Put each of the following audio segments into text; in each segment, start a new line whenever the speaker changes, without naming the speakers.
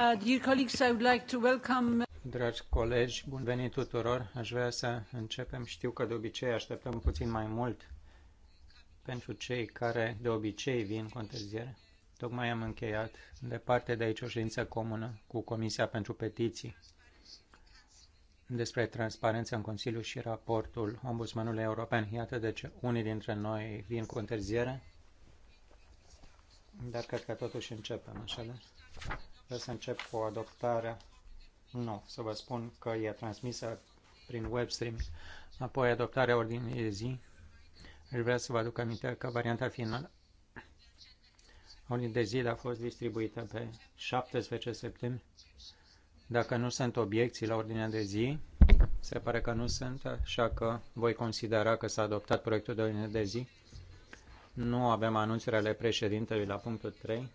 Uh,
Dragi colegi, bun venit tuturor. Aș vrea să începem. Știu că de obicei așteptăm puțin mai mult pentru cei care de obicei vin cu întârziere. Tocmai am încheiat departe de aici o ședință comună cu Comisia pentru Petiții despre transparență în Consiliu și raportul Ombudsmanului European. Iată de ce unii dintre noi vin cu întârziere, dar cred că totuși începem, așa de? Vreau să încep cu adoptarea. Nu, să vă spun că e transmisă prin webstream. Apoi adoptarea ordinii de zi. Aș vrea să vă aduc aminte că varianta finală ordinii de zi a fost distribuită pe 17 septembrie. Dacă nu sunt obiecții la ordinea de zi, se pare că nu sunt, așa că voi considera că s-a adoptat proiectul de ordine de zi. Nu avem anunțurile președintelui la punctul 3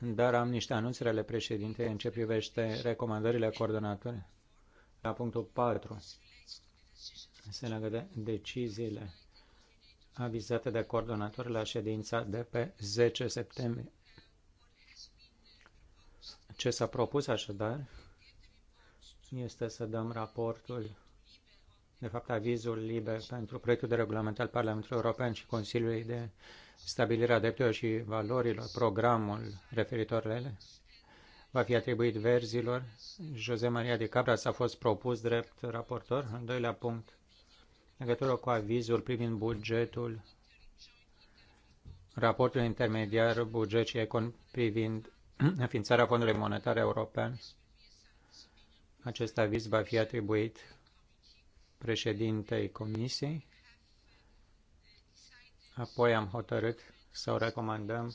dar am niște anunțuri ale președintei în ce privește recomandările coordonatoare. La punctul 4 se legă de deciziile avizate de coordonator la ședința de pe 10 septembrie. Ce s-a propus așadar este să dăm raportul, de fapt avizul liber pentru proiectul de regulament al Parlamentului European și Consiliului de stabilirea drepturilor și valorilor, programul referitor la ele, va fi atribuit verzilor. Jose Maria de s a fost propus drept raportor. În doilea punct, legătură cu avizul privind bugetul, raportul intermediar buget și econ privind înființarea Fondului Monetar European. Acest aviz va fi atribuit președintei Comisiei Apoi am hotărât să o recomandăm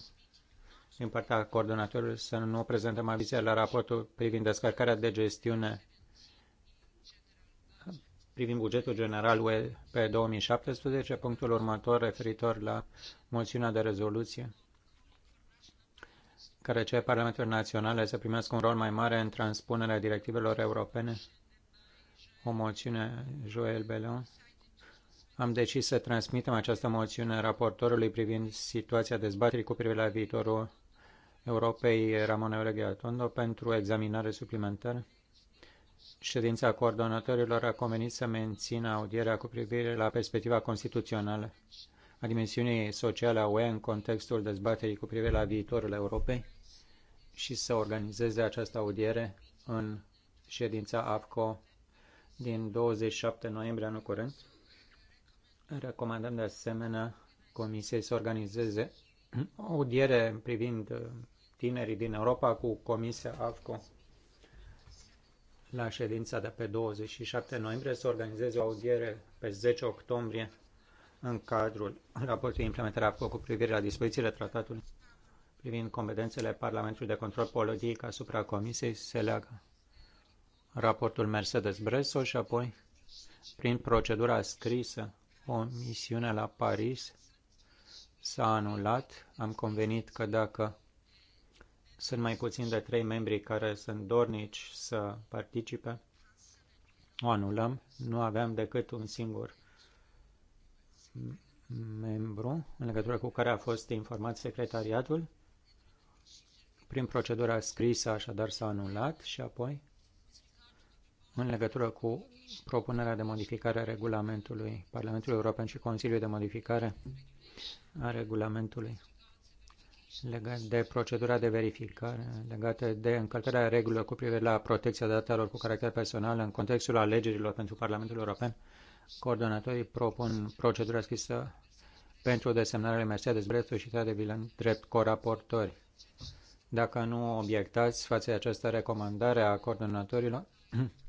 din partea coordonatorului să nu prezentăm avizia la raportul privind descărcarea de gestiune privind bugetul general UE pe 2017, punctul următor referitor la moțiunea de rezoluție care cere Parlamentul Național să primească un rol mai mare în transpunerea directivelor europene. O moțiune Joel Belon am decis să transmitem această moțiune raportorului privind situația dezbaterii cu privire la viitorul Europei Ramon Eureghe Tondo pentru examinare suplimentară. Ședința coordonatorilor a convenit să mențină audierea cu privire la perspectiva constituțională a dimensiunii sociale a UE în contextul dezbaterii cu privire la viitorul Europei și să organizeze această audiere în ședința APCO din 27 noiembrie anul curent. Recomandăm de asemenea Comisiei să organizeze o audiere privind tinerii din Europa cu Comisia AFCO la ședința de pe 27 noiembrie să organizeze o audiere pe 10 octombrie în cadrul raportului implementarea AFCO cu privire la dispozițiile tratatului privind competențele Parlamentului de Control Politic asupra Comisiei se leagă raportul Mercedes Bresso și apoi prin procedura scrisă o misiune la Paris s-a anulat. Am convenit că dacă sunt mai puțin de trei membri care sunt dornici să participe, o anulăm. Nu aveam decât un singur membru în legătură cu care a fost informat secretariatul. Prin procedura scrisă, așadar, s-a anulat și apoi în legătură cu propunerea de modificare a regulamentului Parlamentului European și Consiliului de modificare a regulamentului legat de procedura de verificare, legată de încălcarea regulilor cu privire la protecția datelor cu caracter personal în contextul alegerilor pentru Parlamentul European, coordonatorii propun procedura scrisă pentru desemnarea lui Mercedes Brestu și de Vilan drept coraportori. Dacă nu obiectați față de această recomandare a coordonatorilor,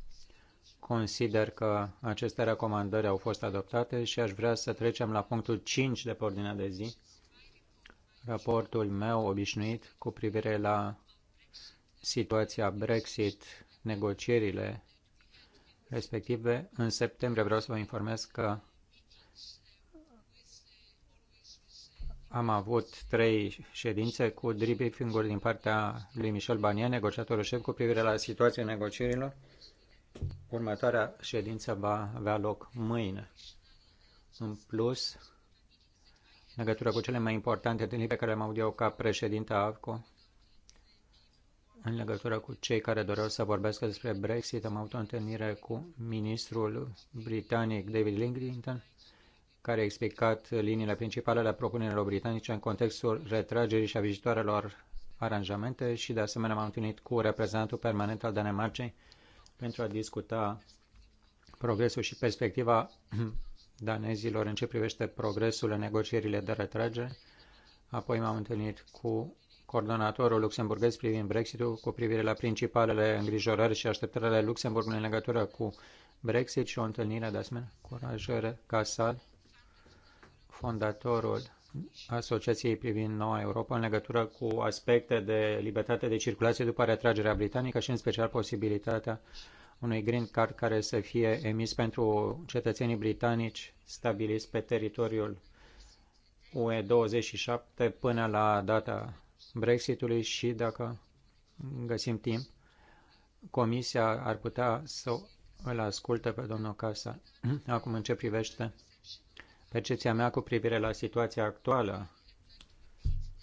Consider că aceste recomandări au fost adoptate și aș vrea să trecem la punctul 5 de pe ordinea de zi, raportul meu obișnuit cu privire la situația Brexit, negocierile respective. În septembrie vreau să vă informez că am avut trei ședințe cu debriefing-uri din partea lui Michel Banier, negociatorul șef, cu privire la situația negocierilor Următoarea ședință va avea loc mâine. În plus, în legătură cu cele mai importante întâlniri pe care le-am avut eu ca președinte AVCO, în legătură cu cei care doreau să vorbească despre Brexit, am avut o întâlnire cu ministrul britanic David Lingrington, care a explicat liniile principale ale propunerilor britanice în contextul retragerii și a viitoarelor aranjamente și de asemenea m-am întâlnit cu reprezentantul permanent al Danemarcei pentru a discuta progresul și perspectiva danezilor în ce privește progresul în negocierile de retragere. Apoi m-am întâlnit cu coordonatorul luxemburghez privind Brexitul cu privire la principalele îngrijorări și așteptări ale Luxemburgului în legătură cu Brexit și o întâlnire de asemenea cu Rajer Casal, fondatorul Asociației privind Noua Europa în legătură cu aspecte de libertate de circulație după retragerea britanică și în special posibilitatea unui green card care să fie emis pentru cetățenii britanici stabiliți pe teritoriul UE27 până la data Brexitului și dacă găsim timp, Comisia ar putea să îl asculte pe domnul Casa acum în ce privește percepția mea cu privire la situația actuală.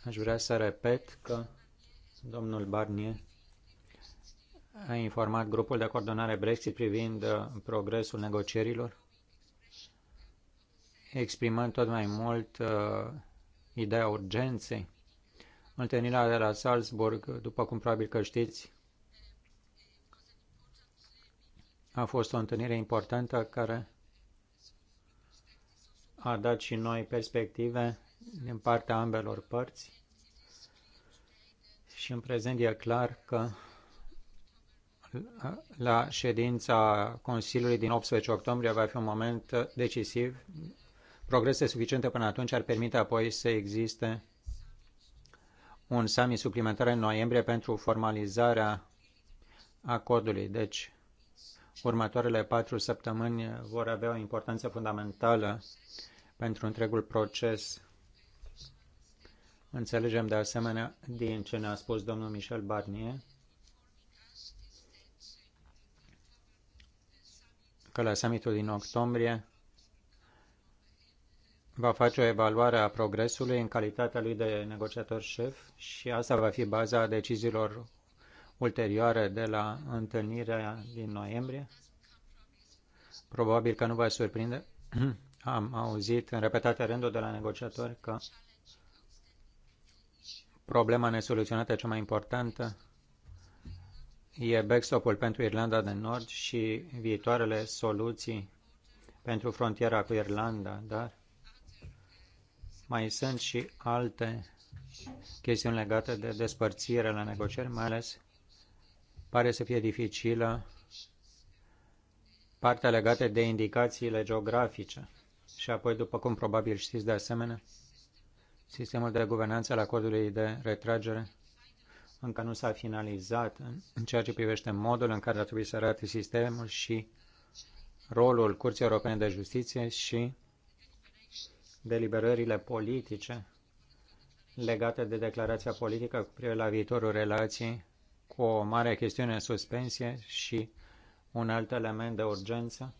Aș vrea să repet că domnul Barnier a informat grupul de coordonare Brexit privind uh, progresul negocierilor, exprimând tot mai mult uh, ideea urgenței. Întâlnirea de la Salzburg, după cum probabil că știți, a fost o întâlnire importantă care a dat și noi perspective din partea ambelor părți și în prezent e clar că la ședința Consiliului din 18 octombrie va fi un moment decisiv. Progrese suficiente până atunci ar permite apoi să existe un summit suplimentar în noiembrie pentru formalizarea acordului. Deci, următoarele patru săptămâni vor avea o importanță fundamentală pentru întregul proces. Înțelegem de asemenea din ce ne-a spus domnul Michel Barnier că la summitul din octombrie va face o evaluare a progresului în calitatea lui de negociator șef și asta va fi baza deciziilor ulterioare de la întâlnirea din noiembrie. Probabil că nu va surprinde Am auzit în repetate rânduri de la negociatori că problema nesoluționată cea mai importantă e backstop-ul pentru Irlanda de Nord și viitoarele soluții pentru frontiera cu Irlanda, dar mai sunt și alte chestiuni legate de despărțire la negocieri, mai ales pare să fie dificilă partea legată de indicațiile geografice. Și apoi, după cum probabil știți de asemenea, sistemul de guvernanță al acordului de retragere încă nu s-a finalizat în ceea ce privește modul în care ar trebui să arate sistemul și rolul Curții Europene de Justiție și deliberările politice legate de declarația politică cu privire la viitorul relației cu o mare chestiune în suspensie și un alt element de urgență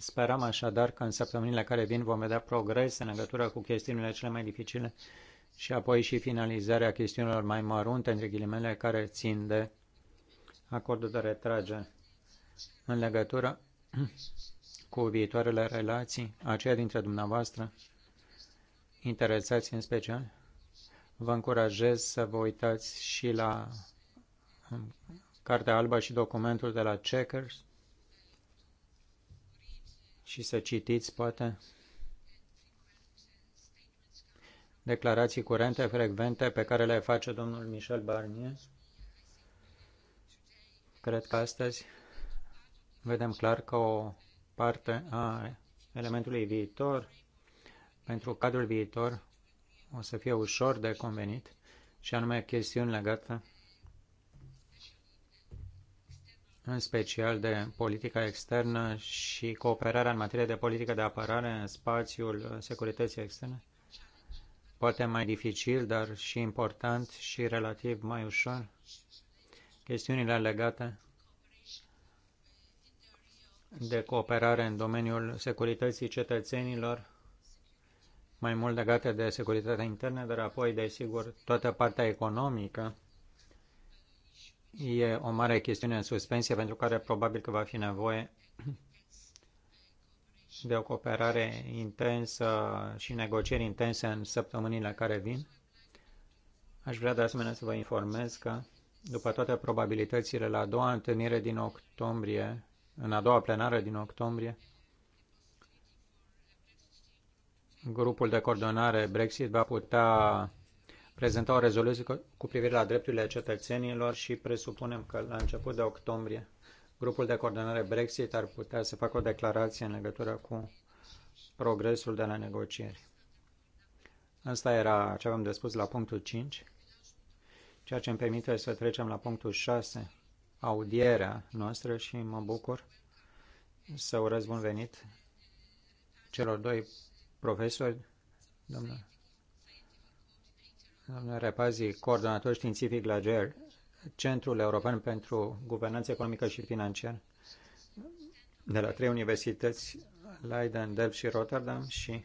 Sperăm așadar că în săptămânile care vin vom vedea progres în legătură cu chestiunile cele mai dificile și apoi și finalizarea chestiunilor mai mărunte, între ghilimele, care țin de acordul de retragere în legătură cu viitoarele relații, aceia dintre dumneavoastră interesați în special, vă încurajez să vă uitați și la um, Cartea Albă și documentul de la Checkers, și să citiți, poate, declarații curente, frecvente, pe care le face domnul Michel Barnier. Cred că astăzi vedem clar că o parte a elementului viitor, pentru cadrul viitor, o să fie ușor de convenit, și anume chestiuni legate în special de politica externă și cooperarea în materie de politică de apărare în spațiul securității externe. Poate mai dificil, dar și important și relativ mai ușor. Chestiunile legate de cooperare în domeniul securității cetățenilor, mai mult legate de securitatea internă, dar apoi, desigur, toată partea economică, E o mare chestiune în suspensie pentru care probabil că va fi nevoie de o cooperare intensă și negocieri intense în săptămânile care vin. Aș vrea de asemenea să vă informez că, după toate probabilitățile, la a doua întâlnire din octombrie, în a doua plenară din octombrie, grupul de coordonare Brexit va putea prezenta o rezoluție cu privire la drepturile cetățenilor și presupunem că la început de octombrie grupul de coordonare Brexit ar putea să facă o declarație în legătură cu progresul de la negocieri. Asta era ce am de spus la punctul 5, ceea ce îmi permite să trecem la punctul 6, audierea noastră și mă bucur să urez bun venit celor doi profesori, domnul doamna Repazi, coordonator științific la GER, Centrul European pentru Guvernanță Economică și Financiară, de la trei universități, Leiden, Delft și Rotterdam și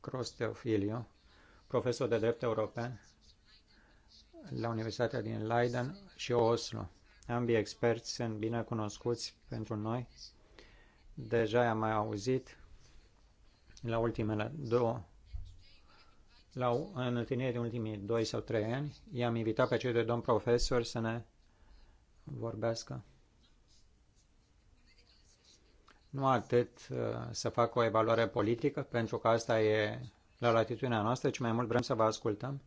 Crostev Ilio, profesor de drept european la Universitatea din Leiden și Oslo. Ambii experți sunt bine cunoscuți pentru noi. Deja i-am mai auzit la ultimele două la în întâlnire de ultimii 2 sau 3 ani, i-am invitat pe cei doi domn profesori să ne vorbească. Nu atât uh, să fac o evaluare politică, pentru că asta e la latitudinea noastră, ci mai mult vrem să vă ascultăm.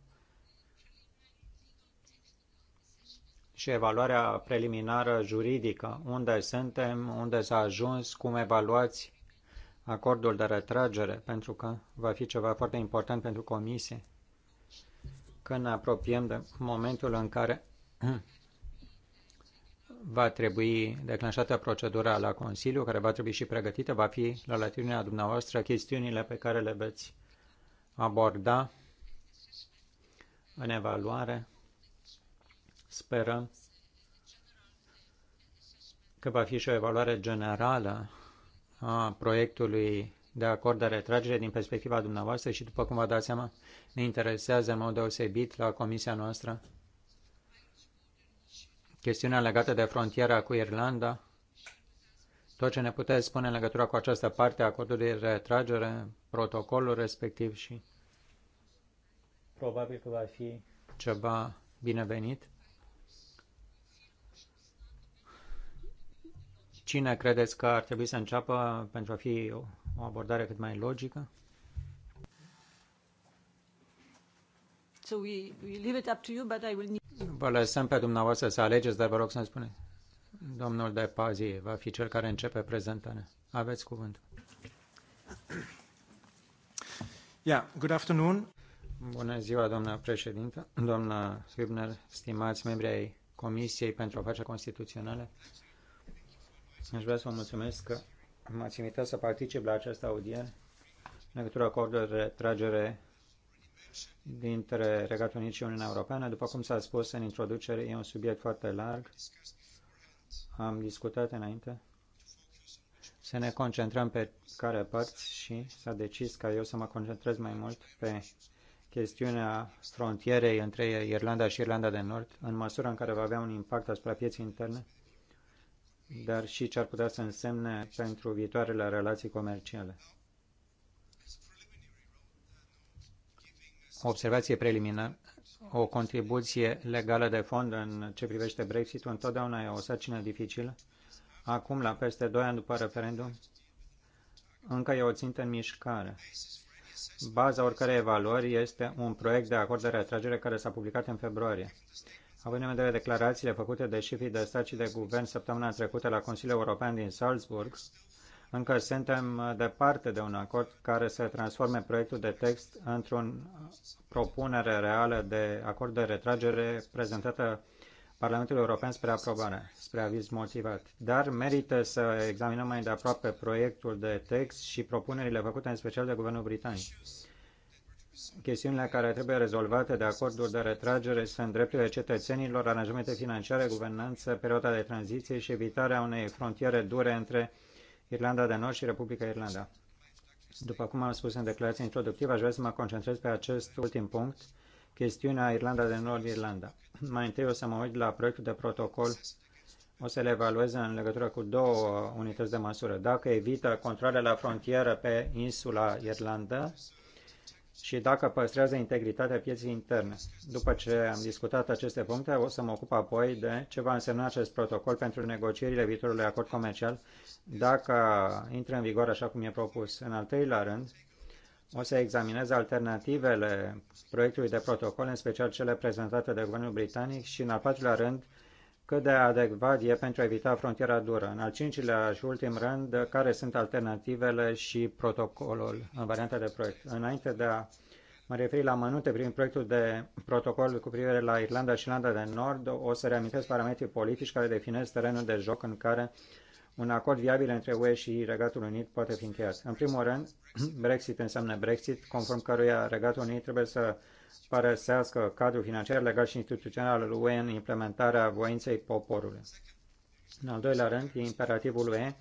și evaluarea preliminară juridică, unde suntem, unde s-a ajuns, cum evaluați acordul de retragere, pentru că va fi ceva foarte important pentru comisie, când ne apropiem de momentul în care va trebui declanșată procedura la Consiliu, care va trebui și pregătită, va fi la latitudinea dumneavoastră chestiunile pe care le veți aborda în evaluare. Sperăm că va fi și o evaluare generală a proiectului de acord de retragere din perspectiva dumneavoastră și, după cum vă dați seama, ne interesează în mod deosebit la comisia noastră chestiunea legată de frontiera cu Irlanda. Tot ce ne puteți spune în legătură cu această parte a acordului de retragere, protocolul respectiv și probabil că va fi ceva binevenit. Cine credeți că ar trebui să înceapă pentru a fi o abordare cât mai logică?
So we, we leave it up to you, but I will need...
Vă lăsăm pe dumneavoastră să alegeți, dar vă rog să-mi spuneți. Domnul de Pazi va fi cel care începe prezentarea. Aveți cuvântul. Yeah, good afternoon. Bună ziua, doamna președintă, doamna Schibner, stimați membri ai Comisiei pentru Afaceri Constituționale. Aș vrea să vă mulțumesc că m-ați invitat să particip la această audiere în legătură cu de retragere dintre Regatul Unit și Uniunea Europeană. După cum s-a spus în introducere, e un subiect foarte larg. Am discutat înainte să ne concentrăm pe care părți și s-a decis ca eu să mă concentrez mai mult pe chestiunea frontierei între Irlanda și Irlanda de Nord, în măsura în care va avea un impact asupra pieții interne dar și ce ar putea să însemne pentru viitoarele relații comerciale. O observație preliminară. O contribuție legală de fond în ce privește Brexit-ul întotdeauna e o sarcină dificilă. Acum, la peste 2 ani după referendum, încă e o țintă în mișcare. Baza oricărei evaluări este un proiect de acord de retragere care s-a publicat în februarie. Având în vedere declarațiile făcute de șefii de stat și de guvern săptămâna trecută la Consiliul European din Salzburg, încă suntem departe de un acord care să transforme proiectul de text într o propunere reală de acord de retragere prezentată Parlamentului European spre aprobare, spre aviz motivat. Dar merită să examinăm mai de aproape proiectul de text și propunerile făcute în special de Guvernul Britanic chestiunile care trebuie rezolvate de acorduri de retragere sunt drepturile cetățenilor, aranjamente financiare, guvernanță, perioada de tranziție și evitarea unei frontiere dure între Irlanda de Nord și Republica Irlanda. După cum am spus în declarația introductivă, aș vrea să mă concentrez pe acest ultim punct, chestiunea Irlanda de Nord-Irlanda. Mai întâi o să mă uit la proiectul de protocol o să le evaluez în legătură cu două unități de măsură. Dacă evită controle la frontieră pe insula Irlanda, și dacă păstrează integritatea pieței interne. După ce am discutat aceste puncte, o să mă ocup apoi de ce va însemna acest protocol pentru negocierile viitorului acord comercial, dacă intră în vigoare așa cum e propus. În al treilea rând, o să examinez alternativele proiectului de protocol, în special cele prezentate de Guvernul Britanic și, în al patrulea rând, cât de adecvat e pentru a evita frontiera dură. În al cincilea și ultim rând, care sunt alternativele și protocolul în varianta de proiect. Înainte de a mă referi la mănunte prin proiectul de protocol cu privire la Irlanda și Irlanda de Nord, o să reamintesc parametrii politici care definez terenul de joc în care un acord viabil între UE și Regatul Unit poate fi încheiat. În primul rând, Brexit înseamnă Brexit, conform căruia Regatul Unit trebuie să părăsească cadrul financiar legat și instituțional al UE în implementarea voinței poporului. În al doilea rând, e imperativul UE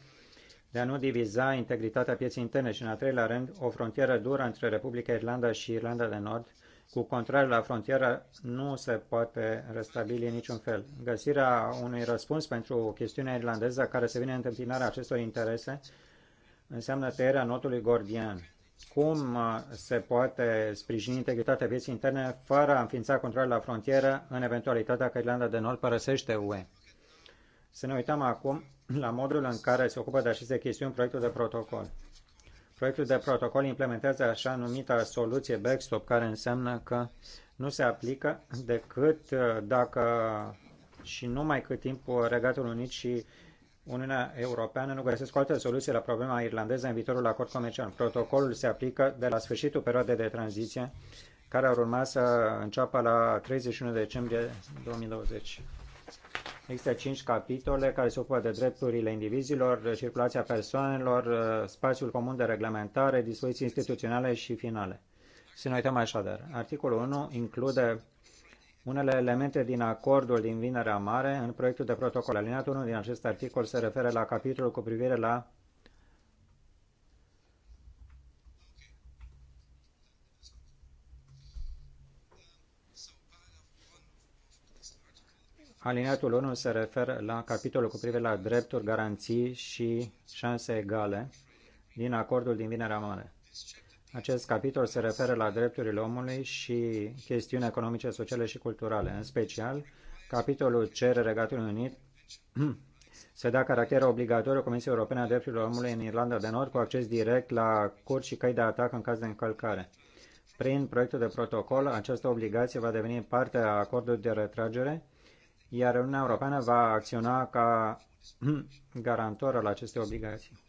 de a nu diviza integritatea pieței interne și, în al treilea rând, o frontieră dură între Republica Irlanda și Irlanda de Nord, cu contrariu la frontieră, nu se poate restabili niciun fel. Găsirea unui răspuns pentru chestiunea irlandeză care se vine în întâmpinarea acestor interese înseamnă tăierea notului gordian cum uh, se poate sprijini integritatea vieții interne fără a înființa control la frontieră în eventualitatea că Irlanda de Nord părăsește UE. Să ne uităm acum la modul în care se ocupă de aceste chestiuni proiectul de protocol. Proiectul de protocol implementează așa numita soluție backstop, care înseamnă că nu se aplică decât uh, dacă și numai cât timp Regatul Unit și Uniunea Europeană nu găsesc o altă soluție la problema irlandeză în viitorul acord comercial. Protocolul se aplică de la sfârșitul perioadei de tranziție, care ar urma să înceapă la 31 decembrie 2020. Există cinci capitole care se ocupă de drepturile indivizilor, circulația persoanelor, spațiul comun de reglementare, dispoziții instituționale și finale. Să ne uităm așadar. Articolul 1 include unele elemente din acordul din Vinerea Mare în proiectul de protocol. Alineatul 1 din acest articol se referă la capitolul cu privire la Alineatul 1 se referă la capitolul cu privire la drepturi, garanții și șanse egale din acordul din Vinerea Mare. Acest capitol se referă la drepturile omului și chestiuni economice, sociale și culturale. În special, capitolul cere Regatul Unit să dea caracter obligatoriu Comisiei Europene a Drepturilor Omului în Irlanda de Nord cu acces direct la cur și căi de atac în caz de încălcare. Prin proiectul de protocol, această obligație va deveni parte a acordului de retragere, iar Uniunea Europeană va acționa ca garantor al acestei obligații.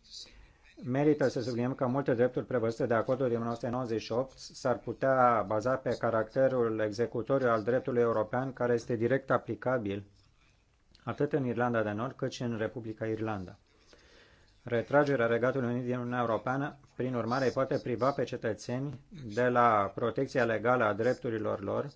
Merită să subliniem că multe drepturi prevăzute de acordul din 1998 s-ar putea baza pe caracterul executoriu al dreptului european care este direct aplicabil atât în Irlanda de Nord cât și în Republica Irlanda. Retragerea Regatului Unit din Uniunea Europeană, prin urmare, îi poate priva pe cetățeni de la protecția legală a drepturilor lor,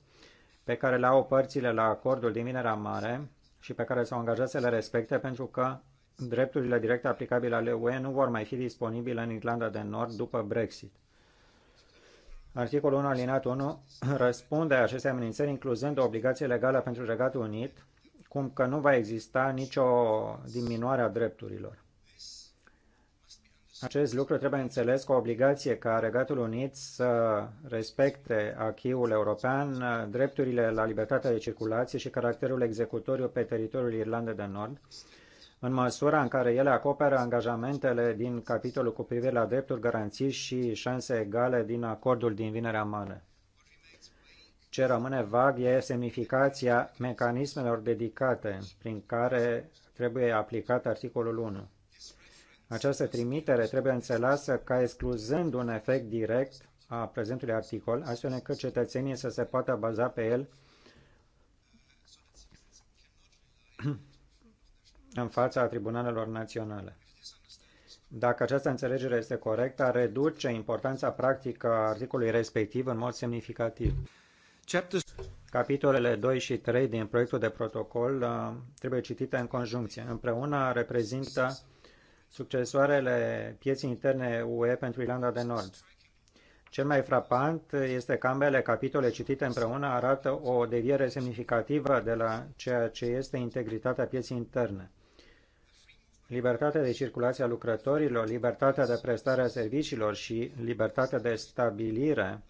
pe care le au părțile la acordul din Minera Mare și pe care s-au angajat să le respecte pentru că drepturile directe aplicabile ale UE nu vor mai fi disponibile în Irlanda de Nord după Brexit. Articolul 1 alineat 1 răspunde aceste amenințări incluzând o obligație legală pentru Regatul Unit, cum că nu va exista nicio diminuare a drepturilor. Acest lucru trebuie înțeles o obligație ca Regatul Unit să respecte acquis european, drepturile la libertatea de circulație și caracterul executoriu pe teritoriul Irlandei de Nord, în măsura în care ele acoperă angajamentele din capitolul cu privire la drepturi, garanții și șanse egale din acordul din Vinerea Mare. Ce rămâne vag e semnificația mecanismelor dedicate prin care trebuie aplicat articolul 1. Această trimitere trebuie înțeleasă ca excluzând un efect direct a prezentului articol, astfel încât cetățenii să se poată baza pe el în fața tribunalelor naționale. Dacă această înțelegere este corectă, reduce importanța practică a articolului respectiv în mod semnificativ. Capitolele 2 și 3 din proiectul de protocol uh, trebuie citite în conjuncție. Împreună reprezintă succesoarele pieții interne UE pentru Irlanda de Nord. Cel mai frapant este că ambele capitole citite împreună arată o deviere semnificativă de la ceea ce este integritatea pieții interne libertatea de circulație a lucrătorilor, libertatea de prestare a serviciilor și libertatea de stabilire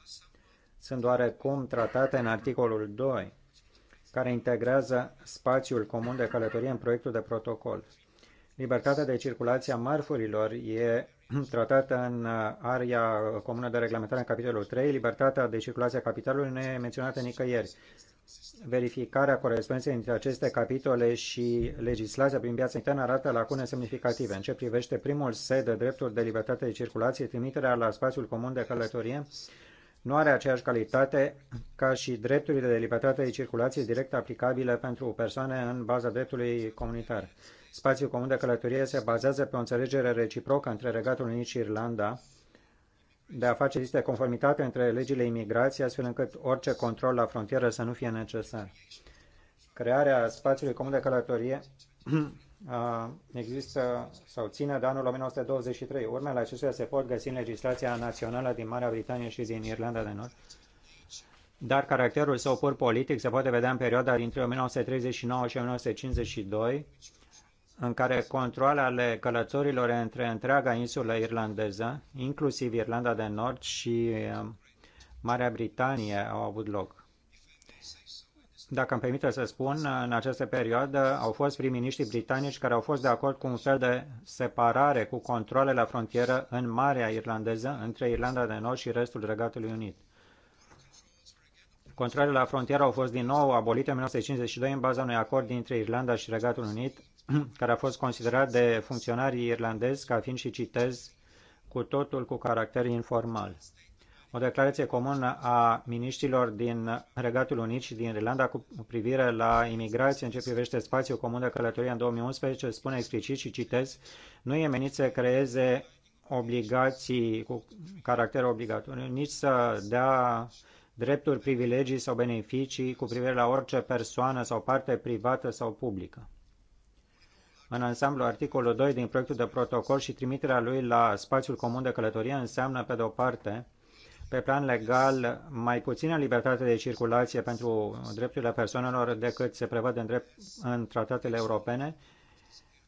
sunt oarecum tratate în articolul 2, care integrează spațiul comun de călătorie în proiectul de protocol. Libertatea de circulație a marfurilor e tratată în area comună de reglementare în capitolul 3. Libertatea de circulație a capitalului nu e menționată nicăieri verificarea corespondenței între aceste capitole și legislația prin piața internă arată lacune semnificative. În ce privește primul set de drepturi de libertate de circulație, trimiterea la spațiul comun de călătorie nu are aceeași calitate ca și drepturile de libertate de circulație direct aplicabile pentru persoane în baza dreptului comunitar. Spațiul comun de călătorie se bazează pe o înțelegere reciprocă între Regatul Unit și Irlanda, de a face existe conformitate între legile imigrației, astfel încât orice control la frontieră să nu fie necesar. Crearea spațiului comun de călătorie există sau ține de anul 1923. Urmele acestuia se pot găsi în legislația națională din Marea Britanie și din Irlanda de Nord, dar caracterul său pur politic se poate vedea în perioada dintre 1939 și 1952, în care ale călătorilor între întreaga insulă irlandeză, inclusiv Irlanda de Nord și um, Marea Britanie, au avut loc. Dacă îmi permite să spun, în această perioadă au fost prim ministri britanici care au fost de acord cu un fel de separare cu controle la frontieră în Marea Irlandeză între Irlanda de Nord și restul Regatului Unit. Controlele la frontieră au fost din nou abolite în 1952 în baza unui acord dintre Irlanda și Regatul Unit care a fost considerat de funcționarii irlandezi ca fiind și citez cu totul cu caracter informal. O declarație comună a miniștilor din Regatul Unit și din Irlanda cu privire la imigrație în ce privește spațiul comun de călătorie în 2011 spune explicit și citez, nu e menit să creeze obligații cu caracter obligatoriu, nici să dea drepturi, privilegii sau beneficii cu privire la orice persoană sau parte privată sau publică. În ansamblu, articolul 2 din proiectul de protocol și trimiterea lui la spațiul comun de călătorie înseamnă, pe de o parte, pe plan legal, mai puțină libertate de circulație pentru drepturile persoanelor decât se prevăd în, drept, în tratatele europene,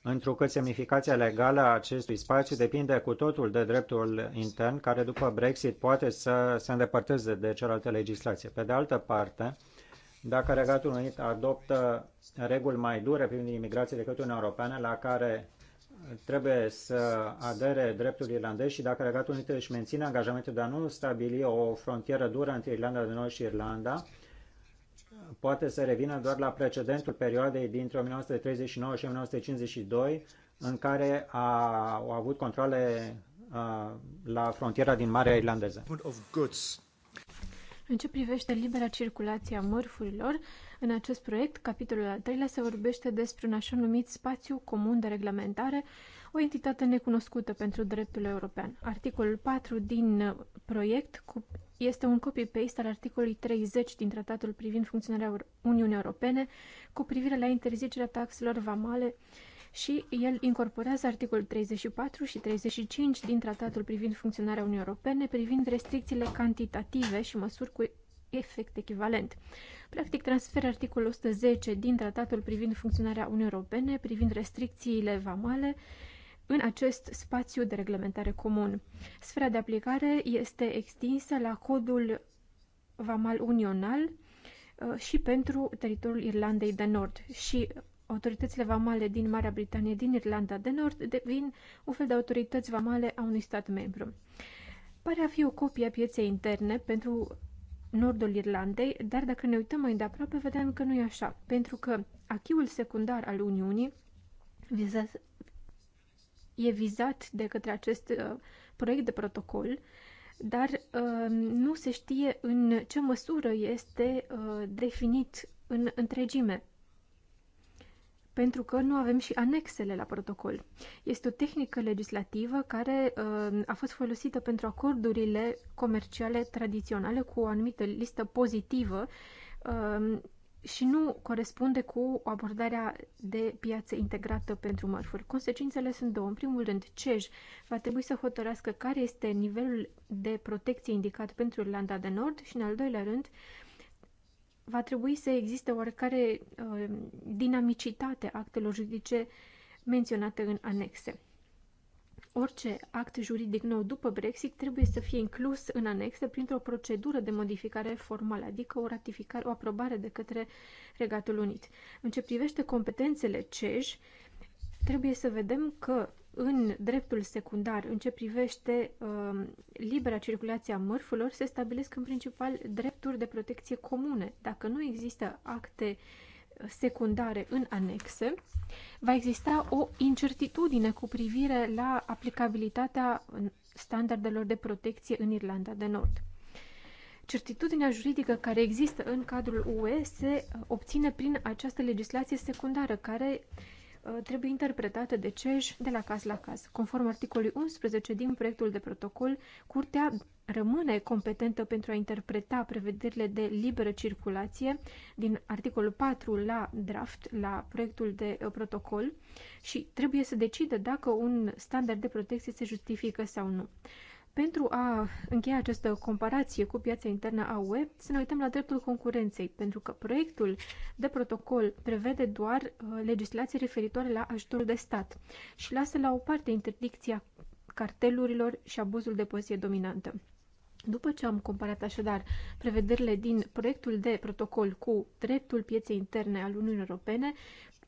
întrucât semnificația legală a acestui spațiu depinde cu totul de dreptul intern, care după Brexit poate să se îndepărteze de cealaltă legislație. Pe de altă parte, dacă Regatul Unit adoptă reguli mai dure privind imigrație decât Uniunea Europeană, la care trebuie să adere dreptul irlandez și dacă Regatul Unit își menține angajamentul de a nu stabili o frontieră dură între Irlanda de Nord și Irlanda, poate să revină doar la precedentul perioadei dintre 1939 și 1952, în care a, au avut controle a, la frontiera din Marea Irlandeză.
În ce privește libera circulație a mărfurilor, în acest proiect, capitolul al treilea, se vorbește despre un așa numit spațiu comun de reglementare, o entitate necunoscută pentru dreptul european. Articolul 4 din proiect este un copy-paste al articolului 30 din tratatul privind funcționarea Uniunii Europene cu privire la interzicerea taxelor vamale și el incorporează articolul 34 și 35 din Tratatul privind funcționarea Uniunii Europene privind restricțiile cantitative și măsuri cu efect echivalent. Practic, transferă articolul 110 din Tratatul privind funcționarea Uniunii Europene privind restricțiile vamale în acest spațiu de reglementare comun. Sfera de aplicare este extinsă la codul vamal unional uh, și pentru teritoriul Irlandei de Nord și autoritățile vamale din Marea Britanie, din Irlanda de Nord, devin un fel de autorități vamale a unui stat membru. Pare a fi o copie a pieței interne pentru nordul Irlandei, dar dacă ne uităm mai îndeaproape, vedem că nu e așa, pentru că achiul secundar al Uniunii vizează, e vizat de către acest uh, proiect de protocol, dar uh, nu se știe în ce măsură este uh, definit în întregime pentru că nu avem și anexele la protocol. Este o tehnică legislativă care uh, a fost folosită pentru acordurile comerciale tradiționale cu o anumită listă pozitivă uh, și nu corespunde cu abordarea de piață integrată pentru mărfuri. Consecințele sunt două. În primul rând, CEJ va trebui să hotărească care este nivelul de protecție indicat pentru Irlanda de Nord și, în al doilea rând, va trebui să existe oarecare uh, dinamicitate actelor juridice menționate în anexe. Orice act juridic nou după Brexit trebuie să fie inclus în anexe printr-o procedură de modificare formală, adică o ratificare, o aprobare de către Regatul Unit. În ce privește competențele CEJ, trebuie să vedem că în dreptul secundar, în ce privește uh, libera circulație a mărfurilor, se stabilesc în principal drepturi de protecție comune. Dacă nu există acte uh, secundare în anexe, va exista o incertitudine cu privire la aplicabilitatea um, standardelor de protecție în Irlanda de Nord. Certitudinea juridică care există în cadrul UE se uh, obține prin această legislație secundară, care uh, Uh, trebuie interpretată de CEJ de la caz la caz. Conform articolului 11 din proiectul de protocol, Curtea rămâne competentă pentru a interpreta prevederile de liberă circulație din articolul 4 la draft, la proiectul de uh, protocol și trebuie să decidă dacă un standard de protecție se justifică sau nu. Pentru a încheia această comparație cu piața internă a UE, să ne uităm la dreptul concurenței, pentru că proiectul de protocol prevede doar uh, legislație referitoare la ajutorul de stat și lasă la o parte interdicția cartelurilor și abuzul de poziție dominantă. După ce am comparat așadar prevederile din proiectul de protocol cu dreptul pieței interne al Uniunii Europene,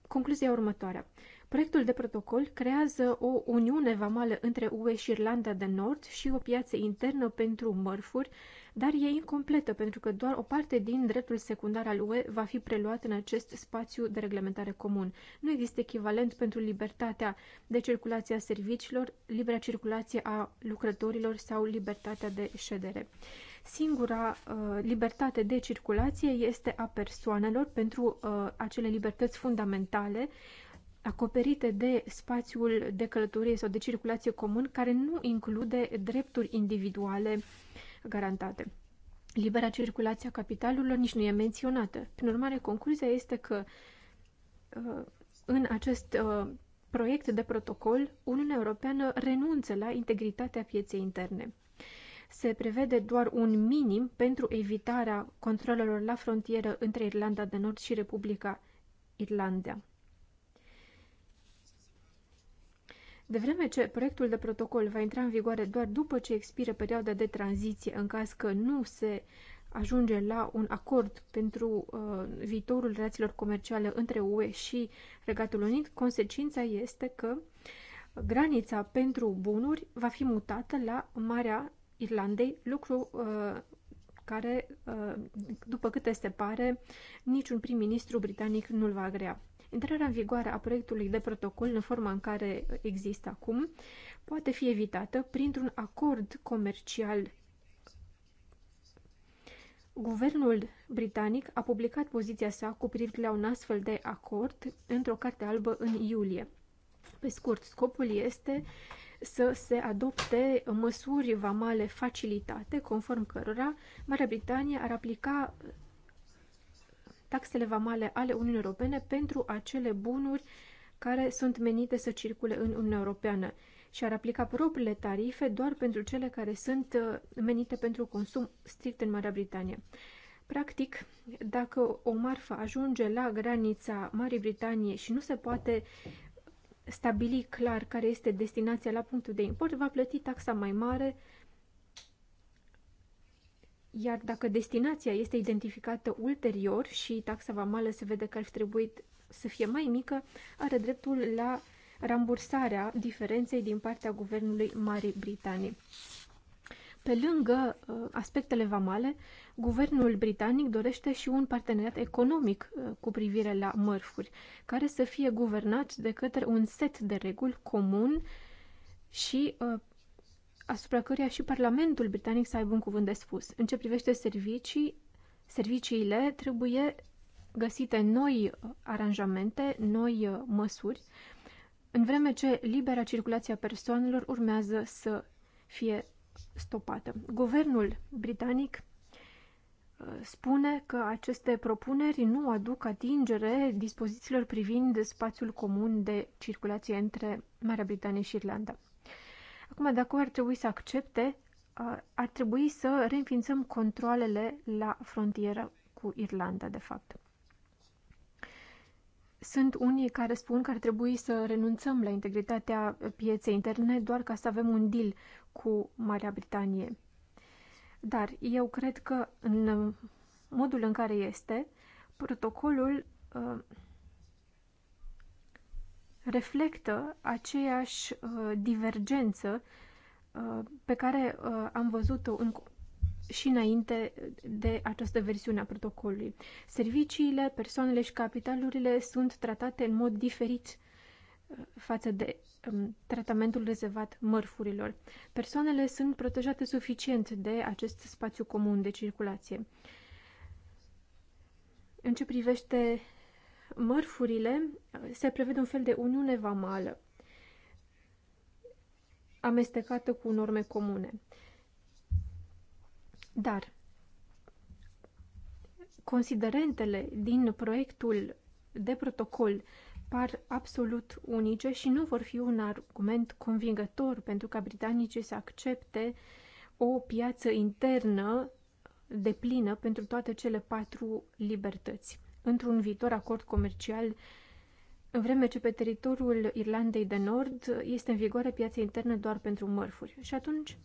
concluzia următoarea. Proiectul de protocol creează o uniune vamală între UE și Irlanda de Nord și o piață internă pentru mărfuri, dar e incompletă pentru că doar o parte din dreptul secundar al UE va fi preluat în acest spațiu de reglementare comun. Nu există echivalent pentru libertatea de circulație a serviciilor, libera circulație a lucrătorilor sau libertatea de ședere. Singura uh, libertate de circulație este a persoanelor pentru uh, acele libertăți fundamentale acoperite de spațiul de călătorie sau de circulație comun care nu include drepturi individuale garantate. Libera circulație a capitalurilor nici nu e menționată. Prin urmare, concluzia este că uh, în acest uh, proiect de protocol, Uniunea Europeană renunță la integritatea pieței interne. Se prevede doar un minim pentru evitarea controlelor la frontieră între Irlanda de Nord și Republica Irlanda. De vreme ce proiectul de protocol va intra în vigoare doar după ce expiră perioada de tranziție, în caz că nu se ajunge la un acord pentru uh, viitorul relațiilor comerciale între UE și Regatul Unit, consecința este că granița pentru bunuri va fi mutată la Marea Irlandei, lucru uh, care, uh, după câte se pare, niciun prim-ministru britanic nu-l va agrea. Intrarea în vigoare a proiectului de protocol în forma în care există acum poate fi evitată printr-un acord comercial. Guvernul britanic a publicat poziția sa cu privire la un astfel de acord într-o carte albă în iulie. Pe scurt, scopul este să se adopte măsuri vamale facilitate, conform cărora Marea Britanie ar aplica taxele vamale ale Uniunii Europene pentru acele bunuri care sunt menite să circule în Uniunea Europeană și ar aplica propriile tarife doar pentru cele care sunt uh, menite pentru consum strict în Marea Britanie. Practic, dacă o marfă ajunge la granița Marii Britanie și nu se poate stabili clar care este destinația la punctul de import, va plăti taxa mai mare iar dacă destinația este identificată ulterior și taxa vamală se vede că ar fi trebuit să fie mai mică, are dreptul la rambursarea diferenței din partea guvernului Marii Britanii. Pe lângă uh, aspectele vamale, guvernul britanic dorește și un parteneriat economic uh, cu privire la mărfuri, care să fie guvernat de către un set de reguli comun și uh, asupra căreia și Parlamentul britanic să aibă un cuvânt de spus. În ce privește servicii, serviciile trebuie găsite noi aranjamente, noi măsuri, în vreme ce libera circulație a persoanelor urmează să fie stopată. Guvernul britanic uh, spune că aceste propuneri nu aduc atingere dispozițiilor privind spațiul comun de circulație între Marea Britanie și Irlanda. Acum, dacă ar trebui să accepte, ar trebui să reînființăm controlele la frontieră cu Irlanda, de fapt. Sunt unii care spun că ar trebui să renunțăm la integritatea pieței interne doar ca să avem un deal cu Marea Britanie. Dar eu cred că în modul în care este, protocolul reflectă aceeași uh, divergență uh, pe care uh, am văzut-o în, și înainte de această versiune a protocolului. Serviciile, persoanele și capitalurile sunt tratate în mod diferit față de um, tratamentul rezervat mărfurilor. Persoanele sunt protejate suficient de acest spațiu comun de circulație. În ce privește mărfurile uh, se prevede un fel de uniune vamală amestecată cu norme comune. Dar considerentele din proiectul de protocol par absolut unice și nu vor fi un argument convingător pentru ca britanicii să accepte o piață internă de plină pentru toate cele patru libertăți într-un viitor acord comercial, în vreme ce pe teritoriul Irlandei de Nord este în vigoare piața internă doar pentru mărfuri. Și atunci,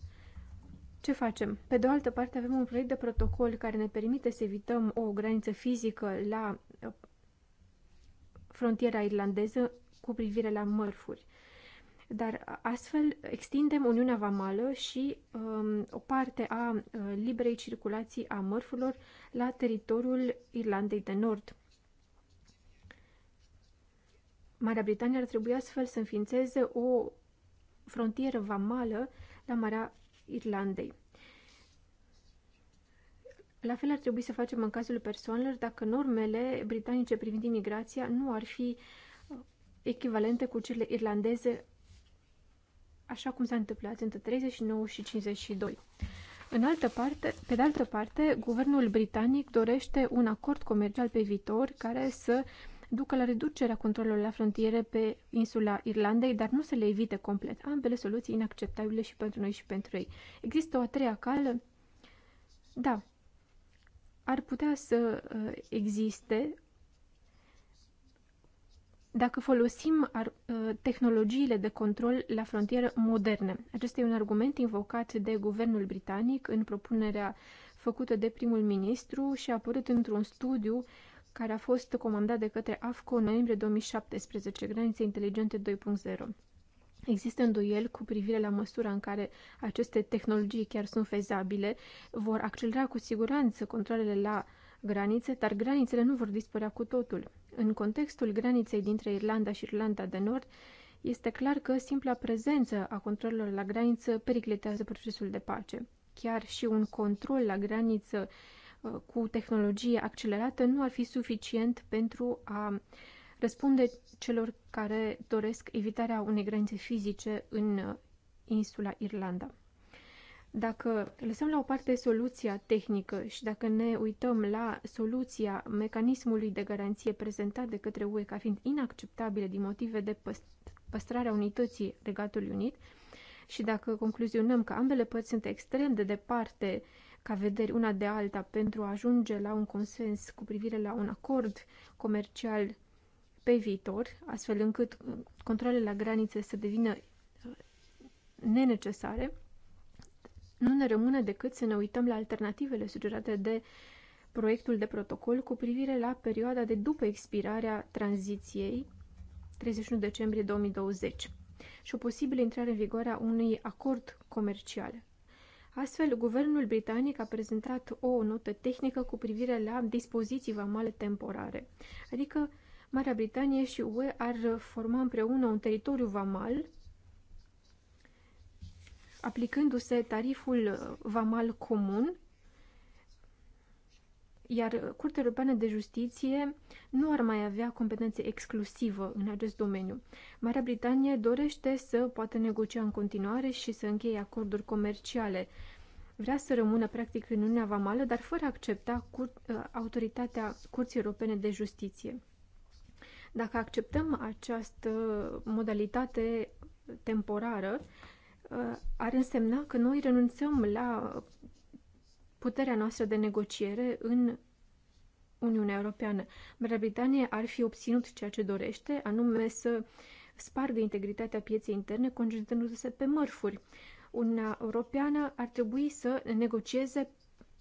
ce facem? Pe de o altă parte, avem un proiect de protocol care ne permite să evităm o graniță fizică la frontiera irlandeză cu privire la mărfuri. Dar astfel extindem Uniunea Vamală și um, o parte a uh, liberei circulații a mărfurilor la teritoriul Irlandei de Nord. Marea Britanie ar trebui astfel să înființeze o frontieră vamală la Marea Irlandei. La fel ar trebui să facem în cazul persoanelor dacă normele britanice privind imigrația nu ar fi uh, echivalente cu cele irlandeze așa cum s-a întâmplat între 39 și 52. În altă parte, pe de altă parte, guvernul britanic dorește un acord comercial pe viitor care să ducă la reducerea controlului la frontiere pe insula Irlandei, dar nu să le evite complet. Ambele soluții inacceptabile și pentru noi și pentru ei. Există o a treia cale? Da. Ar putea să uh, existe dacă folosim ar, ă, tehnologiile de control la frontieră moderne. Acesta e un argument invocat de guvernul britanic în propunerea făcută de primul ministru și a apărut într-un studiu care a fost comandat de către AFCO în noiembrie 2017, Granițe Inteligente 2.0. Există îndoieli cu privire la măsura în care aceste tehnologii chiar sunt fezabile, vor accelera cu siguranță controlele la granițe, dar granițele nu vor dispărea cu totul. În contextul graniței dintre Irlanda și Irlanda de Nord, este clar că simpla prezență a controlelor la graniță periclitează procesul de pace. Chiar și un control la graniță uh, cu tehnologie accelerată nu ar fi suficient pentru a răspunde celor care doresc evitarea unei granițe fizice în uh, insula Irlanda. Dacă lăsăm la o parte soluția tehnică și dacă ne uităm la soluția mecanismului de garanție prezentat de către UE ca fiind inacceptabilă din motive de păstrarea unității Regatului Unit și dacă concluzionăm că ambele părți sunt extrem de departe ca vederi una de alta pentru a ajunge la un consens cu privire la un acord comercial pe viitor, astfel încât controlele la granițe să devină uh, nenecesare, nu ne rămâne decât să ne uităm la alternativele sugerate de proiectul de protocol cu privire la perioada de după expirarea tranziției 31 decembrie 2020 și o posibilă intrare în vigoare a unui acord comercial. Astfel, guvernul britanic a prezentat o notă tehnică cu privire la dispoziții vamale temporare, adică Marea Britanie și UE ar forma împreună un teritoriu vamal aplicându-se tariful uh, vamal comun, iar Curtea Europeană de Justiție nu ar mai avea competențe exclusivă în acest domeniu. Marea Britanie dorește să poată negocia în continuare și să încheie acorduri comerciale. Vrea să rămână practic în Uniunea Vamală, dar fără a accepta cur- uh, autoritatea Curții Europene de Justiție. Dacă acceptăm această modalitate temporară, Uh, ar însemna că noi renunțăm la puterea noastră de negociere în Uniunea Europeană. Marea Britanie ar fi obținut ceea ce dorește, anume să spargă integritatea pieței interne, concentrându-se pe mărfuri. Uniunea Europeană ar trebui să negocieze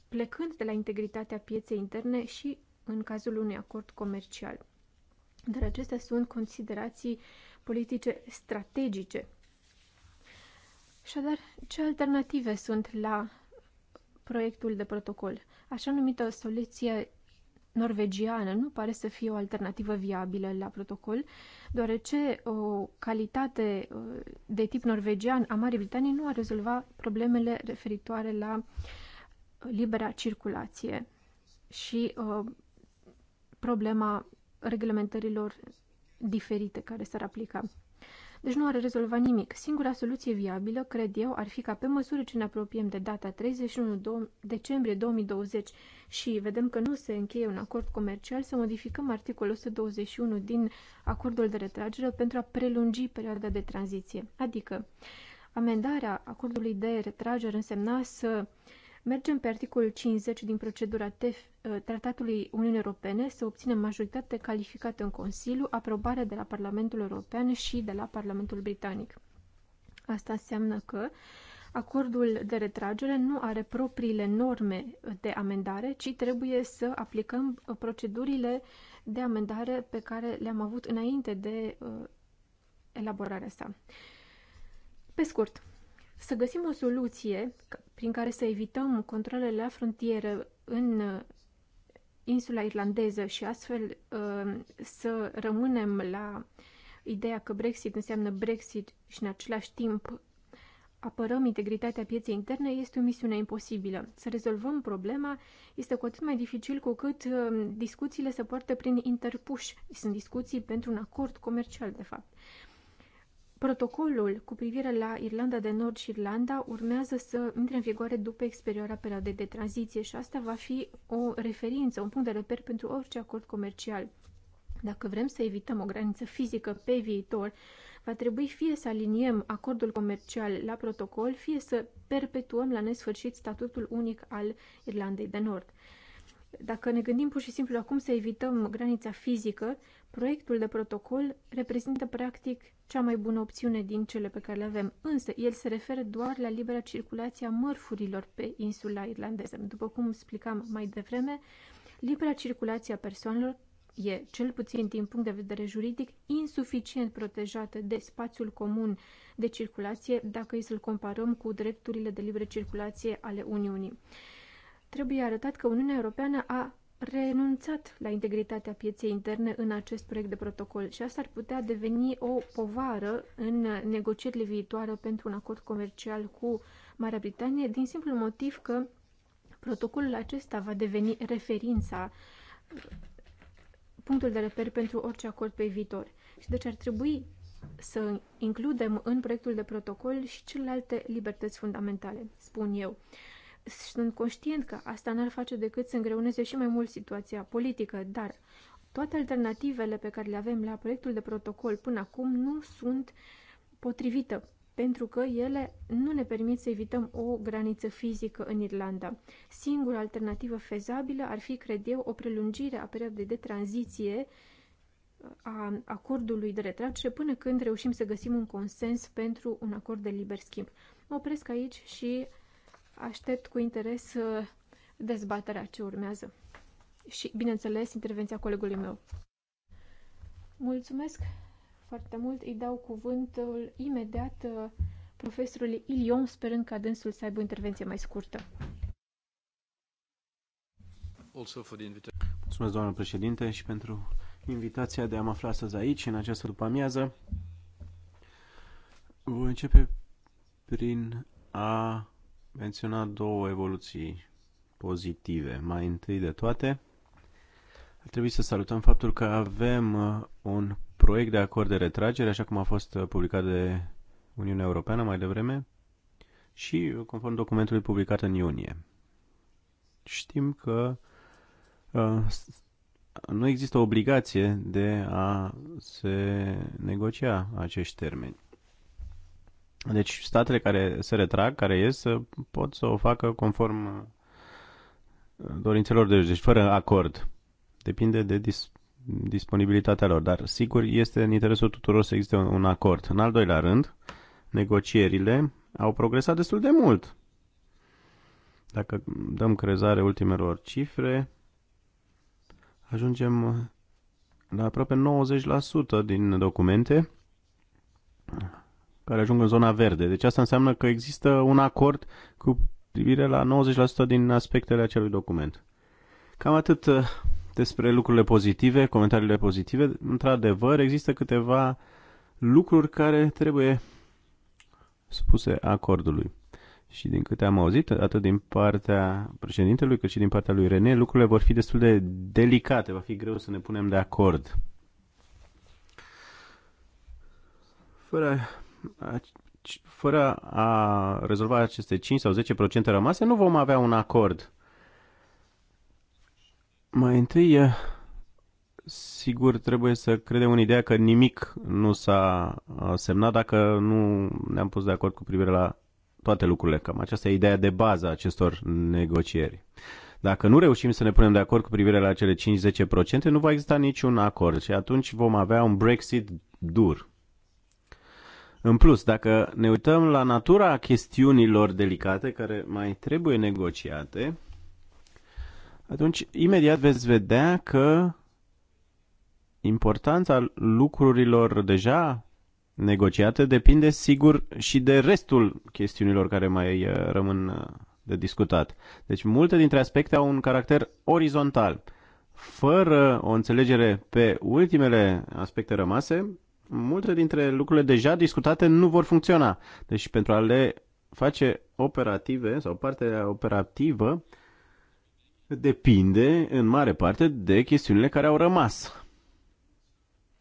plecând de la integritatea pieței interne și în cazul unui acord comercial. Dar acestea sunt considerații politice strategice Așadar, ce alternative sunt la proiectul de protocol? Așa numită soluție norvegiană nu pare să fie o alternativă viabilă la protocol, deoarece o calitate uh, de tip norvegian a Marii Britanii nu a rezolvat problemele referitoare la uh, libera circulație și uh, problema reglementărilor diferite care s-ar aplica deci nu ar rezolva nimic. Singura soluție viabilă, cred eu, ar fi ca pe măsură ce ne apropiem de data 31 decembrie 2020 și vedem că nu se încheie un acord comercial, să modificăm articolul 121 din acordul de retragere pentru a prelungi perioada de tranziție. Adică, amendarea acordului de retragere însemna să uh, Mergem pe articolul 50 din procedura TEF, uh, Tratatului Uniunii Europene să obținem majoritate calificată în Consiliu, aprobarea de la Parlamentul European și de la Parlamentul Britanic. Asta înseamnă că acordul de retragere nu are propriile norme de amendare, ci trebuie să aplicăm uh, procedurile de amendare pe care le-am avut înainte de uh, elaborarea sa. Pe scurt, să găsim o soluție prin care să evităm controlele la frontieră în uh, insula irlandeză și astfel uh, să rămânem la ideea că Brexit înseamnă Brexit și în același timp apărăm integritatea pieței interne este o misiune imposibilă. Să rezolvăm problema este cu atât mai dificil cu cât uh, discuțiile se poartă prin interpuși. Sunt discuții pentru un acord comercial, de fapt. Protocolul cu privire la Irlanda de Nord și Irlanda urmează să intre în vigoare după expirarea perioadei de tranziție și asta va fi o referință, un punct de reper pentru orice acord comercial. Dacă vrem să evităm o graniță fizică pe viitor, va trebui fie să aliniem acordul comercial la protocol, fie să perpetuăm la nesfârșit statutul unic al Irlandei de Nord. Dacă ne gândim pur și simplu acum să evităm granița fizică, Proiectul de protocol reprezintă practic cea mai bună opțiune din cele pe care le avem, însă el se referă doar la libera circulație a mărfurilor pe insula irlandeză. După cum explicam mai devreme, libera circulație a persoanelor e, cel puțin din punct de vedere juridic, insuficient protejată de spațiul comun de circulație dacă îi să-l comparăm cu drepturile de liberă circulație ale Uniunii. Trebuie arătat că Uniunea Europeană a renunțat la integritatea pieței interne în acest proiect de protocol și asta ar putea deveni o povară în negocierile viitoare pentru un acord comercial cu Marea Britanie din simplu motiv că protocolul acesta va deveni referința, punctul de reper pentru orice acord pe viitor. Și deci ar trebui să includem în proiectul de protocol și celelalte libertăți fundamentale, spun eu. Sunt conștient că asta n-ar face decât să îngreuneze și mai mult situația politică, dar toate alternativele pe care le avem la proiectul de protocol până acum nu sunt potrivite, pentru că ele nu ne permit să evităm o graniță fizică în Irlanda. Singura alternativă fezabilă ar fi, cred eu, o prelungire a perioadei de tranziție a acordului de retragere până când reușim să găsim un consens pentru un acord de liber schimb. Mă opresc aici și Aștept cu interes uh, dezbaterea ce urmează și, bineînțeles, intervenția colegului meu. Mulțumesc foarte mult. Îi dau cuvântul imediat uh, profesorului Ilion, sperând ca dânsul să aibă o intervenție mai scurtă.
Mulțumesc, doamnă președinte, și pentru invitația de a mă afla astăzi aici, în această după-amiază. Voi începe prin a menționa două evoluții pozitive. Mai întâi de toate, ar trebui să salutăm faptul că avem uh, un proiect de acord de retragere, așa cum a fost uh, publicat de Uniunea Europeană mai devreme și uh, conform documentului publicat în iunie. Știm că nu există obligație de a se negocia acești termeni. Deci statele care se retrag, care ies, pot să o facă conform uh, dorințelor de deci fără acord. Depinde de dis- disponibilitatea lor, dar sigur este în interesul tuturor să existe un acord. În al doilea rând, negocierile au progresat destul de mult. Dacă dăm crezare ultimelor cifre, ajungem la aproape 90% din documente care ajung în zona verde. Deci asta înseamnă că există un acord cu privire la 90% din aspectele acelui document. Cam atât uh, despre lucrurile pozitive, comentariile pozitive. Într-adevăr, există câteva lucruri care trebuie spuse acordului. Și din câte am auzit, atât din partea președintelui cât și din partea lui René, lucrurile vor fi destul de delicate, va fi greu să ne punem de acord. Fără fără a rezolva aceste 5 sau 10% rămase, nu vom avea un acord. Mai întâi, sigur, trebuie să credem în ideea că nimic nu s-a semnat dacă nu ne-am pus de acord cu privire la toate lucrurile. Cam aceasta e ideea de bază a acestor negocieri. Dacă nu reușim să ne punem de acord cu privire la cele 5-10%, nu va exista niciun acord și atunci vom avea un Brexit dur. În plus, dacă ne uităm la natura chestiunilor delicate care mai trebuie negociate, atunci imediat veți vedea că importanța lucrurilor deja negociate depinde sigur și de restul chestiunilor care mai uh, rămân uh, de discutat. Deci multe dintre aspecte au un caracter orizontal. Fără o înțelegere pe ultimele aspecte rămase, multe dintre lucrurile deja discutate nu vor funcționa. Deci pentru a le face operative sau partea operativă depinde în mare parte de chestiunile care au rămas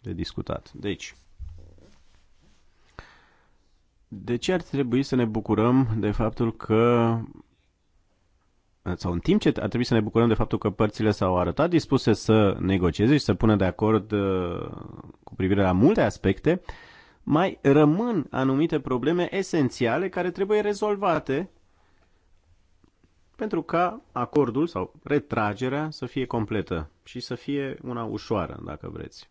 de discutat. Deci, de ce ar trebui să ne bucurăm de faptul că sau în timp ce ar trebui să ne bucurăm de faptul că părțile s-au arătat dispuse să negocieze și să pună de acord uh, cu privire la multe aspecte, mai rămân anumite probleme esențiale care trebuie rezolvate pentru ca acordul sau retragerea să fie completă și să fie una ușoară, dacă vreți.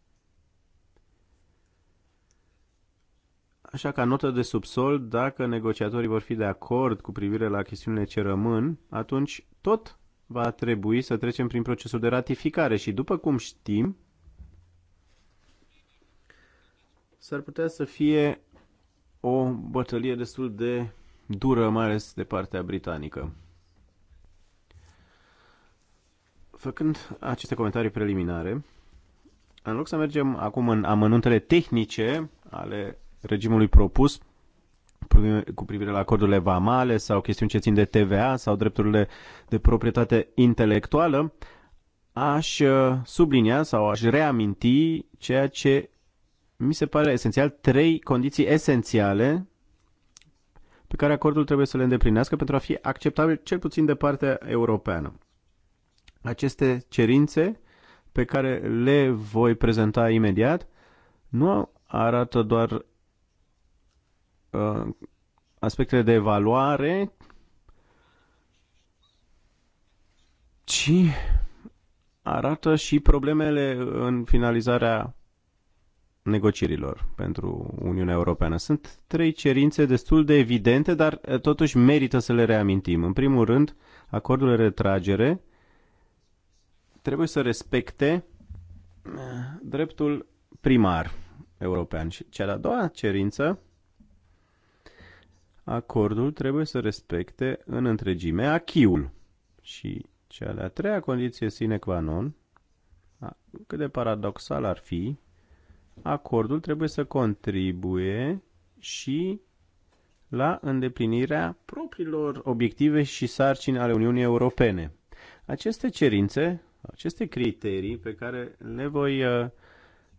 Așa ca notă de subsol, dacă negociatorii vor fi de acord cu privire la chestiunile ce rămân, atunci tot va trebui să trecem prin procesul de ratificare și, după cum știm, s-ar putea să fie o bătălie destul de dură, mai ales de partea britanică. Făcând aceste comentarii preliminare, în loc să mergem acum în amănuntele tehnice ale regimului propus cu privire la acordurile vamale sau chestiuni ce țin de TVA sau drepturile de proprietate intelectuală, aș uh, sublinia sau aș reaminti ceea ce mi se pare esențial, trei condiții esențiale pe care acordul trebuie să le îndeplinească pentru a fi acceptabil cel puțin de partea europeană. Aceste cerințe pe care le voi prezenta imediat nu arată doar Uh, aspectele de evaluare, ci arată și problemele în finalizarea negocierilor pentru Uniunea Europeană. Sunt trei cerințe destul de evidente, dar uh, totuși merită să le reamintim. În primul rând, acordul de retragere trebuie să respecte uh, dreptul primar european. Și cea de-a doua cerință acordul trebuie să respecte în întregime achiul. Și cea de-a treia condiție sine qua non, cât de paradoxal ar fi, acordul trebuie să contribuie și la îndeplinirea propriilor obiective și sarcini ale Uniunii Europene. Aceste cerințe, aceste criterii pe care le voi uh,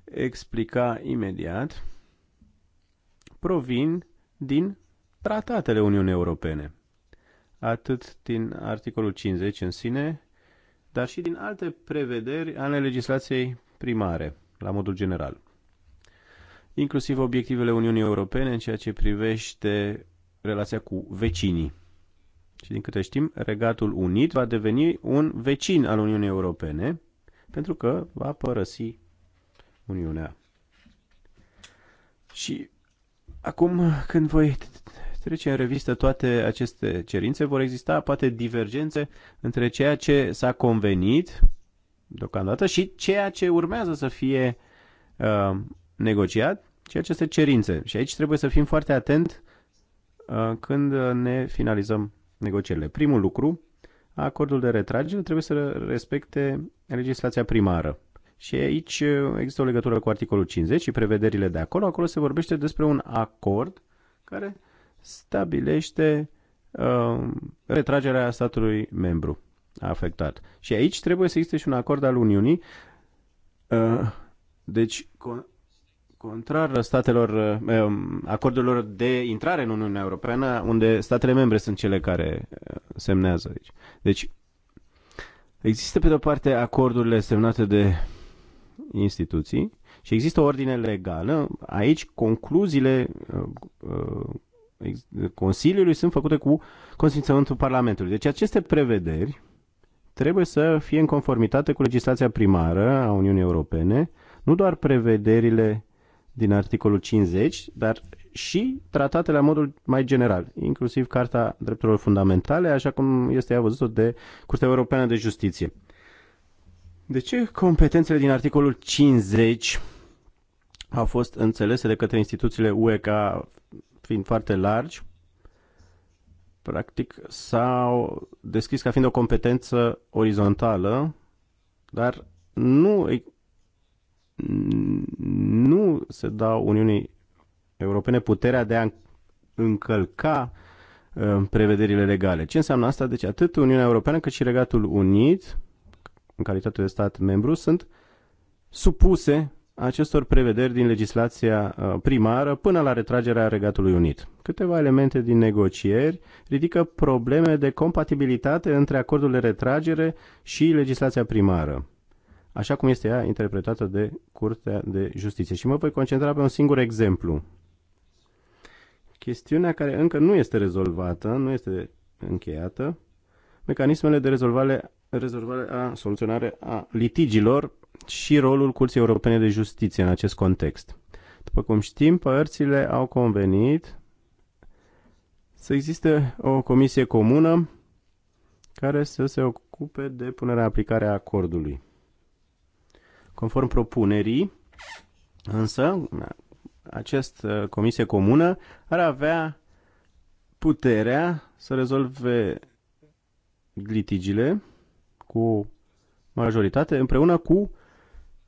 explica imediat, provin din tratatele Uniunii Europene, atât din articolul 50 în sine, dar și din alte prevederi ale legislației primare, la modul general. Inclusiv obiectivele Uniunii Europene în ceea ce privește relația cu vecinii. Și din câte știm, Regatul Unit va deveni un vecin al Uniunii Europene, pentru că va părăsi Uniunea. Și acum când voi trece în revistă toate aceste cerințe, vor exista poate divergențe între ceea ce s-a convenit deocamdată și ceea ce urmează să fie uh, negociat și aceste cerințe. Și aici trebuie să fim foarte atent uh, când ne finalizăm negocierile. Primul lucru, acordul de retragere trebuie să respecte legislația primară. Și aici uh, există o legătură cu articolul 50 și prevederile de acolo. Acolo se vorbește despre un acord care stabilește uh, retragerea statului membru afectat. Și aici trebuie să existe și un acord al Uniunii. Uh, deci, con contrar statelor, uh, um, acordurilor de intrare în Uniunea Europeană, unde statele membre sunt cele care uh, semnează aici. Deci, există pe de-o parte acordurile semnate de instituții și există o ordine legală. Aici, concluziile uh, uh, Consiliului sunt făcute cu consimțământul Parlamentului. Deci aceste prevederi trebuie să fie în conformitate cu legislația primară a Uniunii Europene, nu doar prevederile din articolul 50, dar și tratatele la modul mai general, inclusiv Carta Drepturilor Fundamentale, așa cum este ea văzută de Curtea Europeană de Justiție. De ce competențele din articolul 50 au fost înțelese de către instituțiile UE ca fiind foarte largi, practic s-au deschis ca fiind o competență orizontală, dar nu, nu se dau Uniunii Europene puterea de a încălca uh, prevederile legale. Ce înseamnă asta? Deci atât Uniunea Europeană cât și Regatul Unit, în calitate de stat membru, sunt supuse acestor prevederi din legislația uh, primară până la retragerea Regatului Unit. Câteva elemente din negocieri ridică probleme de compatibilitate între acordul de retragere și legislația primară, așa cum este ea interpretată de Curtea de Justiție. Și mă voi concentra pe un singur exemplu. Chestiunea care încă nu este rezolvată, nu este încheiată, mecanismele de rezolvare, rezolvare a soluționare a litigilor și rolul Curții Europene de Justiție în acest context. După cum știm, părțile au convenit să existe o comisie comună care să se ocupe de punerea în aplicare a acordului. Conform propunerii, însă, această uh, comisie comună ar avea puterea să rezolve litigile cu majoritate împreună cu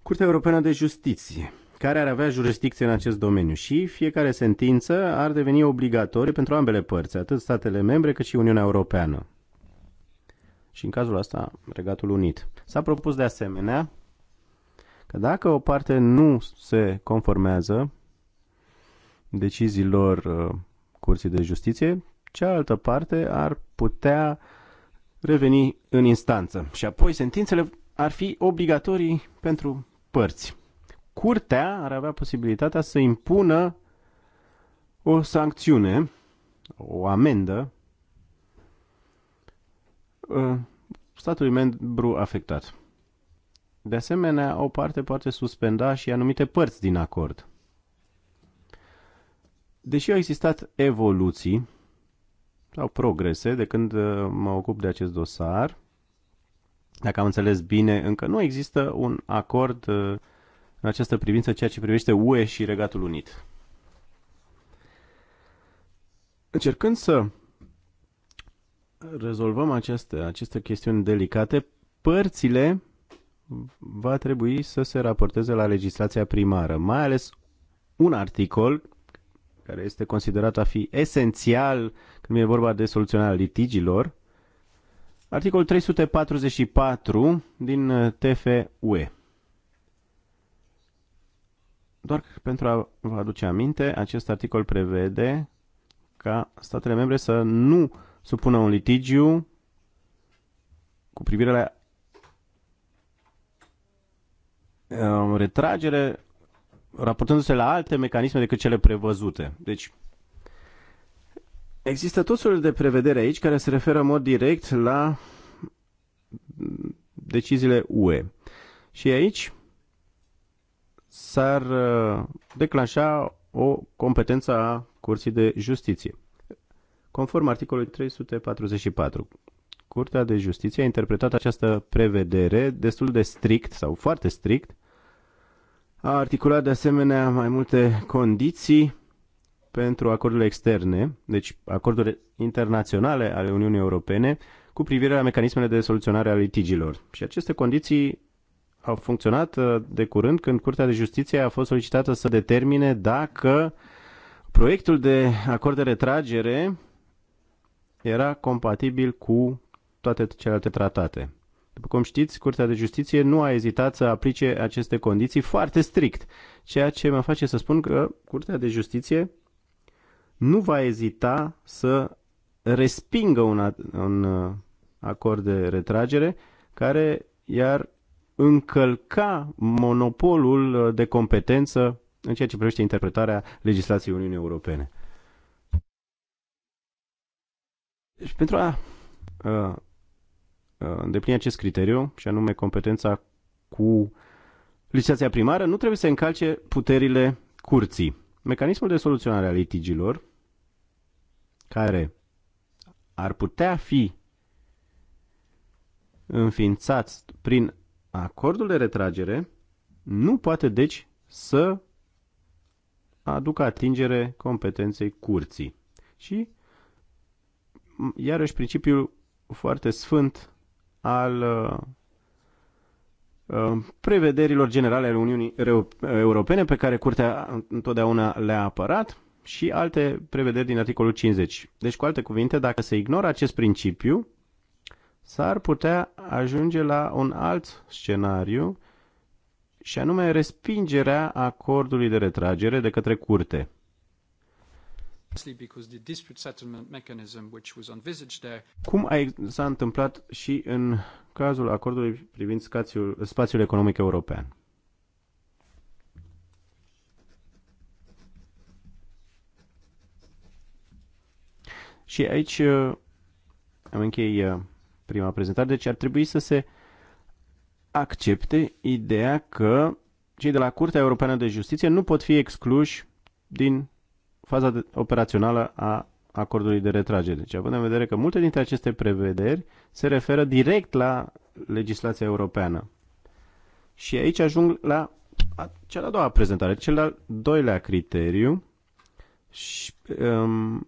Curtea Europeană de Justiție, care ar avea jurisdicție în acest domeniu și fiecare sentință ar deveni obligatorie pentru ambele părți, atât statele membre cât și Uniunea Europeană. Și în cazul ăsta, Regatul Unit. S-a propus de asemenea că dacă o parte nu se conformează deciziilor uh, Curții de Justiție, cealaltă parte ar putea reveni în instanță. Și apoi sentințele ar fi obligatorii pentru părți. Curtea ar avea posibilitatea să impună o sancțiune, o amendă uh, statului membru afectat. De asemenea, o parte poate suspenda și anumite părți din acord. Deși au existat evoluții sau progrese de când uh, mă ocup de acest dosar, dacă am înțeles bine, încă nu există un acord uh, în această privință, ceea ce privește UE și Regatul Unit. Încercând să rezolvăm aceste, aceste chestiuni delicate, părțile va trebui să se raporteze la legislația primară, mai ales un articol care este considerat a fi esențial când e vorba de soluționarea litigilor, Articolul 344 din uh, TFUE. Doar pentru a vă aduce aminte, acest articol prevede ca statele membre să nu supună un litigiu cu privire la um, retragere raportându-se la alte mecanisme decât cele prevăzute. Deci, Există tot felul de prevedere aici care se referă în mod direct la deciziile UE. Și aici s-ar uh, declanșa o competență a Curții de Justiție. Conform articolului 344, Curtea de Justiție a interpretat această prevedere destul de strict sau foarte strict, a articulat de asemenea mai multe condiții pentru acordurile externe, deci acorduri internaționale ale Uniunii Europene, cu privire la mecanismele de soluționare a litigilor. Și aceste condiții au funcționat uh, de curând când Curtea de Justiție a fost solicitată să determine dacă proiectul de acord de retragere era compatibil cu toate celelalte tratate. După cum știți, Curtea de Justiție nu a ezitat să aplice aceste condiții foarte strict, ceea ce mă face să spun că Curtea de Justiție nu va ezita să respingă un, un uh, acord de retragere care iar încălca monopolul uh, de competență în ceea ce privește interpretarea legislației Uniunii Europene. Și deci, pentru a, a, uh, a îndeplini acest criteriu, și anume competența cu licitația primară, nu trebuie să încalce puterile curții. Mecanismul de soluționare a litigilor care ar putea fi înființați prin acordul de retragere nu poate deci să aducă atingere competenței curții. Și iarăși principiul foarte sfânt al uh, uh, prevederilor generale ale Uniunii Europene pe care Curtea întotdeauna le-a apărat și alte prevederi din articolul 50. Deci, cu alte cuvinte, dacă se ignoră acest principiu, s-ar putea ajunge la un alt scenariu și anume respingerea acordului de retragere de către curte. Cum s-a întâmplat și în cazul acordului privind spațiul, spațiul economic european. Și aici uh, am închei uh, prima prezentare, deci ar trebui să se accepte ideea că cei de la Curtea Europeană de Justiție nu pot fi excluși din faza operațională a acordului de retragere. Deci, având în vedere că multe dintre aceste prevederi se referă direct la legislația europeană. Și aici ajung la cea de-a doua prezentare, cel de-al doilea criteriu, și, um,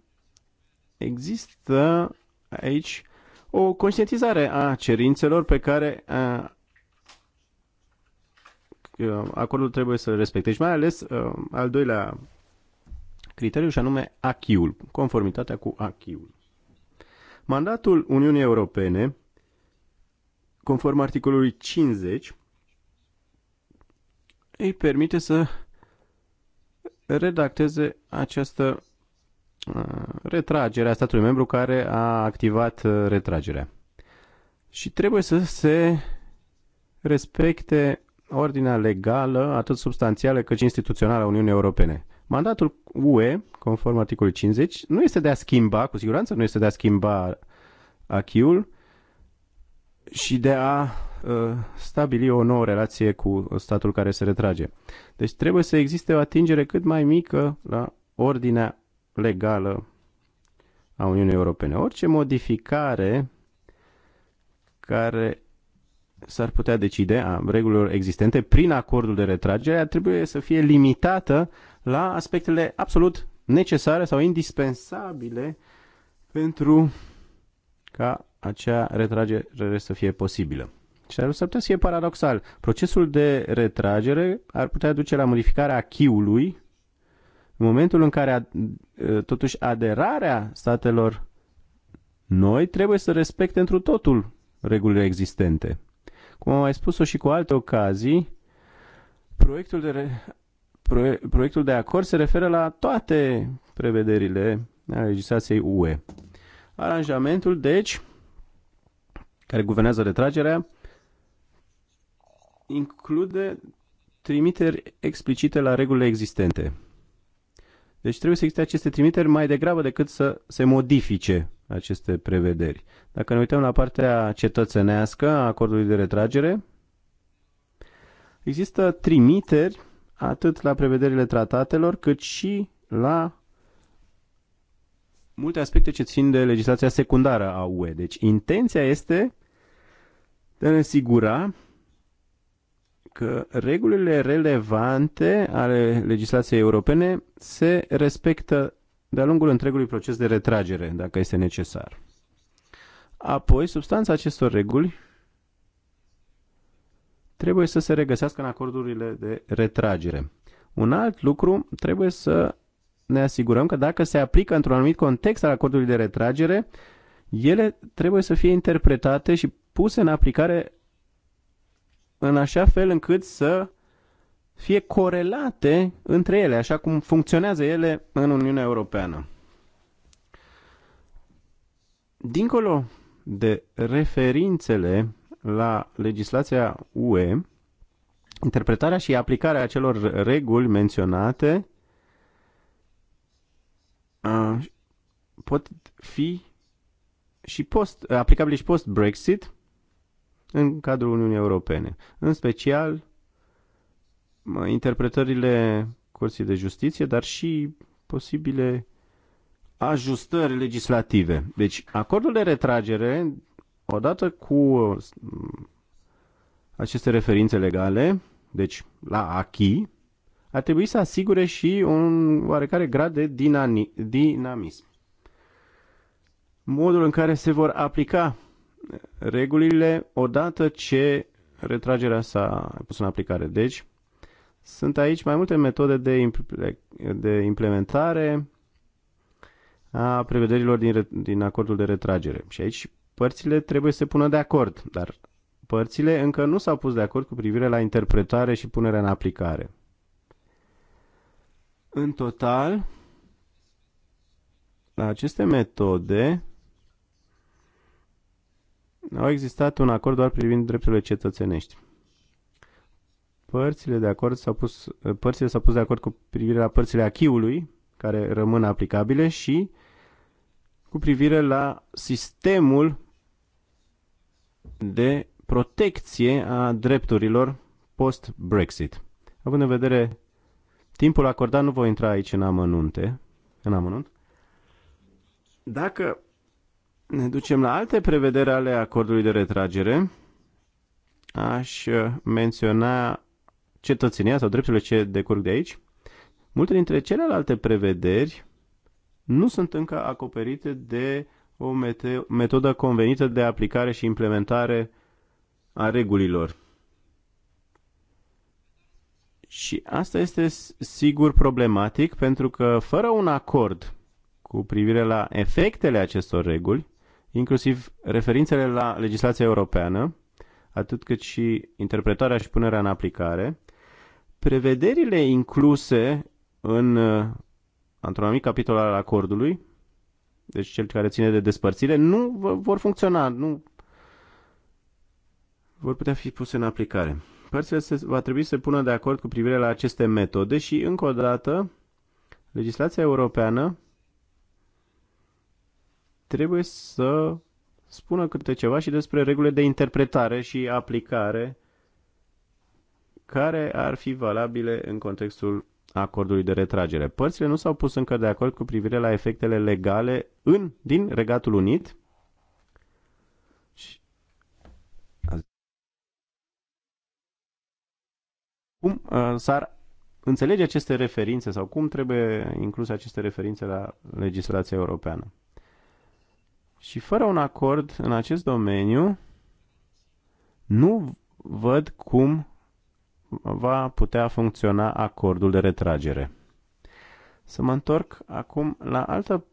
există aici o conștientizare a cerințelor pe care acordul trebuie să le respecte. Și mai ales al doilea criteriu și anume achiul, conformitatea cu achiul. Mandatul Uniunii Europene, conform articolului 50, îi permite să redacteze această Eh, retragerea statului membru care a activat eh, retragerea. Și trebuie să se respecte ordinea legală, atât substanțială cât și instituțională a Uniunii Europene. Mandatul UE, conform articolului 50, nu este de a schimba, cu siguranță nu este de a schimba achiul și de a uh, stabili o nouă relație cu statul care se retrage. Deci trebuie să existe o atingere cât mai mică la ordinea legală a Uniunii Europene. Orice modificare care s-ar putea decide a regulilor existente prin acordul de retragere trebuie să fie limitată la aspectele absolut necesare sau indispensabile pentru ca acea retragere să fie posibilă. Și ar putea să fie paradoxal. Procesul de retragere ar putea duce la modificarea chiului în momentul în care totuși aderarea statelor noi trebuie să respecte întru totul regulile existente. Cum am mai spus-o și cu alte ocazii, proiectul de, re, proie, proiectul de acord se referă la toate prevederile a legislației UE. Aranjamentul, deci, care guvernează retragerea, include trimiteri explicite la regulile existente. Deci trebuie să existe aceste trimiteri mai degrabă decât să se modifice aceste prevederi. Dacă ne uităm la partea cetățenească a acordului de retragere, există trimiteri atât la prevederile tratatelor, cât și la multe aspecte ce țin de legislația secundară a UE. Deci intenția este de a ne asigura că regulile relevante ale legislației europene se respectă de-a lungul întregului proces de retragere, dacă este necesar. Apoi, substanța acestor reguli trebuie să se regăsească în acordurile de retragere. Un alt lucru trebuie să ne asigurăm că dacă se aplică într-un anumit context al acordului de retragere, ele trebuie să fie interpretate și puse în aplicare în așa fel încât să fie corelate între ele, așa cum funcționează ele în Uniunea Europeană. Dincolo de referințele la legislația UE, interpretarea și aplicarea acelor reguli menționate pot fi și post, aplicabile și post-Brexit, în cadrul Uniunii Europene. În special, interpretările Curții de Justiție, dar și posibile ajustări legislative. Deci, acordul de retragere, odată cu mm, aceste referințe legale, deci la achi, ar trebui să asigure și un oarecare grad de dinamism. Modul în care se vor aplica regulile odată ce retragerea s-a pus în aplicare. Deci, sunt aici mai multe metode de, impl- de implementare a prevederilor din, din acordul de retragere. Și aici părțile trebuie să se pună de acord, dar părțile încă nu s-au pus de acord cu privire la interpretare și punerea în aplicare. În total, aceste metode au existat un acord doar privind drepturile cetățenești. Părțile, de acord s-au pus, părțile s-au pus de acord cu privire la părțile achiului, care rămân aplicabile, și cu privire la sistemul de protecție a drepturilor post-Brexit. Având în vedere timpul acordat, nu voi intra aici în amănunte, în amănunt. Dacă ne ducem la alte prevedere ale acordului de retragere, aș uh, menționa cetățenia sau drepturile ce decurg de aici. Multe dintre celelalte prevederi nu sunt încă acoperite de o metodă convenită de aplicare și implementare a regulilor. Și asta este sigur problematic pentru că fără un acord cu privire la efectele acestor reguli, inclusiv referințele la legislația europeană, atât cât și interpretarea și punerea în aplicare, prevederile incluse în, uh, într-un anumit capitol al acordului, deci cel care ține de despărțire, nu vor funcționa, nu vor putea fi puse în aplicare. Părțile se, va trebui să se pună de acord cu privire la aceste metode și, încă o dată, legislația europeană trebuie să spună câte ceva și despre regulile de interpretare și aplicare care ar fi valabile în contextul acordului de retragere. Părțile nu s-au pus încă de acord cu privire la efectele legale în, din Regatul Unit. Cum uh, s-ar înțelege aceste referințe sau cum trebuie incluse aceste referințe la legislația europeană? Și fără un acord în acest domeniu, nu văd cum va putea funcționa acordul de retragere. Să mă întorc acum la altă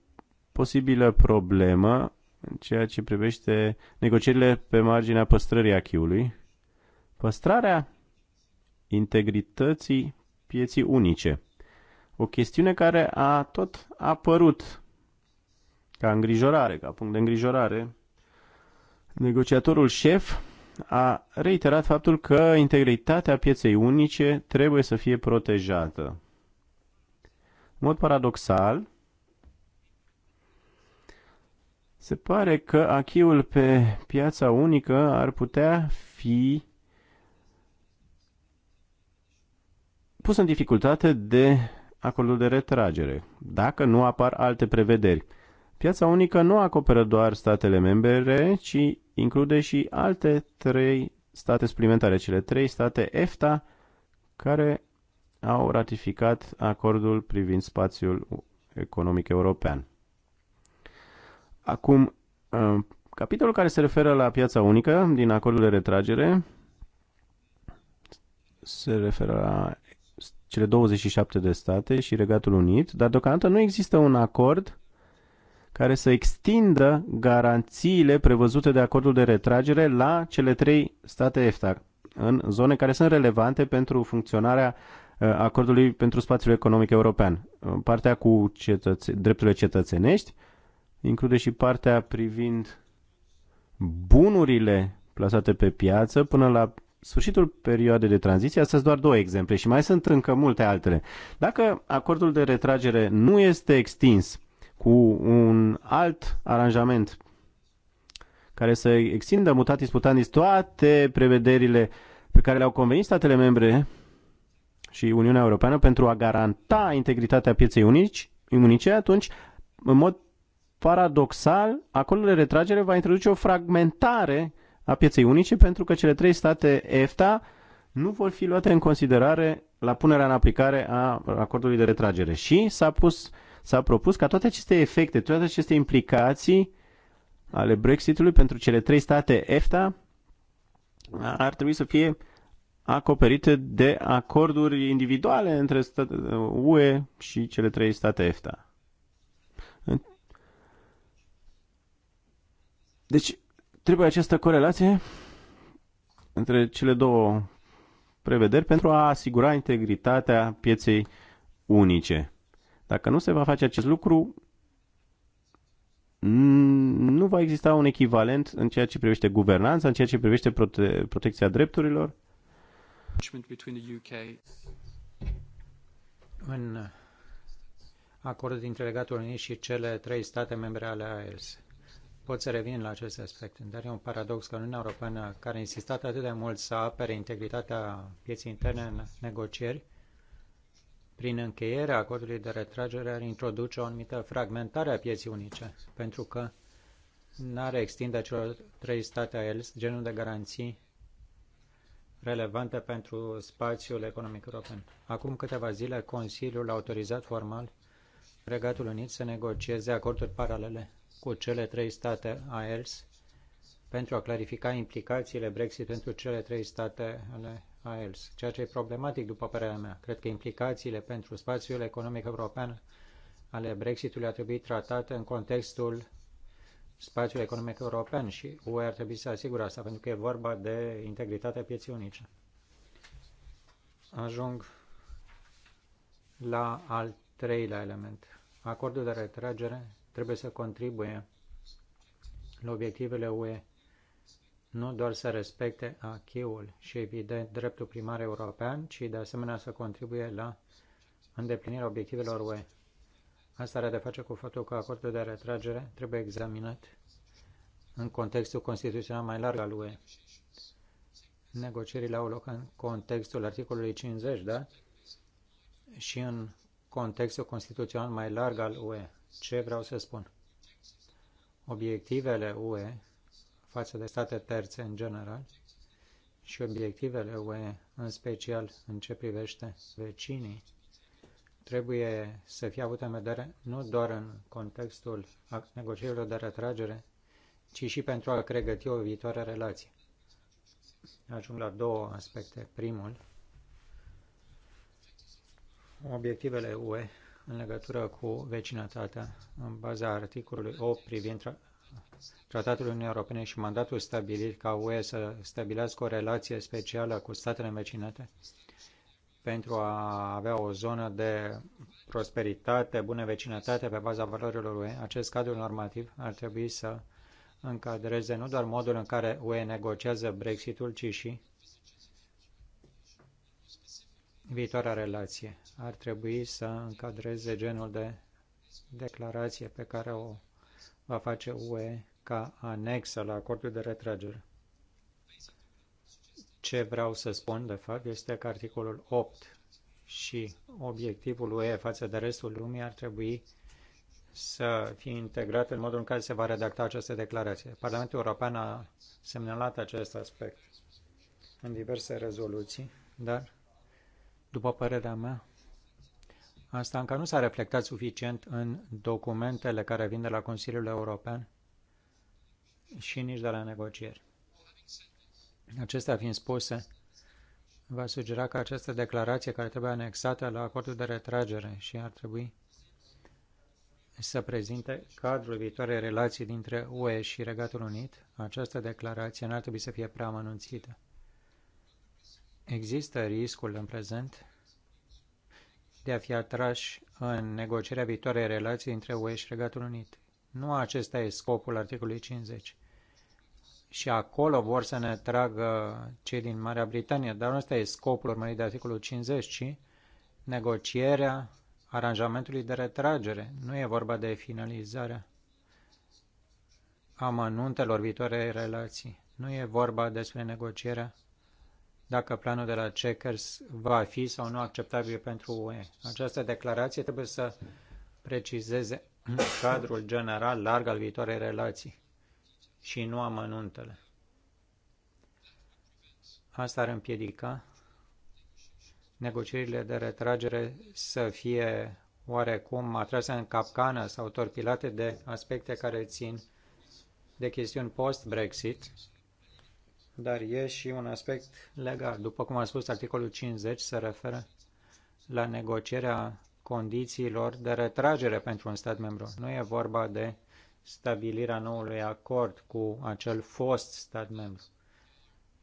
posibilă problemă în ceea ce privește negocierile pe marginea păstrării achiului. Păstrarea integrității pieții unice. O chestiune care a tot apărut ca îngrijorare, ca punct de îngrijorare, negociatorul șef a reiterat faptul că integritatea pieței unice trebuie să fie protejată. În mod paradoxal, se pare că achiul pe piața unică ar putea fi pus în dificultate de acordul de retragere, dacă nu apar alte prevederi. Piața unică nu acoperă doar statele membre, ci include și alte trei state suplimentare, cele trei state EFTA, care au ratificat acordul privind spațiul economic european. Acum, uh, capitolul care se referă la piața unică din acordul de retragere se referă la cele 27 de state și Regatul Unit, dar deocamdată nu există un acord care să extindă garanțiile prevăzute de acordul de retragere la cele trei state EFTA, în zone care sunt relevante pentru funcționarea uh, acordului pentru spațiul economic european. Uh, partea cu cetăț- drepturile cetățenești include și partea privind bunurile plasate pe piață până la sfârșitul perioadei de tranziție. Astea sunt doar două exemple și mai sunt încă multe altele. Dacă acordul de retragere nu este extins cu un alt aranjament care să extindă mutatis putandis toate prevederile pe care le-au convenit statele membre și Uniunea Europeană pentru a garanta integritatea pieței unici, unice, atunci, în mod paradoxal, acolo de retragere va introduce o fragmentare a pieței unice pentru că cele trei state EFTA nu vor fi luate în considerare la punerea în aplicare a acordului de retragere. Și s-a pus uh, s-a propus ca toate aceste efecte, toate aceste implicații ale Brexitului pentru cele trei state EFTA ar trebui să fie acoperite de acorduri individuale între UE și cele trei state EFTA. Deci, trebuie această corelație între cele două prevederi pentru a asigura integritatea pieței unice. Dacă nu se va face acest lucru, nu va exista un echivalent în ceea ce privește guvernanța, în ceea ce privește prote- protecția drepturilor.
În acordul dintre Legatul Unii și cele trei state membre ale AES. Pot să revin la acest aspect, dar e un paradox că Uniunea Europeană, care a insistat atât de mult să apere integritatea pieței interne în negocieri, prin încheierea acordului de retragere ar introduce o anumită fragmentare a pieții unice, pentru că n-ar extinde celor trei state a el genul de garanții relevante pentru spațiul economic european. Acum câteva zile, Consiliul a autorizat formal Regatul Unit să negocieze acorduri paralele cu cele trei state a ELS pentru a clarifica implicațiile Brexit pentru cele trei state ale AELS, ceea ce e problematic după părerea mea. Cred că implicațiile pentru spațiul economic european ale Brexitului ar trebui tratate în contextul spațiul economic european și UE ar trebui să asigure asta, pentru că e vorba de integritatea pieții unice. Ajung la al treilea element. Acordul de retragere trebuie să contribuie la obiectivele UE nu doar să respecte acheul și, evident, dreptul primar european, ci de asemenea să contribuie la îndeplinirea obiectivelor UE. Asta are de face cu faptul că acordul de retragere trebuie examinat în contextul constituțional mai larg al UE. Negocierile au loc în contextul articolului 50, da? Și în contextul constituțional mai larg al UE. Ce vreau să spun? Obiectivele UE față de state terțe în general și obiectivele UE, în special în ce privește vecinii, trebuie să fie avute în vedere nu doar în contextul negocierilor de retragere, ci și pentru a pregăti o viitoare relație. Ajung la două aspecte. Primul, obiectivele UE în legătură cu vecinătatea în baza articolului 8 privind Tratatul Uniunii Europene și mandatul stabilit ca UE să stabilească o relație specială cu statele învecinate pentru a avea o zonă de prosperitate, bună vecinătate pe baza valorilor UE, acest cadru normativ ar trebui să încadreze nu doar modul în care UE negociază Brexitul, ci și viitoarea relație. Ar trebui să încadreze genul de declarație pe care o va face UE ca anexă la acordul de retragere. Ce vreau să spun, de fapt, este că articolul 8 și obiectivul UE față de restul lumii ar trebui să fie integrat în modul în care se va redacta această declarație. Parlamentul European a semnalat acest aspect în diverse rezoluții, dar, după părerea mea, Asta încă nu s-a reflectat suficient în documentele care vin de la Consiliul European și nici de la negocieri. Acestea fiind spuse, va sugera că această declarație care trebuie anexată la acordul de retragere și ar trebui să prezinte cadrul viitoarei relații dintre UE și Regatul Unit, această declarație n-ar trebui să fie prea amănunțită. Există riscul în prezent de a fi atrași în negocierea viitoarei relații între UE și Regatul Unit. Nu acesta e scopul articolului 50. Și acolo vor să ne tragă cei din Marea Britanie, dar nu ăsta e scopul urmărit de articolul 50, ci negocierea aranjamentului de retragere. Nu e vorba de finalizarea amănuntelor viitoarei relații. Nu e vorba despre negocierea dacă planul de la Checkers va fi sau nu acceptabil pentru UE. Această declarație trebuie să precizeze cadrul general larg al viitoarei relații și nu amănuntele. Asta ar împiedica negocierile de retragere să fie oarecum atrase în capcană sau torpilate de aspecte care țin de chestiuni post-Brexit dar e și un aspect legal. După cum am spus, articolul 50 se referă la negocierea condițiilor de retragere pentru un stat membru. Nu e vorba de stabilirea noului acord cu acel fost stat membru.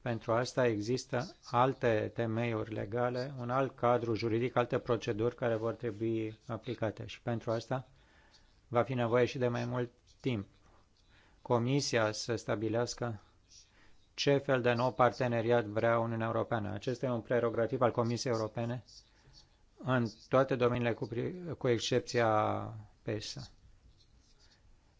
Pentru asta există alte temeiuri legale, un alt cadru juridic, alte proceduri care vor trebui aplicate și pentru asta va fi nevoie și de mai mult timp. Comisia să stabilească ce fel de nou parteneriat vrea Uniunea Europeană. Acesta e un prerogativ al Comisiei Europene în toate domeniile, cu, cu excepția PESA.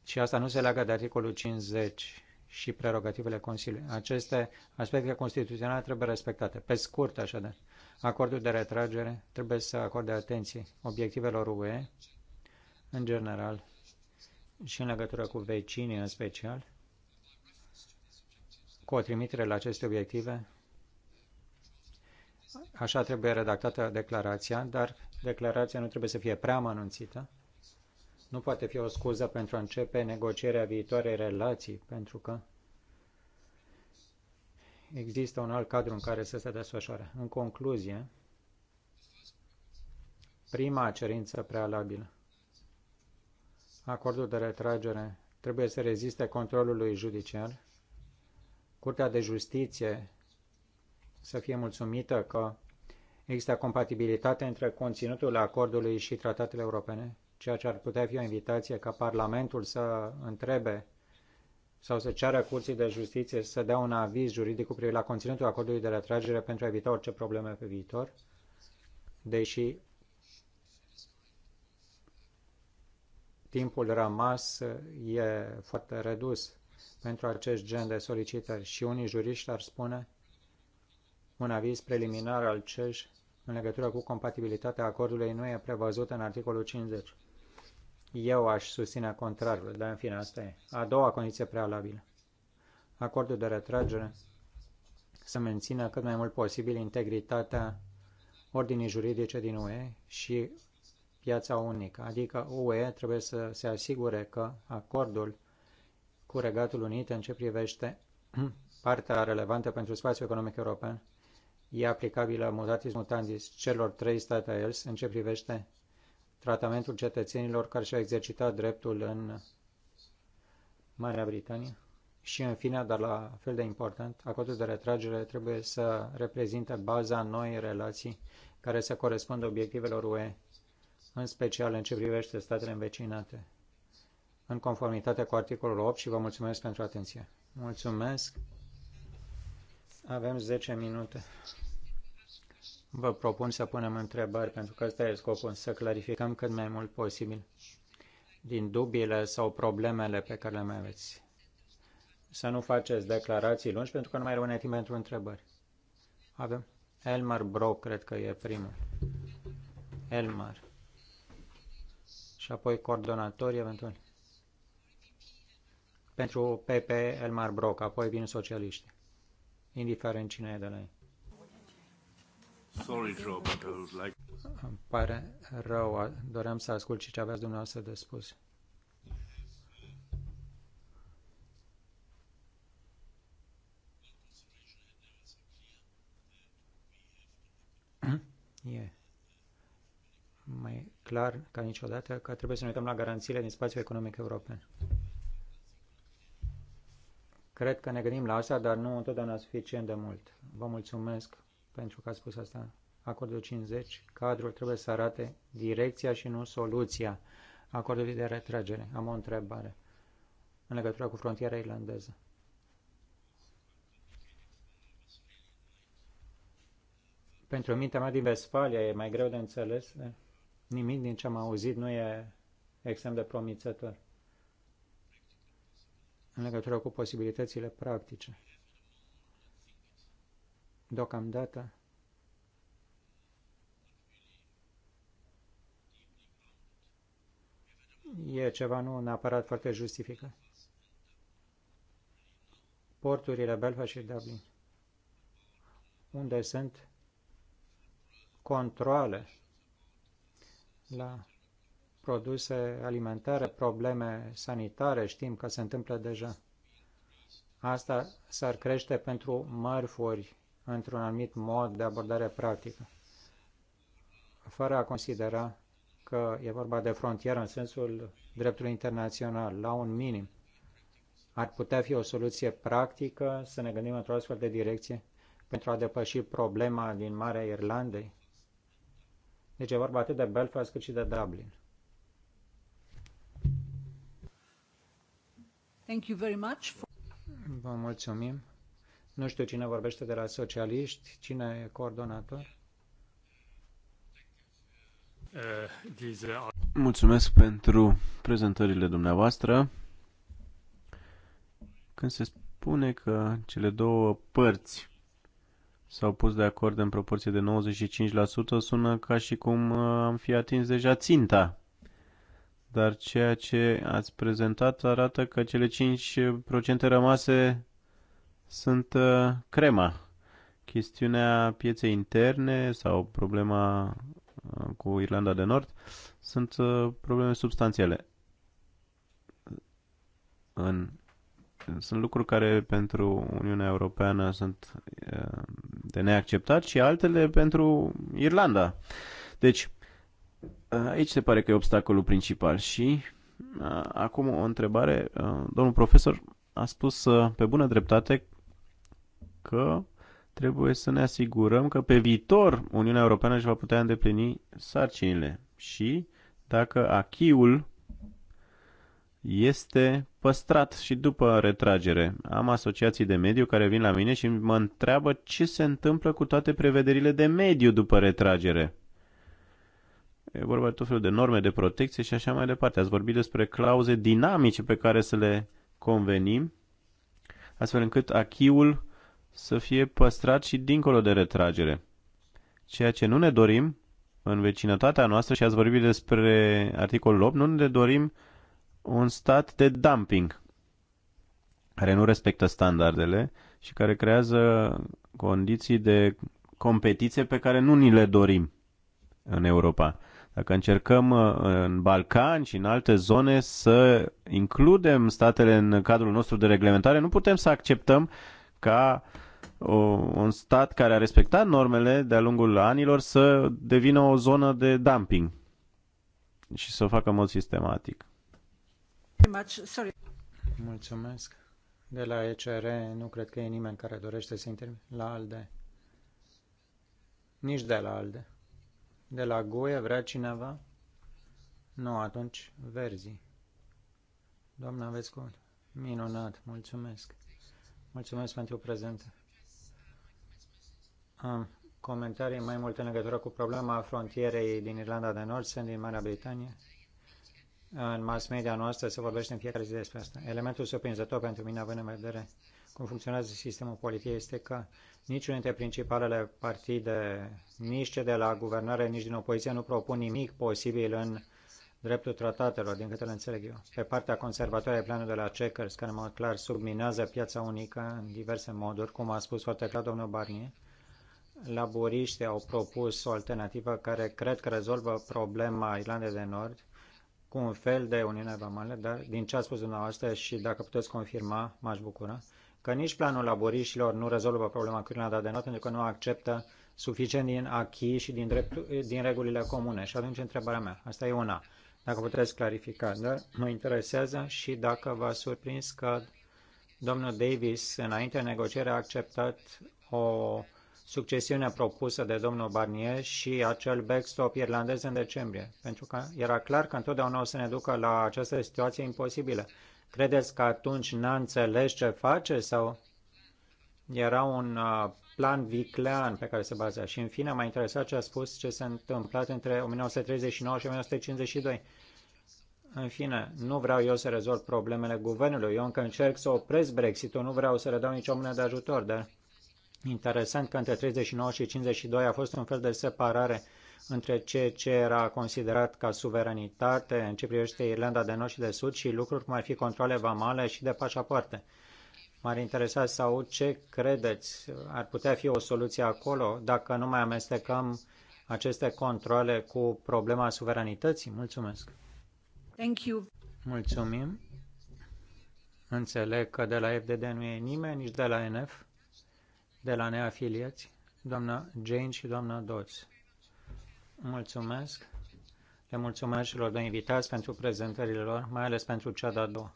Și asta nu se leagă de articolul 50 și prerogativele Consiliului. Aceste aspecte constituționale trebuie respectate. Pe scurt, așadar, acordul de retragere trebuie să acorde atenție obiectivelor UE, în general, și în legătură cu vecinii în special, cu o trimitere la aceste obiective. Așa trebuie redactată declarația, dar declarația nu trebuie să fie prea mănunțită. Nu poate fi o scuză pentru a începe negocierea viitoarei relații, pentru că există un alt cadru în care să se desfășoare. În concluzie, prima cerință prealabilă. Acordul de retragere trebuie să reziste controlului judiciar Curtea de Justiție să fie mulțumită că există compatibilitate între conținutul acordului și tratatele europene, ceea ce ar putea fi o invitație ca Parlamentul să întrebe sau să ceară Curții de Justiție să dea un aviz juridic cu privire la conținutul acordului de retragere pentru a evita orice probleme pe viitor, deși timpul rămas e foarte redus pentru acest gen de solicitări și unii juriști ar spune un aviz preliminar al CEJ în legătură cu compatibilitatea acordului nu e prevăzut în articolul 50. Eu aș susține contrarul, dar în fine, asta e. A doua condiție prealabilă. Acordul de retragere să mențină cât mai mult posibil integritatea ordinii juridice din UE și piața unică, adică UE trebuie să se asigure că acordul cu Regatul Unit în ce privește partea relevantă pentru spațiul economic european e aplicabilă mutatis mutandis celor trei state ELS în ce privește tratamentul cetățenilor care și-au exercitat dreptul în Marea Britanie. Și în fine, dar la fel de important, acordul de retragere trebuie să reprezinte baza noi relații care să corespundă obiectivelor UE, în special în ce privește statele învecinate în conformitate cu articolul 8 și vă mulțumesc pentru atenție. Mulțumesc. Avem 10 minute. Vă propun să punem întrebări, pentru că ăsta e scopul, să clarificăm cât mai mult posibil din dubiile sau problemele pe care le mai aveți. Să nu faceți declarații lungi, pentru că nu mai rămâne timp pentru întrebări. Avem Elmar Brock, cred că e primul. Elmar. Și apoi coordonatorii, eventual pentru PP Elmar Broc, apoi vin socialiști, indiferent cine e de la ei.
Sorry, Joe, but I would like... Îmi
pare rău, doream să ascult și ce aveați dumneavoastră de spus. E mai clar ca niciodată că trebuie să ne uităm la garanțiile din spațiul economic european. Cred că ne gândim la asta, dar nu întotdeauna suficient de mult. Vă mulțumesc pentru că ați spus asta. Acordul 50, cadrul trebuie să arate direcția și nu soluția acordului de retragere. Am o întrebare în legătură cu frontiera irlandeză. Pentru mintea mea din Vestfalia e mai greu de înțeles. Nimic din ce am auzit nu e extrem de promițător în legătură cu posibilitățile practice. Deocamdată, e ceva nu neapărat foarte justificat. Porturile Belfast și Dublin, unde sunt controle la produse alimentare, probleme sanitare, știm că se întâmplă deja. Asta s-ar crește pentru mărfuri într-un anumit mod de abordare practică, fără a considera că e vorba de frontieră în sensul dreptului internațional, la un minim. Ar putea fi o soluție practică să ne gândim într-o astfel de direcție pentru a depăși problema din Marea Irlandei? Deci e vorba atât de Belfast cât și de Dublin.
Thank you very much. For...
Vă mulțumim. Nu știu cine vorbește de la socialiști, cine e coordonator.
Mulțumesc pentru prezentările dumneavoastră. Când se spune că cele două părți s-au pus de acord în proporție de 95%, sună ca și cum uh, am fi atins deja ținta dar ceea ce ați prezentat arată că cele 5% rămase sunt uh, crema. Chestiunea pieței interne sau problema uh, cu Irlanda de Nord sunt uh, probleme substanțiale. În, sunt lucruri care pentru Uniunea Europeană sunt de neacceptat și altele pentru Irlanda. Deci, Aici se pare că e obstacolul principal și acum o întrebare. Domnul profesor a spus pe bună dreptate că trebuie să ne asigurăm că pe viitor Uniunea Europeană își va putea îndeplini sarcinile și dacă achiul este păstrat și după retragere. Am asociații de mediu care vin la mine și mă întreabă ce se întâmplă cu toate prevederile de mediu după retragere. E vorba de tot felul de norme de protecție și așa mai departe. Ați vorbit despre clauze dinamice pe care să le convenim, astfel încât achiul să fie păstrat și dincolo de retragere. Ceea ce nu ne dorim în vecinătatea noastră, și ați vorbit despre articolul 8, nu ne dorim un stat de dumping care nu respectă standardele și care creează condiții de competiție pe care nu ni le dorim în Europa. Dacă încercăm uh, în Balcani și în alte zone să includem statele în cadrul nostru de reglementare, nu putem să acceptăm ca un stat care a respectat normele de-a lungul anilor să devină o zonă de dumping și să o facă în mod sistematic.
Mulțumesc. De la ECR nu cred că e nimeni care dorește să intervine La ALDE. Nici de la ALDE. De la Goia vrea cineva? Nu, atunci verzi. Doamna, aveți Minunat, mulțumesc. Mulțumesc pentru prezent. Am comentarii mai multe în legătură cu problema frontierei din Irlanda de Nord, sunt din Marea Britanie. În mass media noastră se vorbește în fiecare zi despre asta. Elementul surprinzător pentru mine, având în vedere cum funcționează sistemul politic este că niciunul dintre principalele partide, nici ce de la guvernare, nici din opoziție, nu propun nimic posibil în dreptul tratatelor, din câte le înțeleg eu. Pe partea conservatoare, planul de la Checkers, care mă clar subminează piața unică în diverse moduri, cum a spus foarte clar domnul Barnier, laboriștii au propus o alternativă care cred că rezolvă problema Irlandei de Nord cu un fel de Uniune Vamală, dar din ce a spus dumneavoastră și dacă puteți confirma, m-aș bucura, că nici planul laboriștilor nu rezolvă problema Irlanda de not pentru că nu acceptă suficient din acquis și din, dreptul, din regulile comune. Și atunci întrebarea mea, asta e una, dacă puteți clarifica, da? mă interesează și dacă v-a surprins că domnul Davis, înainte negociere, a acceptat o succesiune propusă de domnul Barnier și acel backstop irlandez în decembrie, pentru că era clar că întotdeauna o să ne ducă la această situație imposibilă Credeți că atunci n-a înțeles ce face sau era un uh, plan viclean pe care se baza? Și în fine m-a interesat ce a spus ce s-a întâmplat între 1939 și 1952. În fine, nu vreau eu să rezolv problemele guvernului. Eu încă încerc să opresc Brexit-ul, nu vreau să dau nicio mână de ajutor, dar interesant că între 39 și 52 a fost un fel de separare între ceea ce era considerat ca suveranitate în ce privește Irlanda de Nord și de Sud și lucruri cum ar fi controle vamale și de pașapoarte. M-ar interesa să aud ce credeți ar putea fi o soluție acolo dacă nu mai amestecăm aceste controle cu problema suveranității? Mulțumesc! Thank you. Mulțumim! Înțeleg că de la FDD nu e nimeni, nici de la NF, de la neafiliați, doamna Jane și doamna Dodds. Mulțumesc. Le mulțumesc celor doi invitați pentru prezentările lor, mai ales pentru cea de-a doua,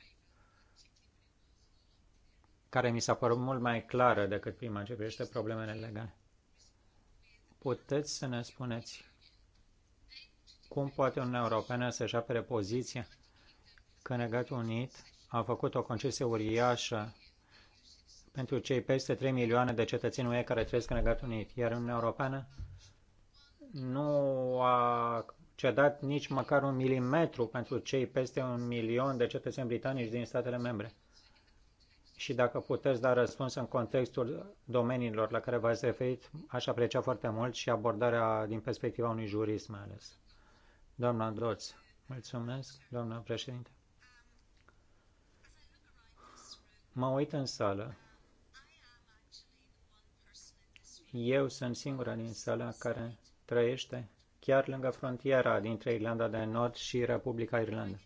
care mi s-a părut mult mai clară decât prima ce privește problemele legale. Puteți să ne spuneți cum poate Uniunea Europeană să-și apere poziția că Negatul Unit a făcut o concesie uriașă pentru cei peste 3 milioane de cetățeni UE care trăiesc în Regatul Unit, iar Uniunea Europeană nu a cedat nici măcar un milimetru pentru cei peste un milion de cetățeni britanici din statele membre. Și dacă puteți da răspuns în contextul domeniilor la care v-ați referit, aș aprecia foarte mult și abordarea din perspectiva unui jurist mai ales. Doamna Droț, mulțumesc, doamna președinte. Mă uit în sală. Eu sunt singura din sala care trăiește chiar lângă frontiera dintre Irlanda de Nord și Republica Irlanda.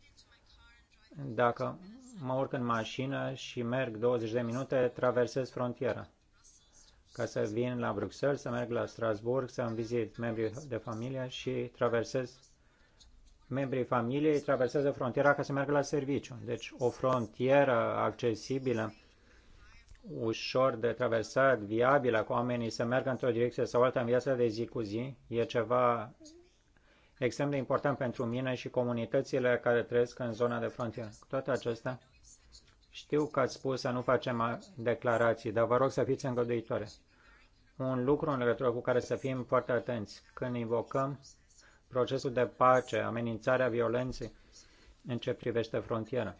Dacă mă urc în mașină și merg 20 de minute, traversez frontiera ca să vin la Bruxelles, să merg la Strasburg, să-mi vizit membrii de familie și traversez membrii familiei traversează frontiera ca să meargă la serviciu. Deci o frontieră accesibilă ușor de traversat, viabilă, cu oamenii să meargă într-o direcție sau alta în viața de zi cu zi, e ceva extrem de important pentru mine și comunitățile care trăiesc în zona de frontieră. Cu toate acestea, știu că ați spus să nu facem declarații, dar vă rog să fiți îngăduitoare. Un lucru în legătură cu care să fim foarte atenți când invocăm procesul de pace, amenințarea violenței în ce privește frontiera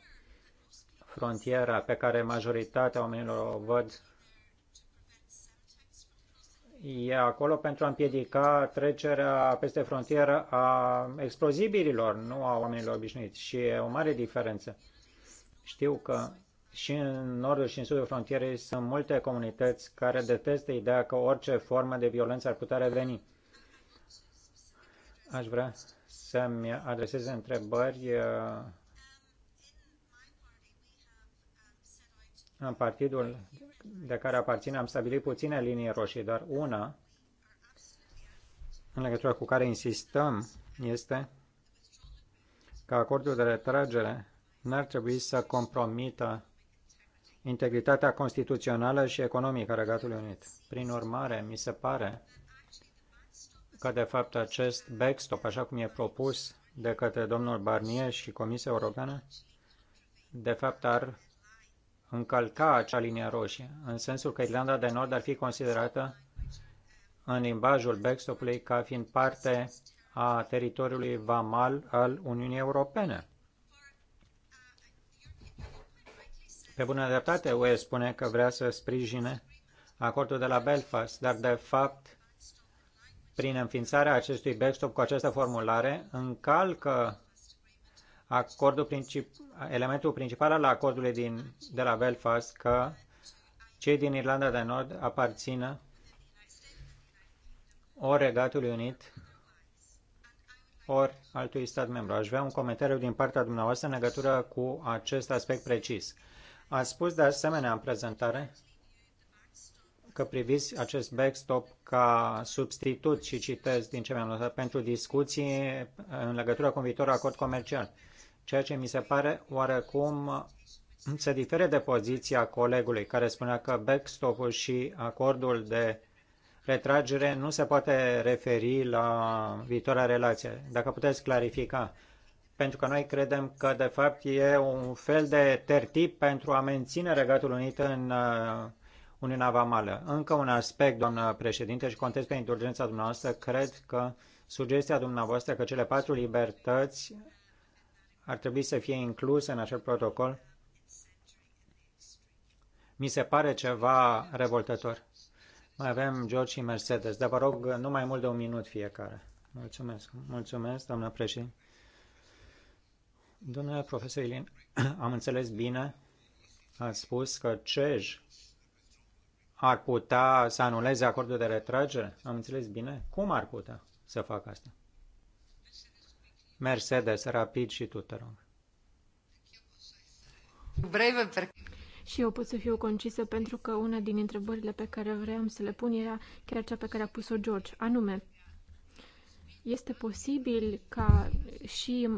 frontiera pe care majoritatea oamenilor o văd e acolo pentru a împiedica trecerea peste frontieră a explozibililor, nu a oamenilor obișnuiți. Și e o mare diferență. Știu că și în nordul și în sudul frontierei sunt multe comunități care detestă ideea că orice formă de violență ar putea reveni. Aș vrea să-mi adresez întrebări uh, În partidul de care aparține am stabilit puține linii roșii, dar una în legătură cu care insistăm este că acordul de retragere n-ar trebui să compromită integritatea constituțională și economică a Regatului Unit. Prin urmare, mi se pare că, de fapt, acest backstop, așa cum e propus de către domnul Barnier și Comisia Europeană, de fapt ar încălca acea linie roșie, în sensul că Irlanda de Nord ar fi considerată în limbajul backstop-ului ca fiind parte a teritoriului vamal al Uniunii Europene. Pe bună dreptate, UE spune că vrea să sprijine acordul de la Belfast, dar de fapt, prin înființarea acestui backstop cu această formulare, încalcă acordul princip, elementul principal al acordului din, de la Belfast că cei din Irlanda de Nord aparțină ori Regatului Unit, ori altui stat membru. Aș vrea un comentariu din partea dumneavoastră în legătură cu acest aspect precis. A spus de asemenea în prezentare că priviți acest backstop ca substitut și citez din ce mi-am notat pentru discuții în legătură cu un viitor acord comercial ceea ce mi se pare oarecum se difere de poziția colegului care spunea că backstop-ul și acordul de retragere nu se poate referi la viitoarea relație. Dacă puteți clarifica, pentru că noi credem că de fapt e un fel de tertip pentru a menține Regatul Unit în uh, Uniunea Vamală. Încă un aspect, doamnă președinte, și contez pe indulgența dumneavoastră, cred că sugestia dumneavoastră că cele patru libertăți ar trebui să fie inclus în acel protocol, mi se pare ceva revoltător. Mai avem George și Mercedes, dar vă rog nu mai mult de un minut fiecare. Mulțumesc. Mulțumesc, doamna președinte. Domnule profesor Ilin, am înțeles bine, a spus că CEJ ar putea să anuleze acordul de retragere? Am înțeles bine? Cum ar putea să facă asta? Mercedes, rapid și tu, te rog.
Și eu pot să fiu concisă pentru că una din întrebările pe care vreau să le pun era chiar cea pe care a pus-o George, anume, este posibil ca și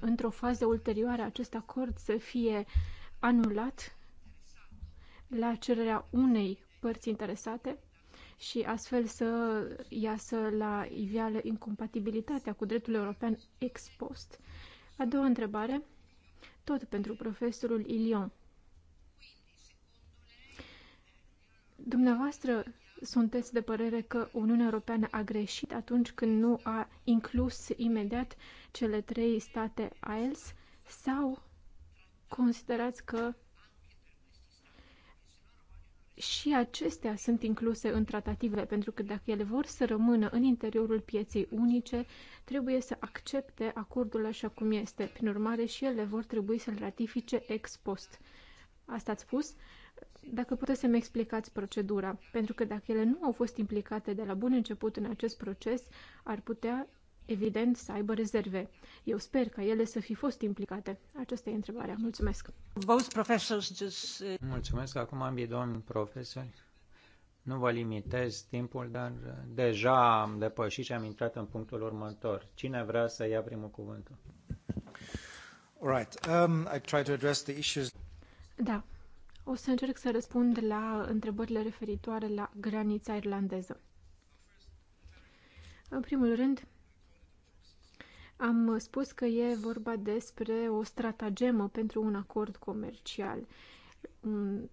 într-o fază ulterioară acest acord să fie anulat la cererea unei părți interesate? și astfel să iasă la iveală incompatibilitatea cu dreptul european ex post. A doua întrebare, tot pentru profesorul Ilion. Dumneavoastră sunteți de părere că Uniunea Europeană a greșit atunci când nu a inclus imediat cele trei state AELS sau considerați că și acestea sunt incluse în tratative, pentru că dacă ele vor să rămână în interiorul pieței unice, trebuie să accepte acordul așa cum este. Prin urmare, și ele vor trebui să-l ratifice ex post. Asta ați spus? Dacă puteți să-mi explicați procedura, pentru că dacă ele nu au fost implicate de la bun început în acest proces, ar putea evident, să aibă rezerve. Eu sper ca ele să fi fost implicate. Aceasta e întrebarea. Mulțumesc.
Both professors just...
Mulțumesc. Acum ambii domni profesori. Nu vă limitez timpul, dar uh, deja am depășit și am intrat în punctul următor. Cine vrea să ia primul cuvânt? right. Um, I try to address the issues.
Da. O să încerc să răspund la întrebările referitoare la granița irlandeză. În primul rând, am spus că e vorba despre o stratagemă pentru un acord comercial, un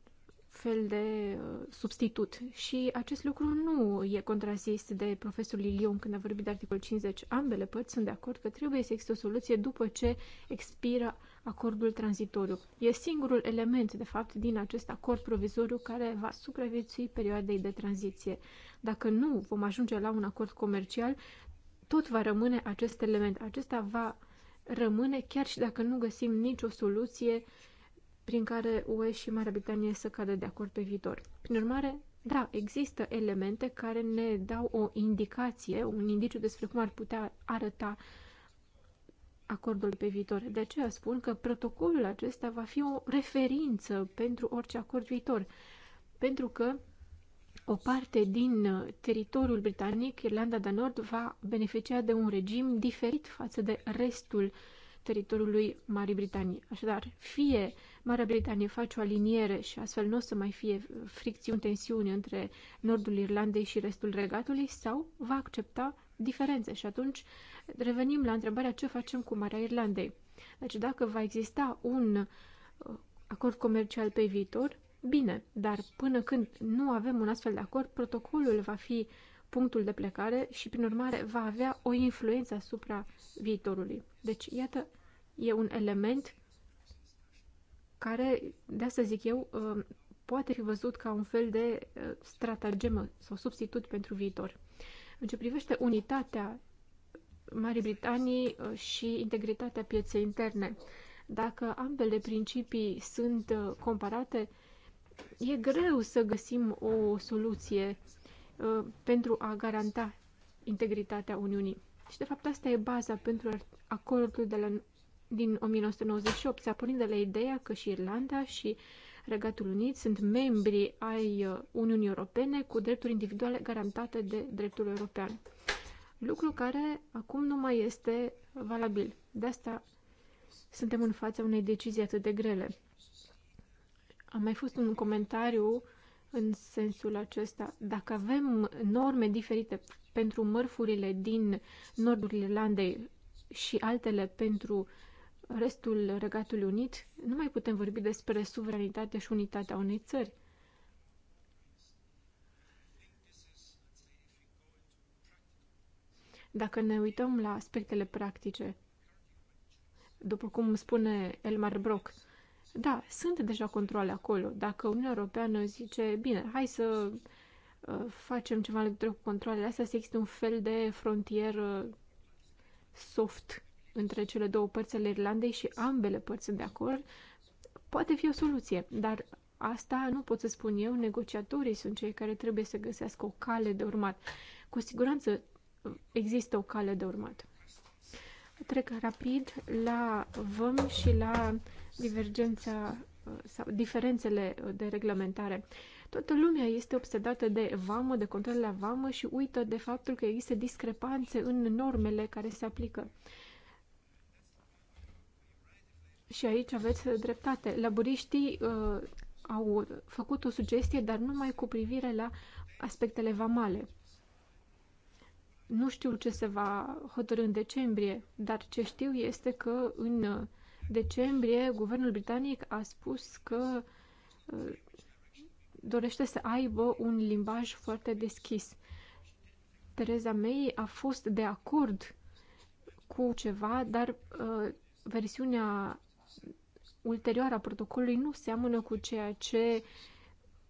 fel de uh, substitut. Și acest lucru nu e contrazis de profesorul Lilion când a vorbit de articol 50. Ambele părți sunt de acord că trebuie să existe o soluție după ce expiră acordul tranzitoriu. E singurul element, de fapt, din acest acord provizoriu care va supraviețui perioadei de tranziție. Dacă nu vom ajunge la un acord comercial, tot va rămâne acest element. Acesta va rămâne chiar și dacă nu găsim nicio soluție prin care UE și Marea Britanie să cadă de acord pe viitor. Prin urmare, da, există elemente care ne dau o indicație, un indiciu despre cum ar putea arăta acordul pe viitor. De aceea spun că protocolul acesta va fi o referință pentru orice acord viitor, pentru că o parte din uh, teritoriul britanic, Irlanda de Nord, va beneficia de un regim diferit față de restul teritoriului Marii Britanii. Așadar, fie Marea Britanie face o aliniere și astfel nu o să mai fie fricțiuni, tensiuni între nordul Irlandei și restul regatului, sau va accepta diferențe. Și atunci revenim la întrebarea ce facem cu Marea Irlandei. Deci dacă va exista un uh, acord comercial pe viitor, Bine, dar până când nu avem un astfel de acord, protocolul va fi punctul de plecare și, prin urmare, va avea o influență asupra viitorului. Deci, iată, e un element care, de asta zic eu, uh, poate fi văzut ca un fel de uh, stratagemă sau substitut pentru viitor. În ce privește unitatea Marii Britanii uh, și integritatea pieței interne, dacă ambele principii sunt comparate, e greu să găsim o soluție uh, pentru a garanta integritatea Uniunii. Și, de fapt, asta e baza pentru acordul de la, din 1998. S-a pornit de la ideea că și Irlanda și Regatul Unit sunt membri ai uh, Uniunii Europene cu drepturi individuale garantate de dreptul european. Lucru care acum nu mai este valabil. De asta suntem în fața unei decizii atât de grele. A mai fost un comentariu în sensul acesta. Dacă avem norme diferite pentru mărfurile din nordul Irlandei și altele pentru restul Regatului Unit, nu mai putem vorbi despre suveranitate și unitatea unei țări. Dacă ne uităm la aspectele practice, după cum spune Elmar Brock, da, sunt deja controle acolo. Dacă Uniunea Europeană zice, bine, hai să uh, facem ceva în legătură cu controlele astea, să există un fel de frontieră soft între cele două părți ale Irlandei și ambele părți sunt de acord, poate fi o soluție, dar asta nu pot să spun eu, negociatorii sunt cei care trebuie să găsească o cale de urmat. Cu siguranță uh, există o cale de urmat. Trec rapid la VAM și la divergența sau diferențele de reglementare. Toată lumea este obsedată de vamă, de control la vamă și uită de faptul că există discrepanțe în normele care se aplică. Și aici aveți dreptate. Laburiștii uh, au făcut o sugestie, dar numai cu privire la aspectele vamale. Nu știu ce se va hotărâ în decembrie, dar ce știu este că în decembrie guvernul britanic a spus că uh, dorește să aibă un limbaj foarte deschis. Tereza May a fost de acord cu ceva, dar uh, versiunea ulterioară a protocolului nu seamănă cu ceea ce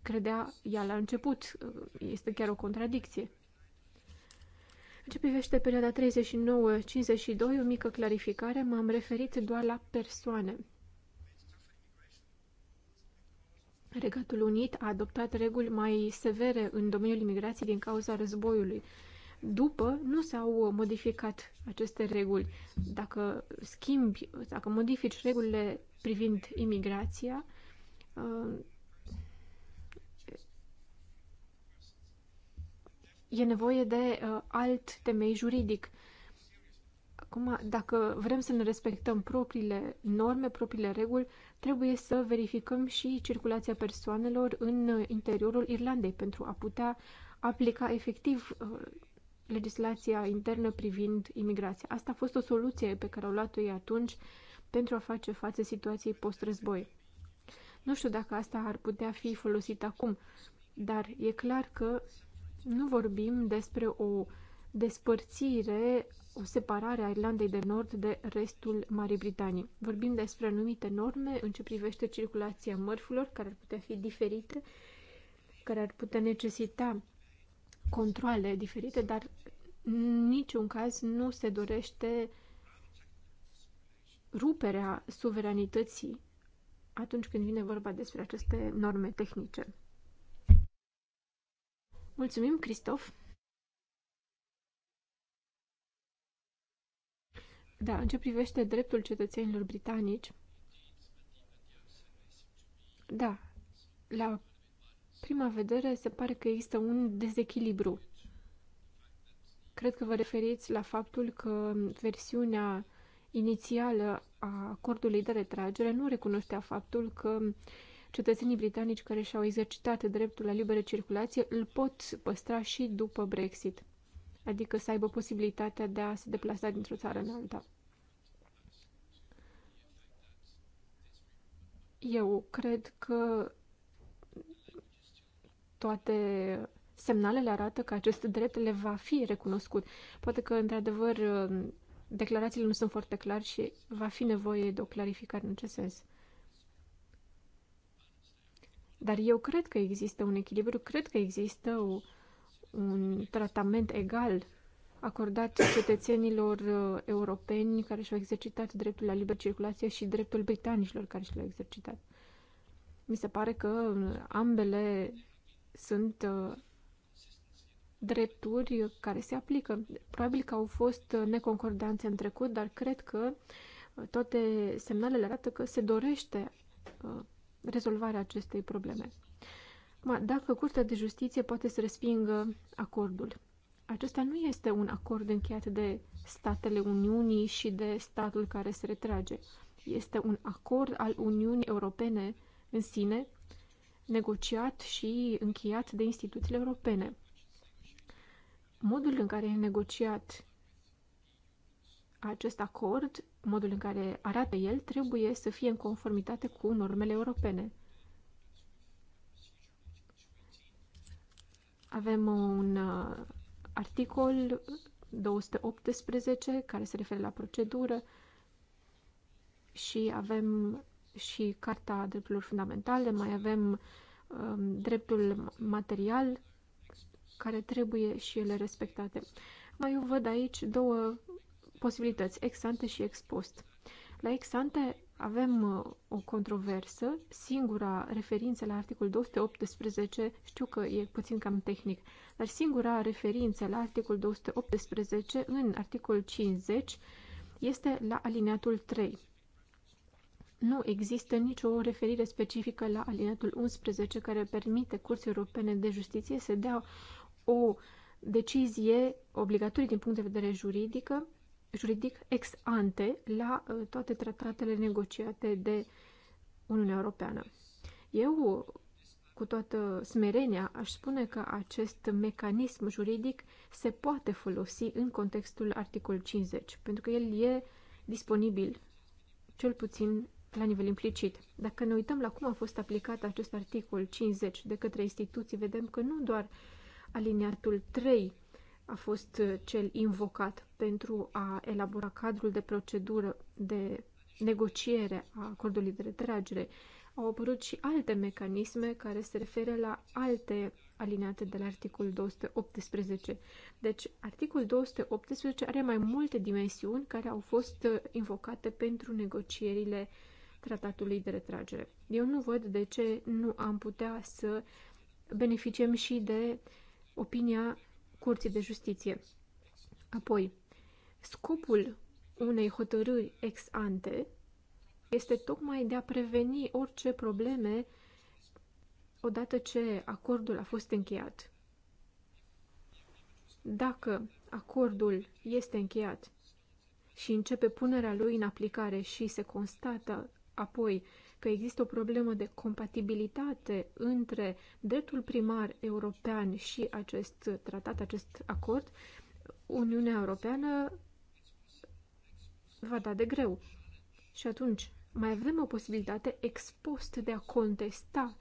credea ea la început. Este chiar o contradicție. În ce privește perioada 39-52, o mică clarificare, m-am referit doar la persoane. Regatul Unit a adoptat reguli mai severe în domeniul imigrației din cauza războiului. După, nu s-au modificat aceste reguli. Dacă schimbi, dacă modifici regulile privind imigrația, uh, e nevoie de uh, alt temei juridic. Acum, dacă vrem să ne respectăm propriile norme, propriile reguli, trebuie să verificăm și circulația persoanelor în uh, interiorul Irlandei pentru a putea aplica efectiv uh, legislația internă privind imigrația. Asta a fost o soluție pe care au luat-o ei atunci pentru a face față situației post-război. Nu știu dacă asta ar putea fi folosit acum, dar e clar că nu vorbim despre o despărțire, o separare a Irlandei de Nord de restul Marii Britanii. Vorbim despre anumite norme în ce privește circulația mărfurilor, care ar putea fi diferite, care ar putea necesita controle diferite, dar în niciun caz nu se dorește ruperea suveranității atunci când vine vorba despre aceste norme tehnice. Mulțumim, Cristof! Da, în ce privește dreptul cetățenilor britanici, da, la prima vedere se pare că există un dezechilibru. Cred că vă referiți la faptul că versiunea inițială a acordului de retragere nu recunoștea faptul că uh, cetățenii britanici care și-au exercitat dreptul la liberă circulație îl pot păstra și după Brexit, adică să aibă posibilitatea de a se deplasa dintr-o țară în alta. Eu cred că toate semnalele arată că acest drept le va fi recunoscut. Poate că, într-adevăr, declarațiile nu sunt foarte clare și va fi nevoie de o clarificare în acest sens. Dar eu cred că există un echilibru, cred că există o, un tratament egal acordat cetățenilor uh, europeni care și-au exercitat dreptul la liberă circulație și dreptul britanicilor care și l-au exercitat. Mi se pare că uh, ambele sunt uh, drepturi care se aplică. Probabil că au fost neconcordanțe în trecut, dar cred că toate semnalele arată că se dorește rezolvarea acestei probleme. Dacă Curtea de Justiție poate să respingă acordul, acesta nu este un acord încheiat de statele Uniunii și de statul care se retrage. Este un acord al Uniunii Europene în sine, negociat și încheiat de instituțiile europene. Modul în care e negociat acest acord, modul în care arată el, trebuie să fie în conformitate cu normele europene. Avem un uh, articol 218 care se referă la procedură și avem și Carta Drepturilor Fundamentale, mai avem um, dreptul material care trebuie și ele respectate. Mai eu văd aici două posibilități, ex ante și ex post. La ex ante avem uh, o controversă, singura referință la articolul 218, știu că e puțin cam tehnic, dar singura referință la articolul 218 în articolul 50 este la alineatul 3. Nu există nicio referire specifică la alineatul 11 care permite Curții Europene de Justiție să dea o decizie obligatorie din punct de vedere juridică juridic ex ante la uh, toate tratatele negociate de Uniunea Europeană. Eu, cu toată smerenia, aș spune că acest mecanism juridic se poate folosi în contextul articol 50, pentru că el e disponibil, cel puțin la nivel implicit. Dacă ne uităm la cum a fost aplicat acest articol 50 de către instituții, vedem că nu doar aliniatul 3 a fost uh, cel invocat pentru a elabora cadrul de procedură de negociere a acordului de retragere. Au apărut și alte mecanisme care se referă la alte alineate de la articolul 218. Deci, articolul 218 are mai multe dimensiuni care au fost uh, invocate pentru negocierile tratatului de retragere. Eu nu văd de ce nu am putea să beneficiem și de opinia Curții de Justiție. Apoi, scopul unei hotărâri ex ante este tocmai de a preveni orice probleme odată ce acordul a fost încheiat. Dacă acordul este încheiat și începe punerea lui în aplicare și se constată apoi că există o problemă de compatibilitate între dreptul primar european și acest tratat, acest acord, Uniunea Europeană va da de greu. Și atunci mai avem o posibilitate expost de a contesta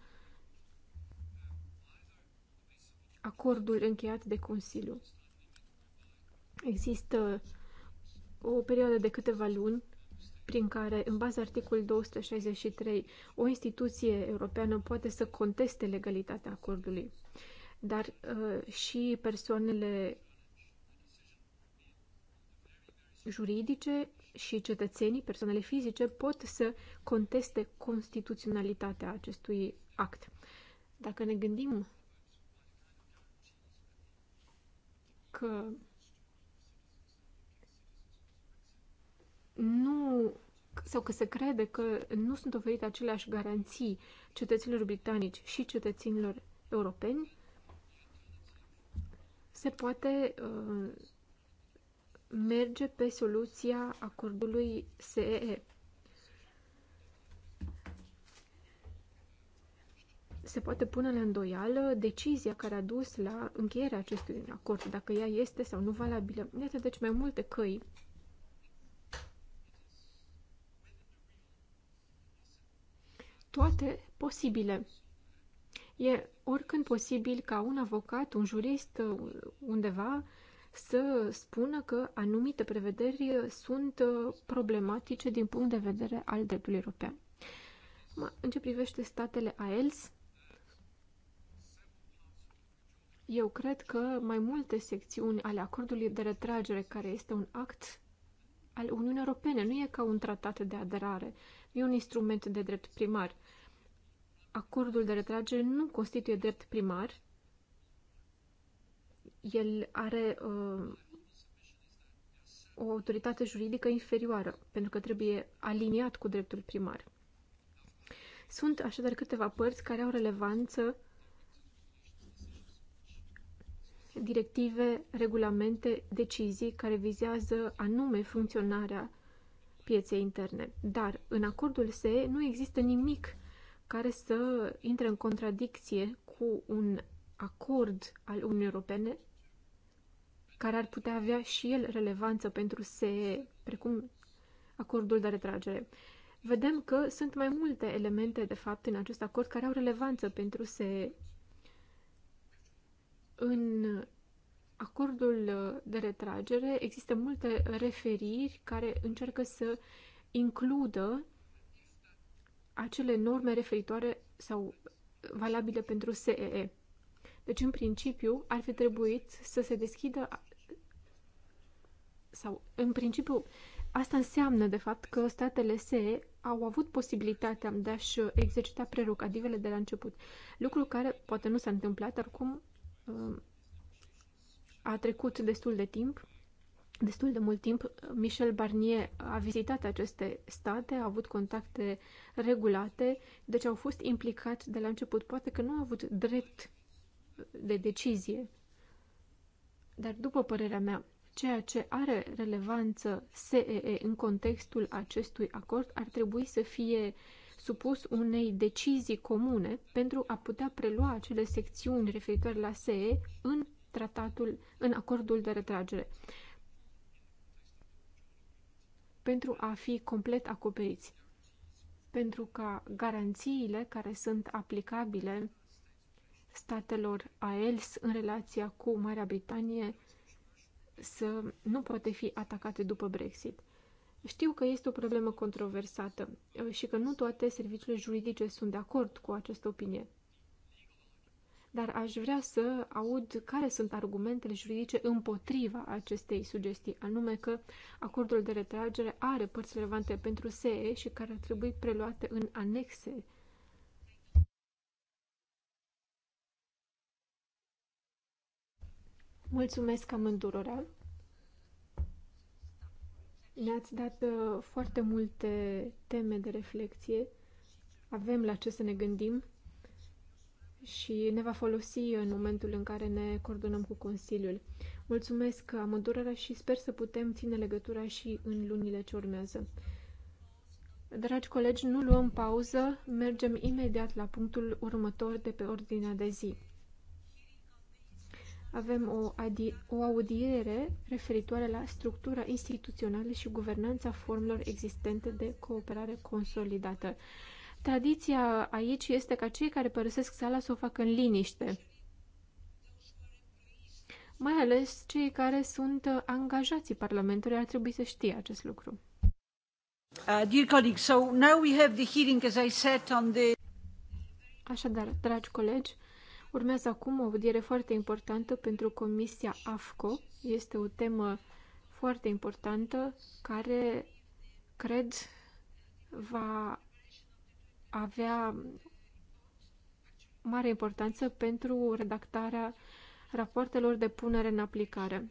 acordul încheiat de Consiliu. Există o perioadă de câteva luni prin care, în baza articolului 263, o instituție europeană poate să conteste legalitatea acordului, dar uh, și persoanele juridice și cetățenii, persoanele fizice, pot să conteste constituționalitatea acestui act. Dacă ne gândim că nu sau că se crede că nu sunt oferite aceleași garanții cetățenilor britanici și cetățenilor europeni, se poate uh, merge pe soluția acordului SEE. Se poate pune la îndoială decizia care a dus la încheierea acestui acord, dacă ea este sau nu valabilă. Iată deci mai multe căi toate posibile. E oricând posibil ca un avocat, un jurist undeva să spună că anumite prevederi sunt uh, problematice din punct de vedere al dreptului european. În ce privește statele AELS, eu cred că mai multe secțiuni ale acordului de retragere, care este un act al Uniunii Europene, nu e ca un tratat de aderare e un instrument de drept primar. Acordul de retragere nu constituie drept primar. El are uh, o autoritate juridică inferioară, pentru că trebuie aliniat cu dreptul primar. Sunt așadar câteva părți care au relevanță directive, regulamente, decizii care vizează anume funcționarea pieței interne. Dar în acordul SE nu există nimic care să intre în contradicție cu un acord al Uniunii Europene care ar putea avea și el relevanță pentru SE, precum acordul de retragere. Vedem că sunt mai multe elemente, de fapt, în acest acord care au relevanță pentru SE. În acordul uh, de retragere există multe referiri care încearcă să includă acele norme referitoare sau valabile pentru SEE. Deci, în principiu, ar fi trebuit să se deschidă sau, în principiu, asta înseamnă, de fapt, că statele SE au avut posibilitatea de a-și exercita prerogativele de la început, lucru care poate nu s-a întâmplat, cum um, a trecut destul de timp, destul de mult timp. Michel Barnier a vizitat aceste state, a avut contacte regulate, deci au fost implicați de la început. Poate că nu au avut drept de decizie, dar după părerea mea, ceea ce are relevanță SEE în contextul acestui acord ar trebui să fie supus unei decizii comune pentru a putea prelua acele secțiuni referitoare la SE în tratatul, în acordul de retragere, pentru a fi complet acoperiți. Pentru ca garanțiile care sunt aplicabile statelor AELS în relația cu Marea Britanie să nu poate fi atacate după Brexit. Știu că este o problemă controversată uh, și că nu toate serviciile juridice sunt de acord cu această opinie dar aș vrea să aud care sunt argumentele juridice împotriva acestei sugestii, anume că acordul de retragere are părți relevante pentru SE și care ar trebui preluate în anexe. Mulțumesc amândurora! Ne-ați dat uh, foarte multe teme de reflexie. Avem la ce să ne gândim și ne va folosi în momentul în care ne coordonăm cu Consiliul. Mulțumesc amândurora și sper să putem ține legătura și în lunile ce urmează. Dragi colegi, nu luăm pauză, mergem imediat la punctul următor de pe ordinea de zi. Avem o, o audiere referitoare la structura instituțională și guvernanța formelor existente de cooperare consolidată. Tradiția aici este ca cei care părăsesc sala să o facă în liniște, mai ales cei care sunt uh, angajații Parlamentului ar trebui să știe acest lucru. Uh, dear colleagues, so now we have the hearing, as I said, on the... Așadar, dragi colegi, urmează acum o audiere foarte importantă pentru Comisia AFCO. Este o temă foarte importantă care, cred, va avea mare importanță pentru redactarea rapoartelor de punere în aplicare.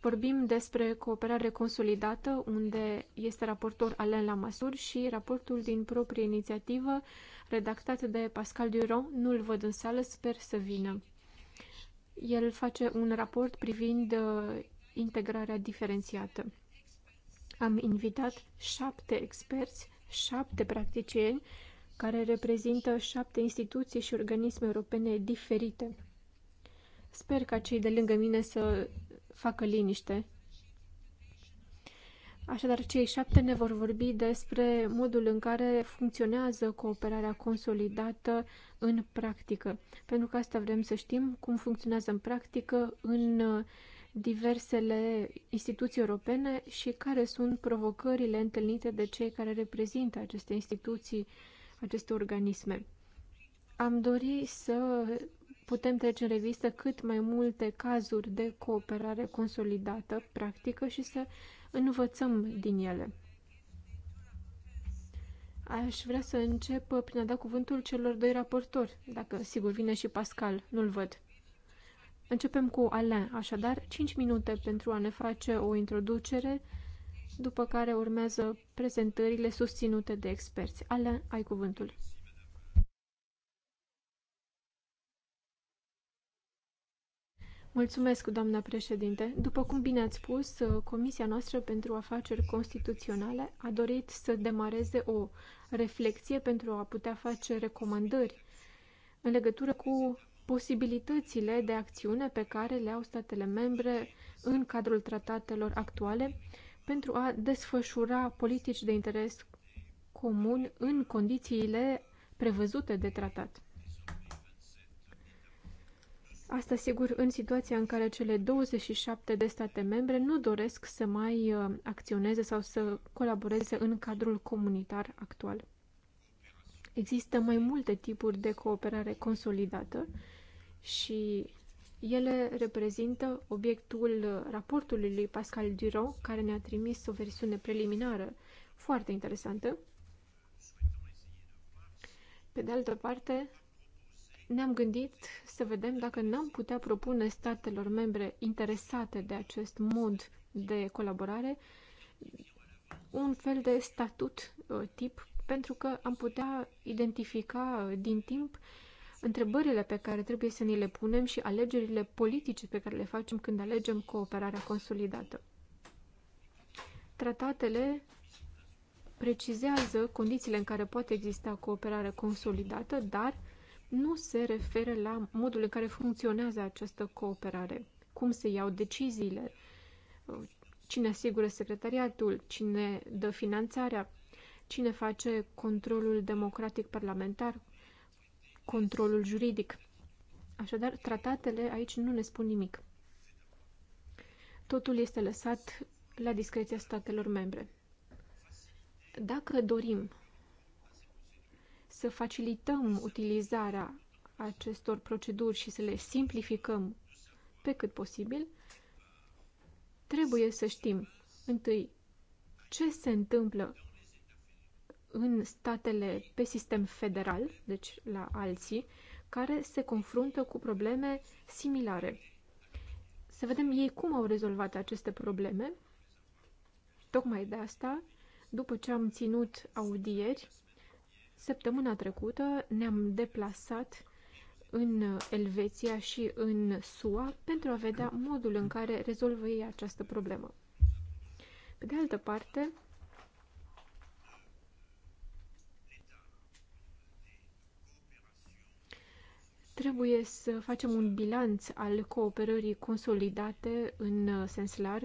Vorbim despre cooperare consolidată, unde este raportor Alain Lamassur și raportul din proprie inițiativă, redactat de Pascal Durand, nu-l văd în sală, sper să vină. El face un raport privind uh, integrarea diferențiată. Am invitat șapte experți, șapte practicieni care reprezintă șapte instituții și organisme europene diferite. Sper ca cei de lângă mine să facă liniște. Așadar, cei șapte ne vor vorbi despre modul în care funcționează cooperarea consolidată în practică. Pentru că asta vrem să știm, cum funcționează în practică în diversele instituții europene și care sunt provocările întâlnite de cei care reprezintă aceste instituții aceste organisme. Am dorit să putem trece în revistă cât mai multe cazuri de cooperare consolidată, practică și să învățăm din ele. Aș vrea să încep prin a da cuvântul celor doi raportori, dacă sigur vine și Pascal, nu-l văd. Începem cu Alain, așadar 5 minute pentru a ne face o introducere după care urmează prezentările susținute de experți. Alan, ai cuvântul. Mulțumesc, doamna președinte. După cum bine ați spus, Comisia noastră pentru afaceri constituționale a dorit să demareze o reflexie pentru a putea face recomandări în legătură cu posibilitățile de acțiune pe care le au statele membre în cadrul tratatelor actuale pentru a desfășura politici de interes comun în condițiile prevăzute de tratat. Asta, sigur, în situația în care cele 27 de state membre nu doresc să mai uh, acționeze sau să colaboreze în cadrul comunitar actual. Există mai multe tipuri de cooperare consolidată și ele reprezintă obiectul raportului lui Pascal Duro, care ne-a trimis o versiune preliminară foarte interesantă. Pe de altă parte, ne-am gândit să vedem dacă n-am putea propune statelor membre interesate de acest mod de colaborare un fel de statut uh, tip, pentru că am putea identifica uh, din timp uh, întrebările pe care trebuie să ni le punem și alegerile politice pe care le facem când alegem cooperarea consolidată. Tratatele precizează condițiile în care poate exista cooperare consolidată, dar nu se referă la modul în care funcționează această cooperare, cum se iau deciziile, cine asigură secretariatul, cine dă finanțarea, cine face controlul democratic parlamentar, controlul juridic. Așadar, tratatele aici nu ne spun nimic. Totul este lăsat la discreția statelor membre. Dacă dorim să facilităm utilizarea acestor proceduri și să le simplificăm pe cât posibil, trebuie să știm întâi ce se întâmplă în statele pe sistem federal, deci la alții, care se confruntă cu probleme similare. Să vedem ei cum au rezolvat aceste probleme. Tocmai de asta, după ce am ținut audieri, săptămâna trecută ne-am deplasat în Elveția și în SUA pentru a vedea modul în care rezolvă ei această problemă. Pe de altă parte, Trebuie să facem un bilanț al cooperării consolidate în uh, sens larg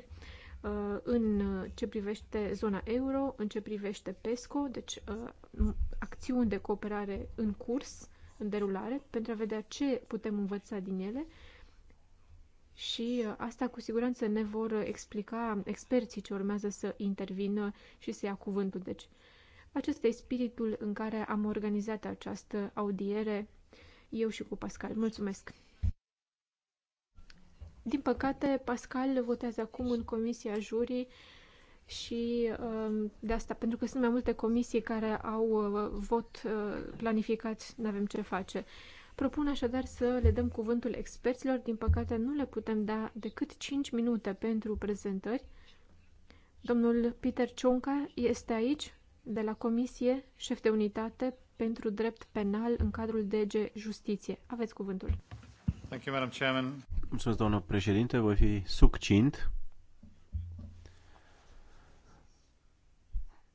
uh, în uh, ce privește zona euro, în ce privește PESCO, deci acțiuni de cooperare în curs, în derulare, pentru a vedea ce putem învăța din ele și asta cu siguranță ne vor explica experții ce urmează să intervină și să ia cuvântul. Deci, acesta e spiritul în care am organizat această audiere eu și cu Pascal. Mulțumesc! Din păcate, Pascal votează acum în comisia jurii și um, de asta, pentru că sunt mai multe comisii care au uh, vot uh, planificat, nu avem ce face. Propun așadar să le dăm cuvântul experților. Din păcate, nu le putem da decât 5 minute pentru prezentări. Domnul Peter Cionca este aici, de la Comisie, șef de unitate pentru drept penal în cadrul DG Justiție. Aveți cuvântul.
Thank you, Madam Chairman.
Mulțumesc, doamnă președinte. Voi fi succint.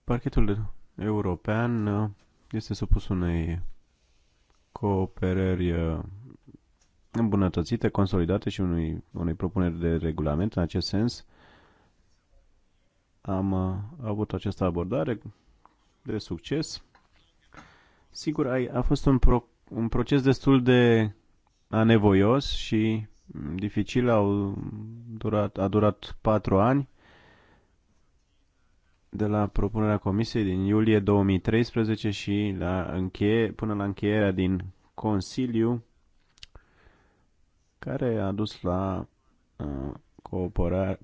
Parchetul european uh, este supus unei cooperări uh, îmbunătățite, consolidate și unui, unei propuneri de regulament în acest sens. Am uh, avut această abordare de succes Sigur, a, a fost un, pro, un proces destul de anevoios și dificil, au durat, a durat patru ani de la propunerea comisiei din iulie 2013 și la încheie, până la încheierea din Consiliu, care a dus la uh,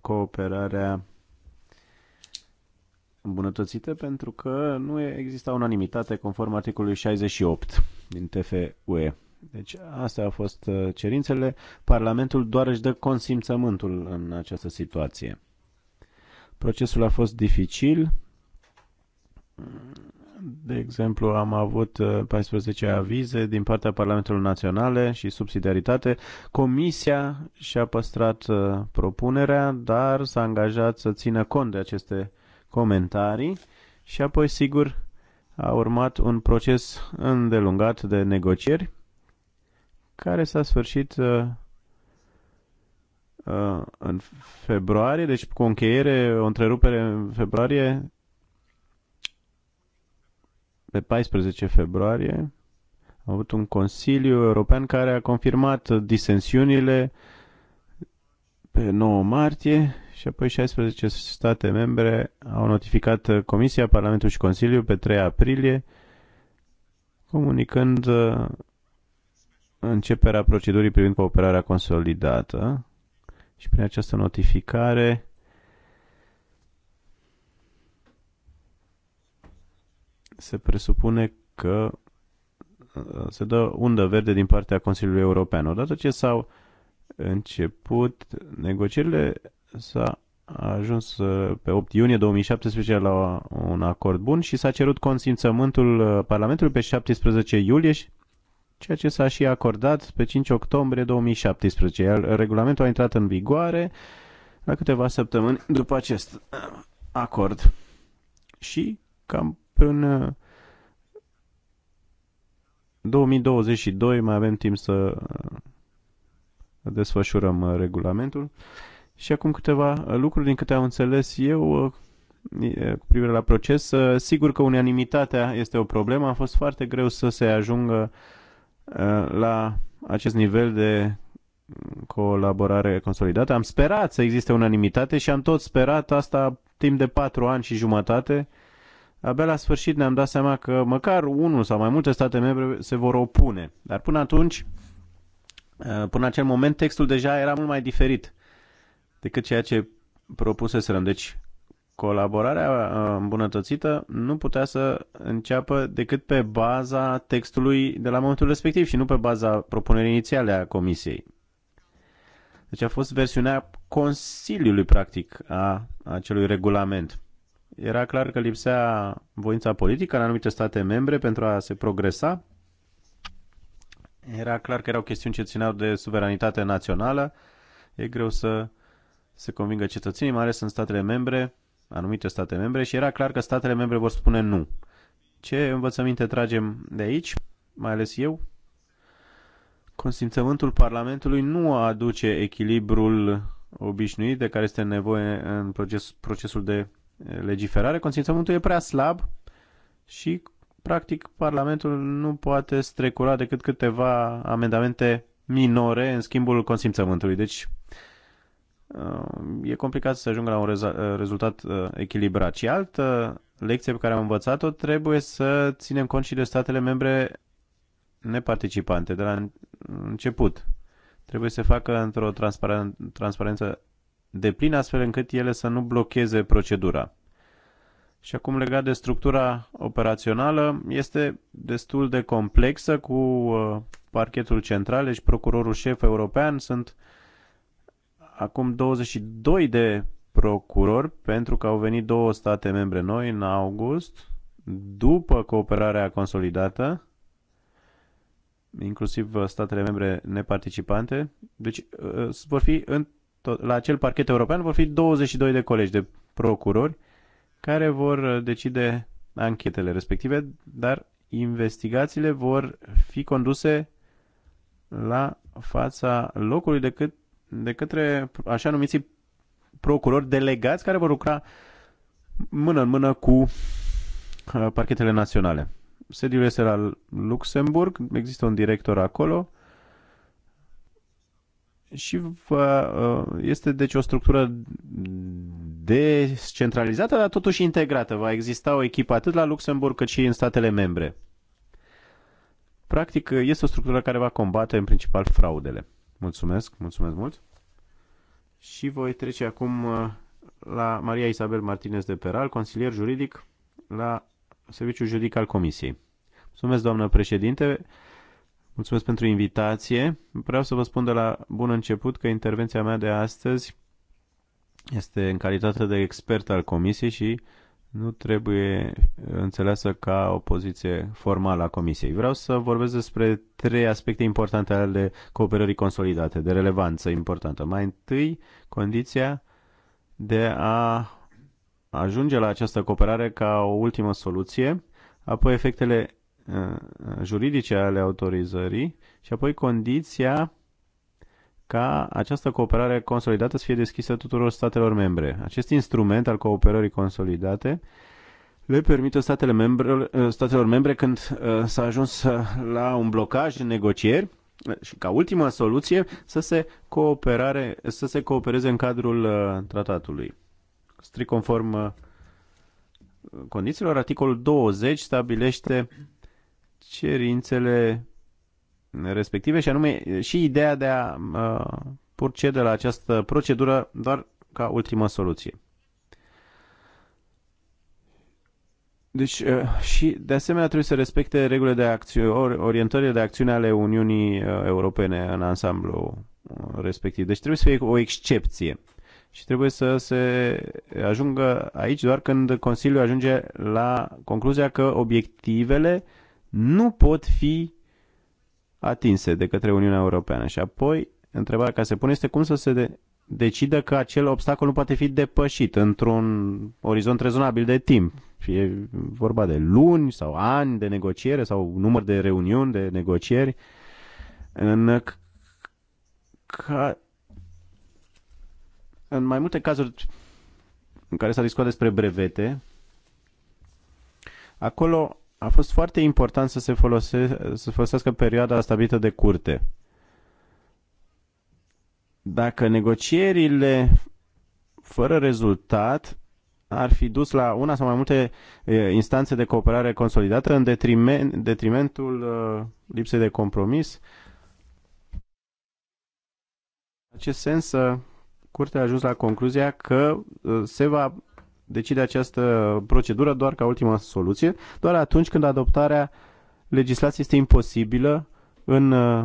cooperarea îmbunătățite pentru că nu exista unanimitate conform articolului 68 din TFUE. Deci astea au fost uh, cerințele. Parlamentul doar își dă consimțământul în această situație. Procesul a fost dificil. De exemplu, am avut 14 uh, avize din partea Parlamentului Naționale și subsidiaritate. Comisia și-a păstrat uh, propunerea, dar s-a angajat să țină cont de aceste comentarii și apoi, sigur, a urmat un proces îndelungat de negocieri care s-a sfârșit uh, uh, în februarie, deci cu o încheiere, o întrerupere în februarie, pe 14 februarie, a avut un Consiliu European care a confirmat disensiunile pe 9 martie și apoi 16 state membre au notificat Comisia, Parlamentul și Consiliul pe 3 aprilie, comunicând uh, începerea procedurii privind cooperarea consolidată și prin această notificare se presupune că uh, se dă undă verde din partea Consiliului European. Odată ce s-au început negocierile, s-a ajuns uh, pe 8 iunie 2017 la un acord bun și s-a cerut consimțământul uh, Parlamentului pe 17 iulie, ceea ce s-a și acordat pe 5 octombrie 2017, iar regulamentul a intrat în vigoare la câteva săptămâni după acest uh, acord. Și cam până 2022 mai avem timp să desfășurăm regulamentul. Și acum câteva uh, lucruri din câte am înțeles eu uh, cu privire la proces. Uh, sigur că unanimitatea este o problemă. A fost foarte greu să se ajungă la acest nivel de colaborare consolidată. Am sperat să existe unanimitate și am tot sperat asta timp de patru ani și jumătate. Abia la sfârșit ne-am dat seama că măcar unul sau mai multe state membre se vor opune. Dar până atunci, până acel moment, textul deja era mult mai diferit decât ceea ce propuseserăm. Deci colaborarea uh, îmbunătățită nu putea să înceapă decât pe baza textului de la momentul respectiv și nu pe baza propunerii inițiale a Comisiei. Deci a fost versiunea Consiliului, practic, a acelui regulament. Era clar că lipsea voința politică în anumite state membre pentru a se progresa. Era clar că erau chestiuni ce țineau de suveranitate națională. E greu să să convingă cetățenii, mai ales în statele membre, anumite state membre, și era clar că statele membre vor spune nu. Ce învățăminte tragem de aici, mai ales eu? Consimțământul Parlamentului nu aduce echilibrul obișnuit de care este nevoie în proces, procesul de legiferare. Consimțământul e prea slab și, practic, Parlamentul nu poate strecura decât câteva amendamente minore în schimbul consimțământului. Deci, e complicat să ajungă la un rezultat uh, echilibrat. Și altă uh, lecție pe care am învățat-o trebuie să ținem cont și de statele membre neparticipante de la început. Trebuie să facă într-o transparen- transparență de plin astfel încât ele să nu blocheze procedura. Și acum legat de structura operațională, este destul de complexă cu uh, parchetul central, deci procurorul șef european sunt uh, acum 22 de procurori pentru că au venit două state membre noi în august, după cooperarea consolidată, inclusiv uh, statele membre neparticipante. Deci uh, vor fi în tot, la acel parchet european vor fi 22 de colegi de procurori care vor uh, decide anchetele respective, dar investigațiile vor fi conduse la fața locului decât de către așa numiții procurori delegați care vor lucra mână în mână cu uh, parchetele naționale. Sediul este la Luxemburg, există un director acolo și uh, uh, este deci o structură descentralizată, dar totuși integrată. Va exista o echipă atât la Luxemburg cât și în statele membre. Practic, este o structură care va combate în principal fraudele. Mulțumesc, mulțumesc mult. Și voi trece acum uh, la Maria Isabel Martinez de Peral, consilier juridic la Serviciul Juridic al Comisiei. Mulțumesc, doamnă președinte. Mulțumesc pentru invitație. Vreau să vă spun de la bun început că intervenția mea de astăzi este în calitate de expert al Comisiei și nu trebuie uh, înțeleasă ca o poziție formală a Comisiei. Vreau să vorbesc despre trei aspecte importante ale cooperării consolidate, de relevanță importantă. Mai întâi, condiția de a ajunge la această cooperare ca o ultimă soluție, apoi efectele uh, juridice ale autorizării și apoi condiția ca această cooperare consolidată să fie deschisă tuturor statelor membre. Acest instrument al cooperării consolidate le permite statele membre, eh, statelor membre când eh, s-a ajuns eh, la un blocaj în negocieri și ca ultima soluție să se, cooperare, să se coopereze în cadrul tratatului. Strict conform condițiilor, articolul 20 stabilește cerințele respective și anume și ideea de a uh, procede la această procedură doar ca ultimă soluție. Deci, uh, și de asemenea trebuie să respecte regulile de acțiune, orientările de acțiune ale Uniunii uh, Europene în ansamblu respectiv. Deci trebuie să fie o excepție. Și trebuie să se ajungă aici doar când Consiliul ajunge la concluzia că obiectivele nu pot fi atinse de către Uniunea Europeană. Și apoi, întrebarea care se pune este cum să se de- decidă că acel obstacol nu poate fi depășit într-un orizont rezonabil de timp. Fie vorba de luni sau ani de negociere sau număr de reuniuni de negocieri. În, ca, în mai multe cazuri în care s-a discutat despre brevete, acolo a fost foarte important să se, folose, să folosească perioada stabilită de curte. Dacă negocierile fără rezultat ar fi dus la una sau mai multe instanțe de cooperare consolidată în detriment, detrimentul uh, lipsei de compromis. În acest sens, uh, Curtea a ajuns la concluzia că uh, se va decide această procedură doar ca ultima soluție, doar atunci când adoptarea legislației este imposibilă în uh,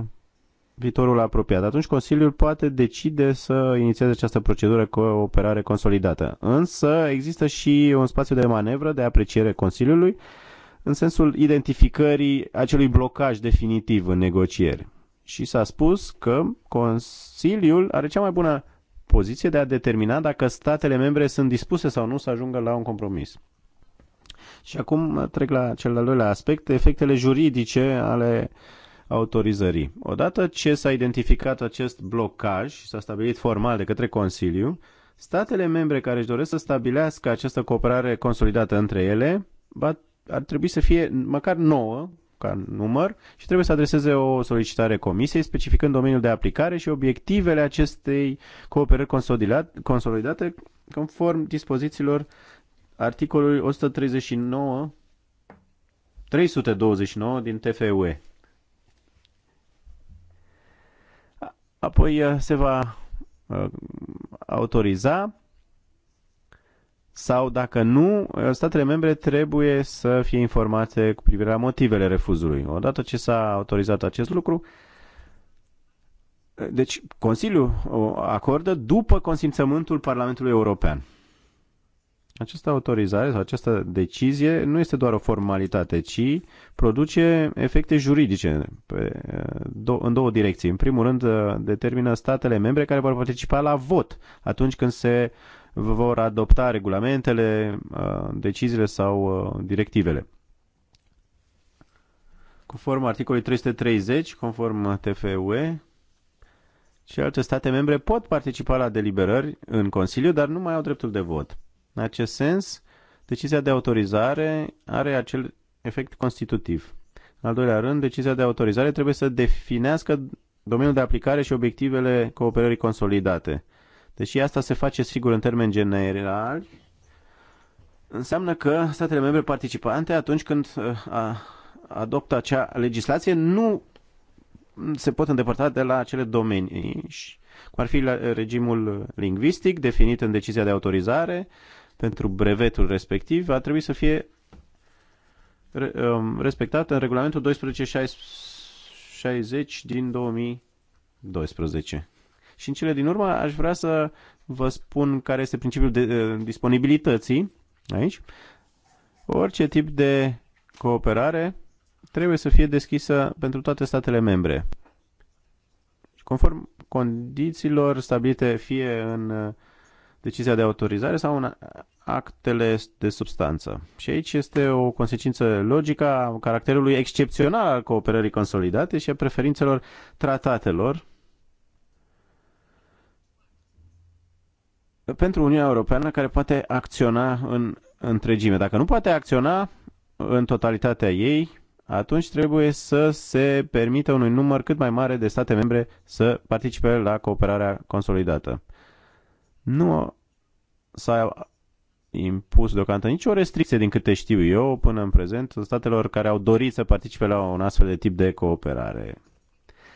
viitorul apropiat. Atunci Consiliul poate decide să inițieze această procedură cu o operare consolidată. Însă există și un spațiu de manevră de apreciere Consiliului în sensul identificării acelui blocaj definitiv în negocieri. Și s-a spus că Consiliul are cea mai bună poziție de a determina dacă statele membre sunt dispuse sau nu să ajungă la un compromis. Și acum trec la cel al doilea aspect, efectele juridice ale autorizării. Odată ce s-a identificat acest blocaj și s-a stabilit formal de către Consiliu, statele membre care își doresc să stabilească această cooperare consolidată între ele ar trebui să fie măcar nouă ca număr și trebuie să adreseze o solicitare comisiei specificând domeniul de aplicare și obiectivele acestei cooperări consolidate conform dispozițiilor articolului 139 329 din TFUE. Apoi uh, se va uh, autoriza sau dacă nu, statele membre trebuie să fie informate cu privire la motivele refuzului. Odată ce s-a autorizat acest lucru, deci Consiliul acordă după consimțământul Parlamentului European. Această autorizare sau această decizie nu este doar o formalitate, ci produce efecte juridice pe, do, în două direcții. În primul rând, determină statele membre care vor participa la vot atunci când se vor adopta regulamentele, uh, deciziile sau uh, directivele. Conform articolului 330, conform TFUE, și alte state membre pot participa la deliberări în Consiliu, dar nu mai au dreptul de vot. În acest sens, decizia de autorizare are acel efect constitutiv. În al doilea rând, decizia de autorizare trebuie să definească domeniul de aplicare și obiectivele cooperării consolidate deși asta se face sigur în termeni generali, înseamnă că statele membre participante atunci când uh, adoptă acea legislație nu se pot îndepărta de la acele domenii, cum ar fi uh, regimul lingvistic definit în decizia de autorizare pentru brevetul respectiv, va trebui să fie um, respectat în regulamentul 1260 din 2012. Și în cele din urmă aș vrea să vă spun care este principiul de, de, eh, disponibilității aici. Orice tip de cooperare trebuie să fie deschisă pentru toate statele membre. Conform condițiilor stabilite fie în eh, decizia de autorizare sau în actele de substanță. Și aici este o consecință logică a caracterului excepțional al cooperării consolidate și a preferințelor tratatelor pentru Uniunea Europeană care poate acționa în întregime. Dacă nu poate acționa în totalitatea ei, atunci trebuie să se permită unui număr cât mai mare de state membre să participe la cooperarea consolidată. Nu s-a impus deocamdată nicio restricție, din câte știu eu, până în prezent, statelor care au dorit să participe la un astfel de tip de cooperare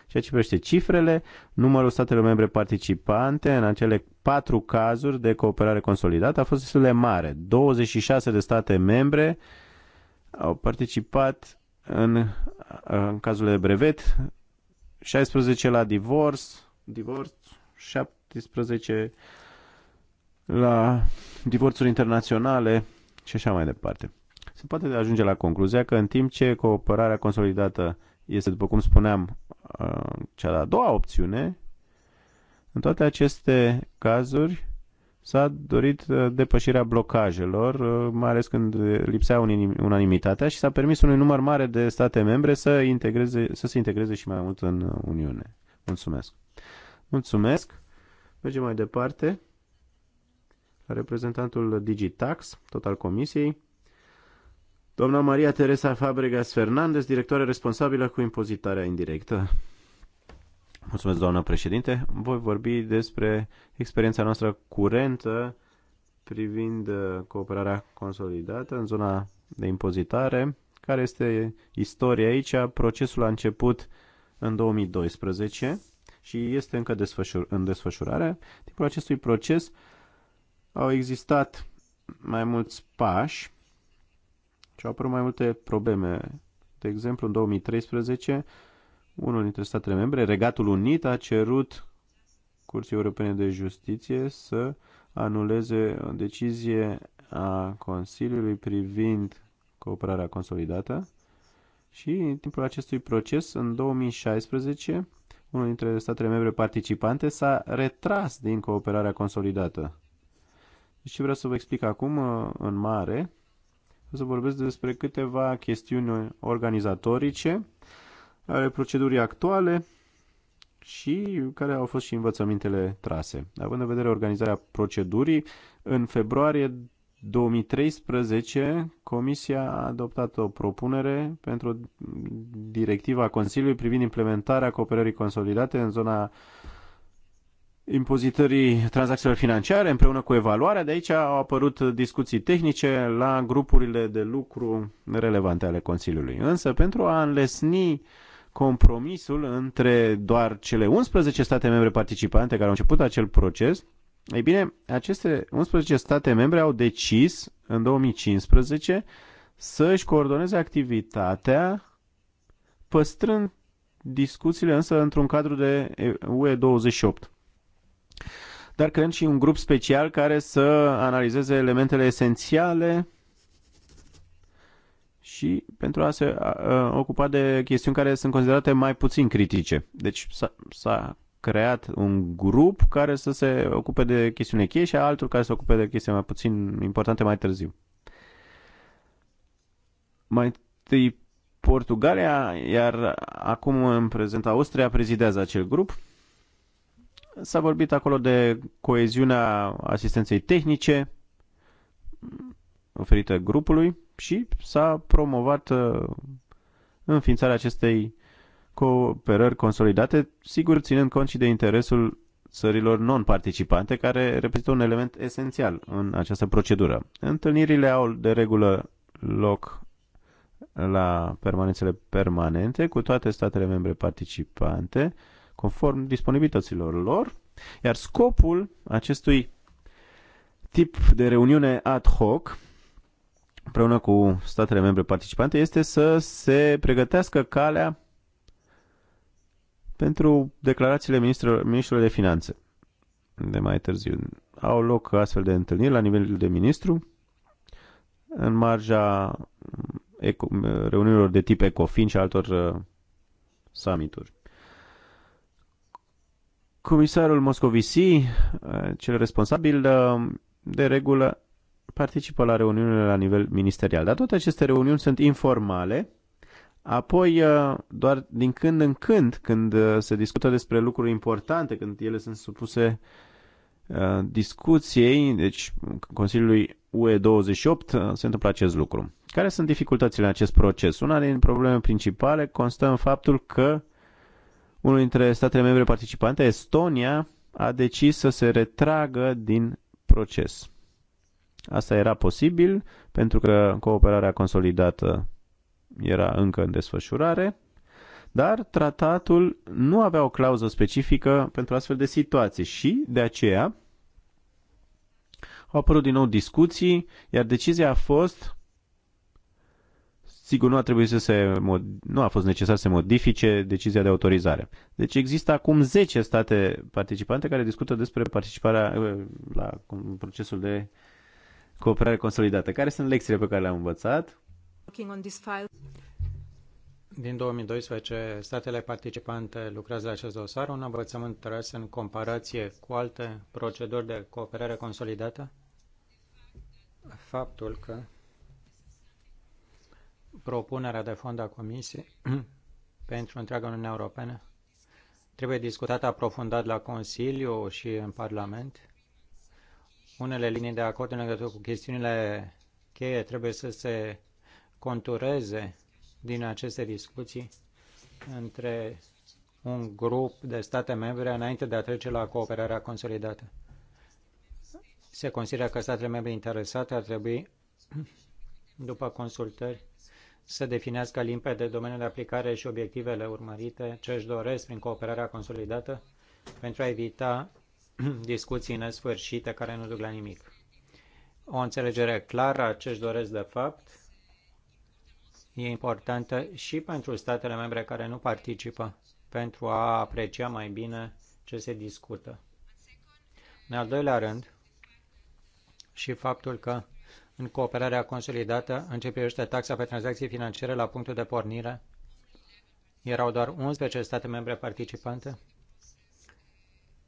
ceea ce privește cifrele, numărul statelor membre participante în acele patru cazuri de cooperare consolidată a fost destul de mare. 26 de state membre au participat în, în cazul de brevet, 16 la divorț, divorț 17 la divorțuri internaționale și așa mai departe. Se poate ajunge la concluzia că în timp ce cooperarea consolidată este, după cum spuneam, cea de-a doua opțiune, în toate aceste cazuri s-a dorit uh, depășirea blocajelor, uh, mai ales când lipsea unanimitatea și s-a permis unui număr mare de state membre să, integreze, să se integreze și mai mult în Uniune. Mulțumesc! Mulțumesc! Mergem mai departe la reprezentantul Digitax, tot al Comisiei. Doamna Maria Teresa Fabregas Fernandez, directoare responsabilă cu impozitarea indirectă. Mulțumesc, doamna președinte. Voi vorbi despre experiența noastră curentă privind uh, cooperarea consolidată în zona de impozitare. Care este istoria aici? Procesul a început în 2012 și este încă desfășur- în desfășurare. Timpul acestui proces au existat mai mulți pași și au apărut mai multe probleme. De exemplu, în 2013, unul dintre statele membre, Regatul Unit, a cerut Curții Europene de Justiție să anuleze o decizie a Consiliului privind cooperarea consolidată și în timpul acestui proces, în 2016, unul dintre statele membre participante s-a retras din cooperarea consolidată. Și deci vreau să vă explic acum, în mare, să vorbesc despre câteva chestiuni organizatorice ale procedurii actuale și care au fost și învățămintele trase. Având în vedere organizarea procedurii, în februarie 2013, Comisia a adoptat o propunere pentru directiva Consiliului privind implementarea cooperării consolidate în zona impozitării tranzacțiilor financiare împreună cu evaluarea. De aici au apărut discuții tehnice la grupurile de lucru relevante ale Consiliului. Însă, pentru a înlesni compromisul între doar cele 11 state membre participante care au început acel proces, ei bine, aceste 11 state membre au decis în 2015 să își coordoneze activitatea păstrând discuțiile însă într-un cadru de UE28 dar creăm și un grup special care să analizeze elementele esențiale și pentru a se ocupa de chestiuni care sunt considerate mai puțin critice. Deci s-a creat un grup care să se ocupe de chestiune cheie și altul care să se ocupe de chestii mai puțin importante mai târziu. Mai întâi Portugalia, iar acum în prezent Austria prezidează acel grup S-a vorbit acolo de coeziunea asistenței tehnice oferită grupului și s-a promovat uh, înființarea acestei cooperări consolidate, sigur ținând cont și de interesul țărilor non-participante, care reprezintă un element esențial în această procedură. Întâlnirile au de regulă loc la permanențele permanente cu toate statele membre participante, conform disponibilităților lor, iar scopul acestui tip de reuniune ad hoc împreună cu statele membre participante este să se pregătească calea pentru declarațiile ministrilor, de finanțe de mai târziu. Au loc astfel de întâlniri la nivel de ministru în marja mm, mm, reuniunilor de tip ECOFIN și altor uh, summituri. Comisarul Moscovici, eh, cel responsabil, eh, de regulă participă la reuniunile la nivel ministerial, dar toate aceste reuniuni sunt informale. Apoi, eh, doar din când în când, când se discută despre lucruri importante, când ele sunt supuse discuției, deci Consiliului UE28, se întâmplă acest lucru. Care sunt dificultățile în acest proces? Una din probleme principale constă în faptul că uh, unul dintre statele membre participante, Estonia, a decis să se retragă din proces. Asta era posibil pentru că cooperarea consolidată era încă în desfășurare, dar tratatul nu avea o clauză specifică pentru astfel de situații și, de aceea, au apărut din nou discuții, iar decizia a fost Sigur, nu a trebuit să se nu a fost necesar să modifice decizia de autorizare. Deci există acum 10 state participante care discută despre participarea uh, la procesul de cooperare consolidată. Care sunt lecțiile pe care le-am învățat?
Din 2012, statele participante lucrează la acest dosar. Un învățământ tras în comparație cu alte proceduri de cooperare consolidată? Faptul că propunerea de fond a Comisiei pentru întreaga Uniune Europeană trebuie discutată aprofundat la Consiliu și în Parlament. Unele linii de acord în legătură cu chestiunile cheie trebuie să se contureze din aceste discuții între un grup de state membre înainte de a trece la cooperarea consolidată. Se consideră că statele membre interesate ar trebui, după consultări, să definească limpede domeniul de aplicare și obiectivele urmărite, ce își doresc prin cooperarea consolidată, pentru a evita discuții nesfârșite care nu duc la nimic. O înțelegere clară a ce își doresc de fapt e importantă și pentru statele membre care nu participă, pentru a aprecia mai bine ce se discută. În al doilea rând, și faptul că în cooperarea consolidată în ce privește taxa pe tranzacții financiare la punctul de pornire. Erau doar 11 state membre participante.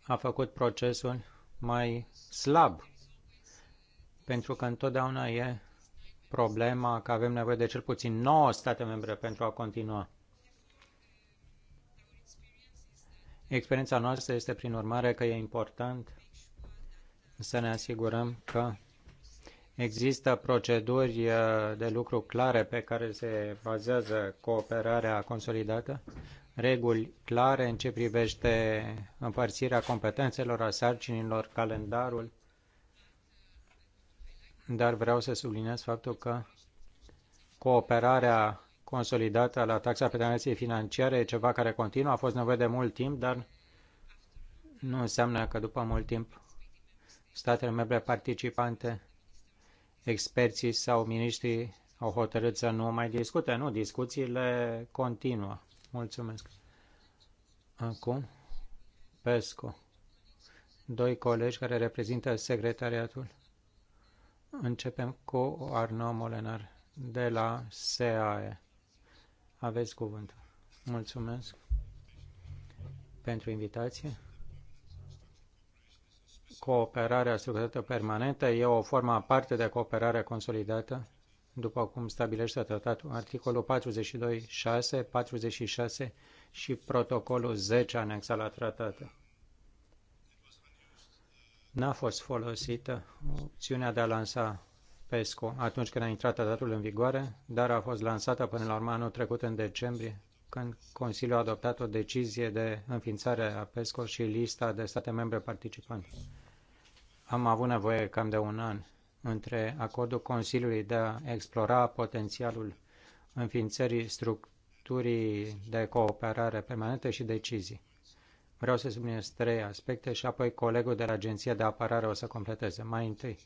A făcut procesul mai slab, pentru că întotdeauna e problema că avem nevoie de cel puțin 9 state membre pentru a continua. Experiența noastră este, prin urmare, că e important să ne asigurăm că Există proceduri uh, de lucru clare pe care se bazează cooperarea consolidată, reguli clare în ce privește împărțirea competențelor, a sarcinilor, calendarul, dar vreau să subliniez faptul că cooperarea consolidată la taxa pe transacții financiare e ceva care continuă, a fost nevoie de mult timp, dar nu înseamnă că după mult timp statele membre participante experții sau miniștrii au hotărât să nu mai discute. Nu, discuțiile continuă. Mulțumesc. Acum, PESCO. Doi colegi care reprezintă secretariatul. Începem cu Arno Molenar de la SAE. Aveți cuvântul. Mulțumesc pentru invitație cooperarea structurată permanentă e o formă aparte de cooperare consolidată, după cum stabilește tratatul articolul 42, 6, 46 și protocolul 10 anexat la tratat. N-a fost folosită opțiunea de a lansa PESCO atunci când a intrat tratatul în vigoare, dar a fost lansată până la urmă anul trecut în decembrie, când Consiliul a adoptat o decizie de înființare a PESCO și lista de state membre participante am avut nevoie cam de un an între acordul Consiliului de a explora potențialul înființării structurii de cooperare permanentă și decizii. Vreau să subliniez trei aspecte și apoi colegul de la Agenția de Apărare o să completeze. Mai întâi,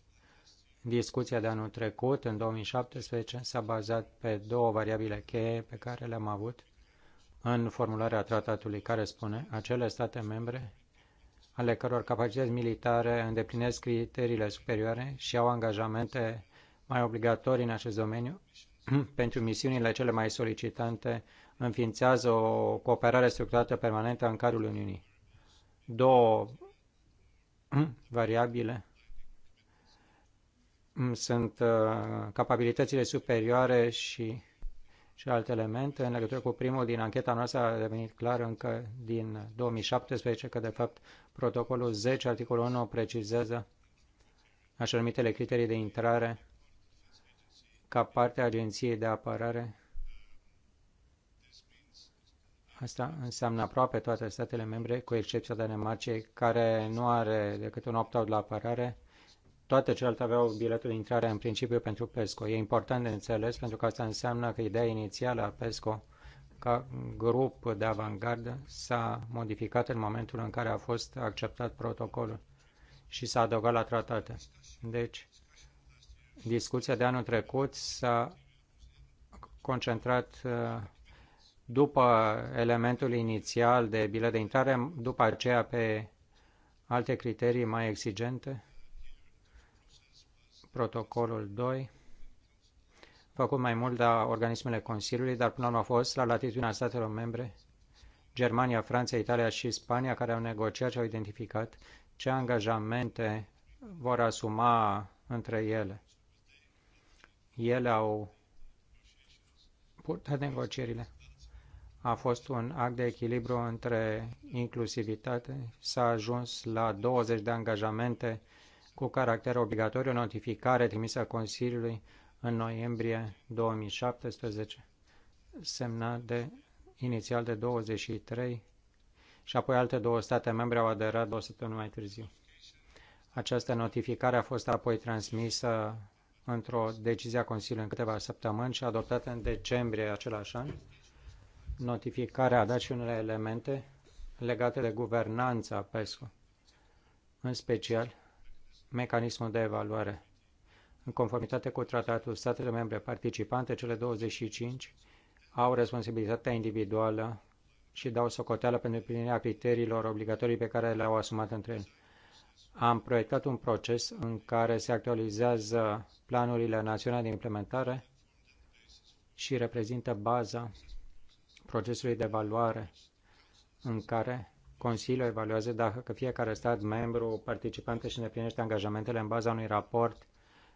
discuția de anul trecut, în 2017, s-a bazat pe două variabile cheie pe care le-am avut în formularea tratatului care spune acele state membre ale căror capacități militare îndeplinesc criteriile superioare și au angajamente mai obligatorii în acest domeniu, pentru misiunile cele mai solicitante, înființează o cooperare structurată permanentă în cadrul Uniunii. Două variabile mm, sunt uh, capabilitățile superioare și și alte elemente. În legătură cu primul din ancheta noastră a devenit clar încă din 2017 că, de fapt, protocolul 10, articolul 1, precizează așa numitele criterii de intrare ca parte a Agenției de Apărare. Asta înseamnă aproape toate statele membre, cu excepția Danemarcei, care nu are decât un opt-out la apărare toate celelalte aveau biletul de intrare în principiu pentru PESCO. E important de înțeles pentru că asta înseamnă că ideea inițială a PESCO ca grup de avantgardă s-a modificat în momentul în care a fost acceptat protocolul și s-a adăugat la tratate. Deci, discuția de anul trecut s-a concentrat uh, după elementul inițial de bilet de intrare, după aceea pe alte criterii mai exigente protocolul 2, făcut mai mult de organismele Consiliului, dar până la urmă a fost la latitudinea statelor membre, Germania, Franța, Italia și Spania, care au negociat și au identificat ce angajamente vor asuma între ele. Ele au purtat negocierile. A fost un act de echilibru între inclusivitate. S-a ajuns la 20 de angajamente cu caracter obligatoriu o notificare trimisă Consiliului în noiembrie 2017, semnat de inițial de 23 și apoi alte două state membre au aderat două săptămâni mai târziu. Această notificare a fost apoi transmisă într-o decizie a Consiliului în câteva săptămâni și adoptată în decembrie același an. Notificarea a dat și unele elemente legate de guvernanța PESCO, în special mecanismul de evaluare. În conformitate cu tratatul, statele membre participante, cele 25, au responsabilitatea individuală și dau socoteală pentru împlinirea criteriilor obligatorii pe care le-au asumat între ele. Am proiectat un proces în care se actualizează planurile naționale de implementare și reprezintă baza procesului de evaluare în care Consiliul evaluează dacă fiecare stat membru participant și îndeplinește angajamentele în baza unui raport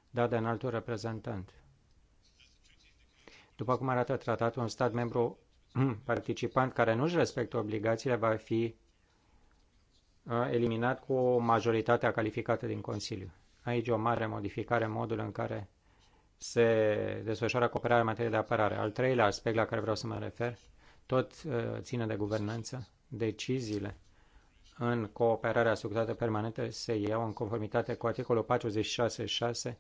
dat de înaltul reprezentant. După cum arată tratatul, un stat membru participant care nu și respectă obligațiile va fi uh, eliminat cu o majoritate calificată din Consiliu. Aici o mare modificare în modul în care se desfășoară cooperarea în materie de apărare. Al treilea aspect la care vreau să mă refer, tot uh, ține de guvernanță, deciziile în cooperarea asigurată permanentă se iau în conformitate cu articolul 46.6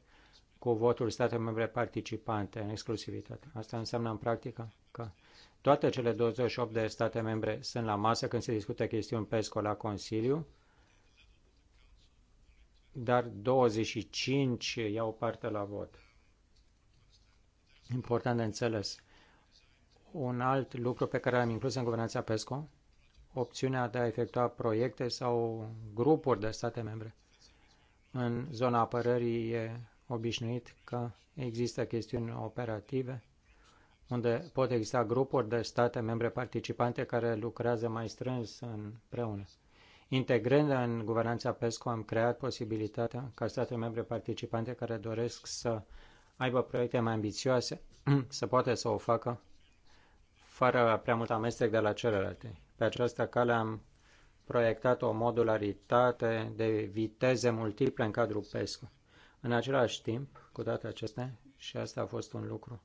cu votul statelor membre participante în exclusivitate. Asta înseamnă în practică că toate cele 28 de state membre sunt la masă când se discută chestiuni PESCO la Consiliu, dar 25 iau parte la vot. Important de înțeles. Un alt lucru pe care l-am inclus în guvernanța PESCO opțiunea de a efectua proiecte sau grupuri de state membre. În zona apărării e obișnuit că există chestiuni operative unde pot exista grupuri de state membre participante care lucrează mai strâns împreună. Integrând în guvernanța PESCO, am creat posibilitatea ca state membre participante care doresc să aibă proiecte mai ambițioase să poată să o facă fără prea mult amestec de la celelalte. Pe această cale am proiectat o modularitate de viteze multiple în cadrul PESCO. În același timp, cu toate acestea, și asta a fost un lucru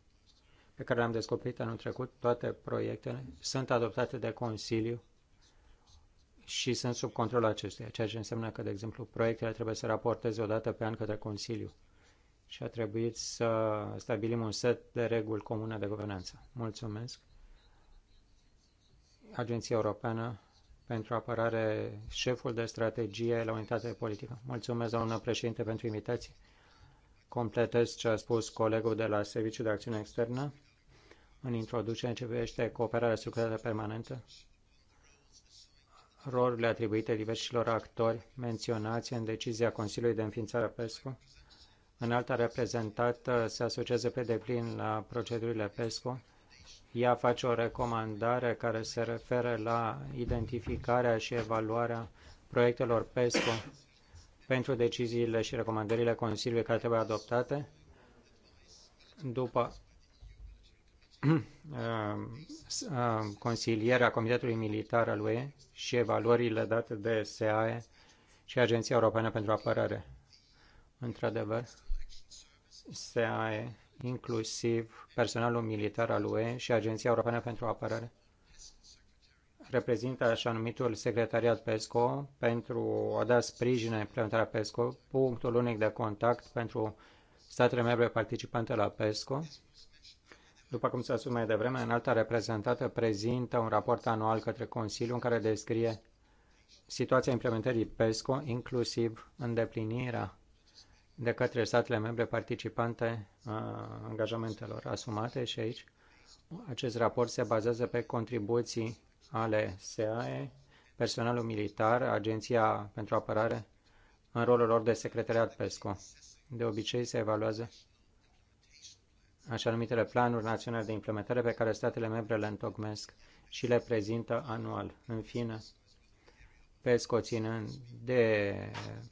pe care l-am descoperit anul trecut, toate proiectele sunt adoptate de Consiliu și sunt sub controlul acestuia, ceea ce înseamnă că, de exemplu, proiectele trebuie să raporteze o dată pe an către Consiliu și a trebuit să stabilim un set de reguli comune de guvernanță. Mulțumesc! Agenția Europeană pentru Apărare, șeful de strategie la unitate politică. Mulțumesc, doamnă președinte, pentru invitație. Completez ce a spus colegul de la Serviciul de Acțiune Externă în introducere ce privește cooperarea structurată permanentă, rolurile atribuite diversilor actori menționați în decizia Consiliului de înființare a PESCO, în alta reprezentată se asociază pe deplin la procedurile PESCO, ea face o recomandare care se referă la identificarea și evaluarea proiectelor PESCO pentru deciziile și recomandările Consiliului care trebuie adoptate după uh, uh, consilierea Comitetului Militar al UE și evaluările date de SAE și Agenția Europeană pentru Apărare. Într-adevăr, SAE inclusiv personalul militar al UE și Agenția Europeană pentru Apărare, reprezintă așa numitul secretariat PESCO pentru a da sprijin implementarea PESCO, punctul unic de contact pentru statele membre participante la PESCO. După cum s-a spus mai devreme, înalta reprezentată prezintă un raport anual către Consiliu în care descrie situația implementării PESCO, inclusiv îndeplinirea de către statele membre participante a uh, angajamentelor asumate și aici acest raport se bazează pe contribuții ale SEAE, personalul militar, Agenția pentru Apărare, în rolul lor de secretariat PESCO. De obicei se evaluează așa numitele planuri naționale de implementare pe care statele membre le întocmesc și le prezintă anual. În fine, PESCO ținând de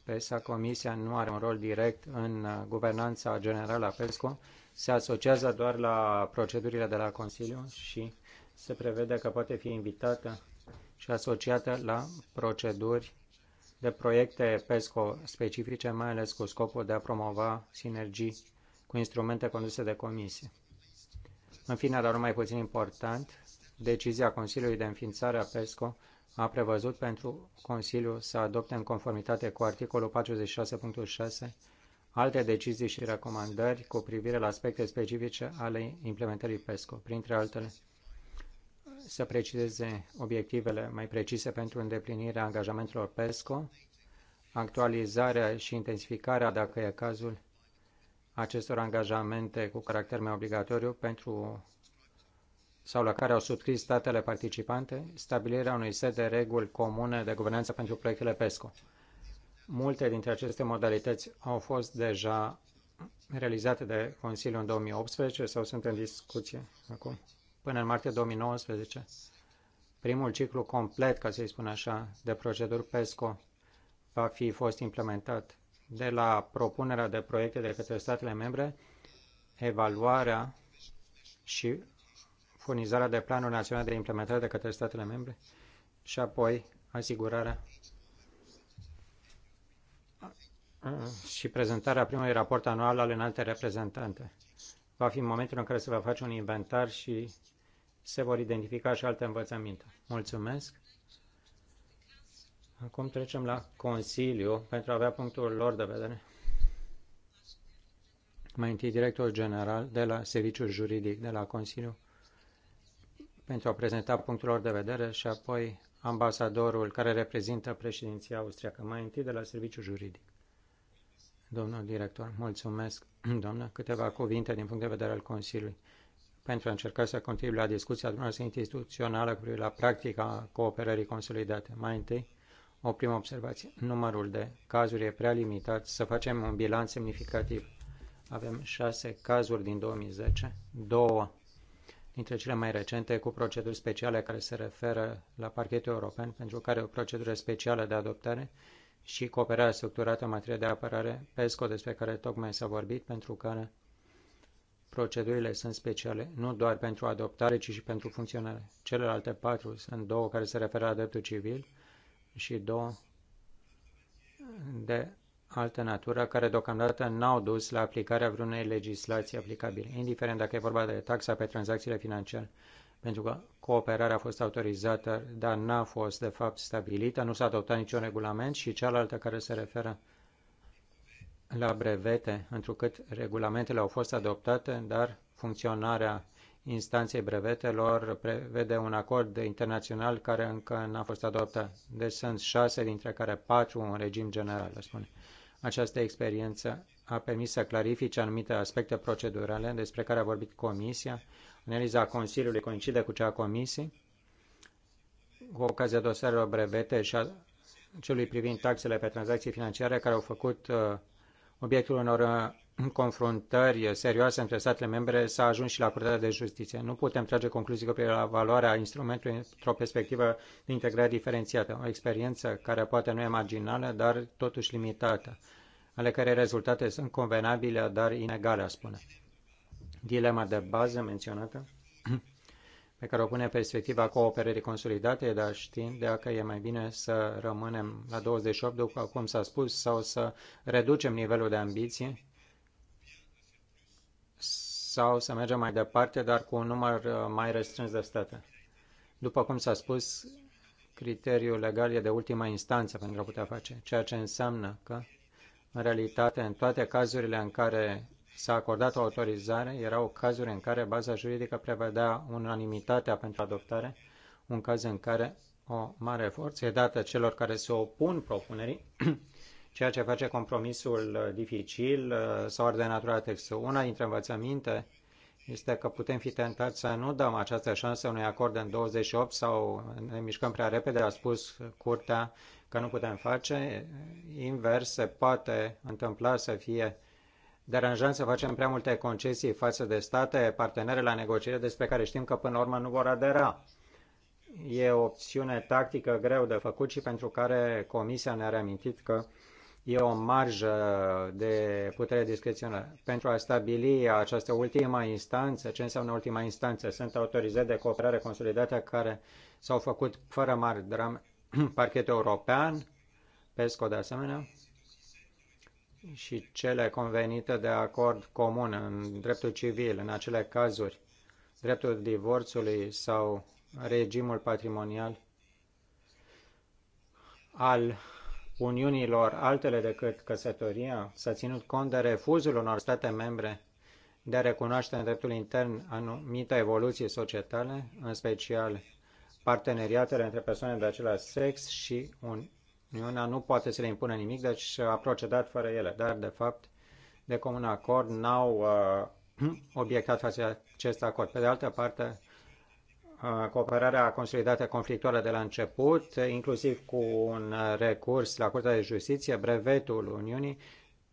PESA, Comisia nu are un rol direct în uh, guvernanța generală a PESCO, se asociază doar la procedurile de la Consiliu și se prevede că poate fi invitată și asociată la proceduri de proiecte PESCO specifice, mai ales cu scopul de a promova sinergii cu instrumente conduse de comisie. În fine, dar mai puțin important, decizia Consiliului de înființare a PESCO a prevăzut pentru Consiliu să adopte în conformitate cu articolul 46.6 alte decizii și recomandări cu privire la aspecte specifice ale implementării PESCO, printre altele să precizeze obiectivele mai precise pentru îndeplinirea angajamentelor PESCO, actualizarea și intensificarea, dacă e cazul, acestor angajamente cu caracter mai obligatoriu pentru sau la care au subscris statele participante, stabilirea unui set de reguli comune de guvernanță pentru proiectele PESCO. Multe dintre aceste modalități au fost deja realizate de Consiliu în 2018 sau sunt în discuție acum, până în martie 2019. Primul ciclu complet, ca să-i spun așa, de proceduri PESCO va fi fost implementat de la propunerea de proiecte de către statele membre, evaluarea și furnizarea de planuri naționale de implementare de către statele membre și apoi asigurarea și prezentarea primului raport anual al înalte reprezentante. Va fi momentul în care se va face un inventar și se vor identifica și alte învățăminte. Mulțumesc! Acum trecem la Consiliu pentru a avea punctul lor de vedere. Mai întâi directorul general de la Serviciul Juridic de la Consiliu pentru a prezenta punctul lor de vedere și apoi ambasadorul care reprezintă președinția austriacă, mai întâi de la serviciu juridic. Domnul director, mulțumesc, doamnă, câteva cuvinte din punct de vedere al Consiliului pentru a încerca să contribuie la discuția dumneavoastră instituțională cu privire la practica cooperării consolidate. Mai întâi, o primă observație. Numărul de cazuri e prea limitat să facem un bilanț semnificativ. Avem șase cazuri din 2010, două dintre cele mai recente cu proceduri speciale care se referă la parchetul european, pentru care o procedură specială de adoptare și cooperarea structurată în materie de apărare, PESCO, despre care tocmai s-a vorbit, pentru care procedurile sunt speciale, nu doar pentru adoptare, ci și pentru funcționare. Celelalte patru sunt două care se referă la dreptul civil și două de altă natură care deocamdată n-au dus la aplicarea vreunei legislații aplicabile, indiferent dacă e vorba de taxa pe tranzacțiile financiare, pentru că cooperarea a fost autorizată, dar n-a fost de fapt stabilită, nu s-a adoptat niciun regulament și cealaltă care se referă la brevete, întrucât regulamentele au fost adoptate, dar funcționarea instanței brevetelor prevede un acord internațional care încă n-a fost adoptat. Deci sunt șase, dintre care patru în regim general, spune. Această experiență a permis să clarifice anumite aspecte procedurale despre care a vorbit Comisia. Analiza Consiliului coincide cu cea a Comisiei. Cu ocazia dosarelor brevete și a celui privind taxele pe tranzacții financiare care au făcut uh, obiectul unor uh, confruntări serioase între statele membre s-a ajuns și la Curtea de Justiție. Nu putem trage concluzii cu privire la valoarea instrumentului într-o perspectivă de integrare diferențiată, o experiență care poate nu e marginală, dar totuși limitată, ale cărei rezultate sunt convenabile, dar inegale, a spune. Dilema de bază menționată pe care o pune perspectiva cooperării consolidate, dar știm că e mai bine să rămânem la 28, după cum s-a spus, sau să reducem nivelul de ambiție sau să mergem mai departe, dar cu un număr uh, mai restrâns de state. După cum s-a spus, criteriul legal e de ultima instanță pentru a putea face, ceea ce înseamnă că, în realitate, în toate cazurile în care s-a acordat o autorizare, erau cazuri în care baza juridică prevedea unanimitatea pentru adoptare, un caz în care o mare forță e dată celor care se opun propunerii ceea ce face compromisul uh, dificil uh, sau ori de natura textului. Una dintre învățăminte este că putem fi tentați să nu dăm această șansă unui acord în 28 sau ne mișcăm prea repede, a spus curtea că nu putem face. Invers, se poate întâmpla să fie deranjant să facem prea multe concesii față de state, partenere la negociere despre care știm că până la urmă nu vor adera. E o opțiune tactică greu de făcut și pentru care Comisia ne-a reamintit că e o marjă de putere discreționară. Pentru a stabili această ultima instanță, ce înseamnă ultima instanță? Sunt autorizări de cooperare consolidată care s-au făcut fără mari drame. Parchetul european, PESCO de asemenea, și cele convenite de acord comun în dreptul civil, în acele cazuri, dreptul divorțului sau regimul patrimonial al uniunilor altele decât căsătoria s-a ținut cont de refuzul unor state membre de a recunoaște în dreptul intern anumite evoluții societale, în special parteneriatele între persoane de același sex și Uniunea nu poate să le impună nimic, deci a procedat fără ele. Dar, de fapt, de comun acord, n-au uh, obiectat față acest acord. Pe de altă parte, Uh, cooperarea consolidată conflictuală de la început, inclusiv cu un recurs la Curtea de Justiție, brevetul Uniunii,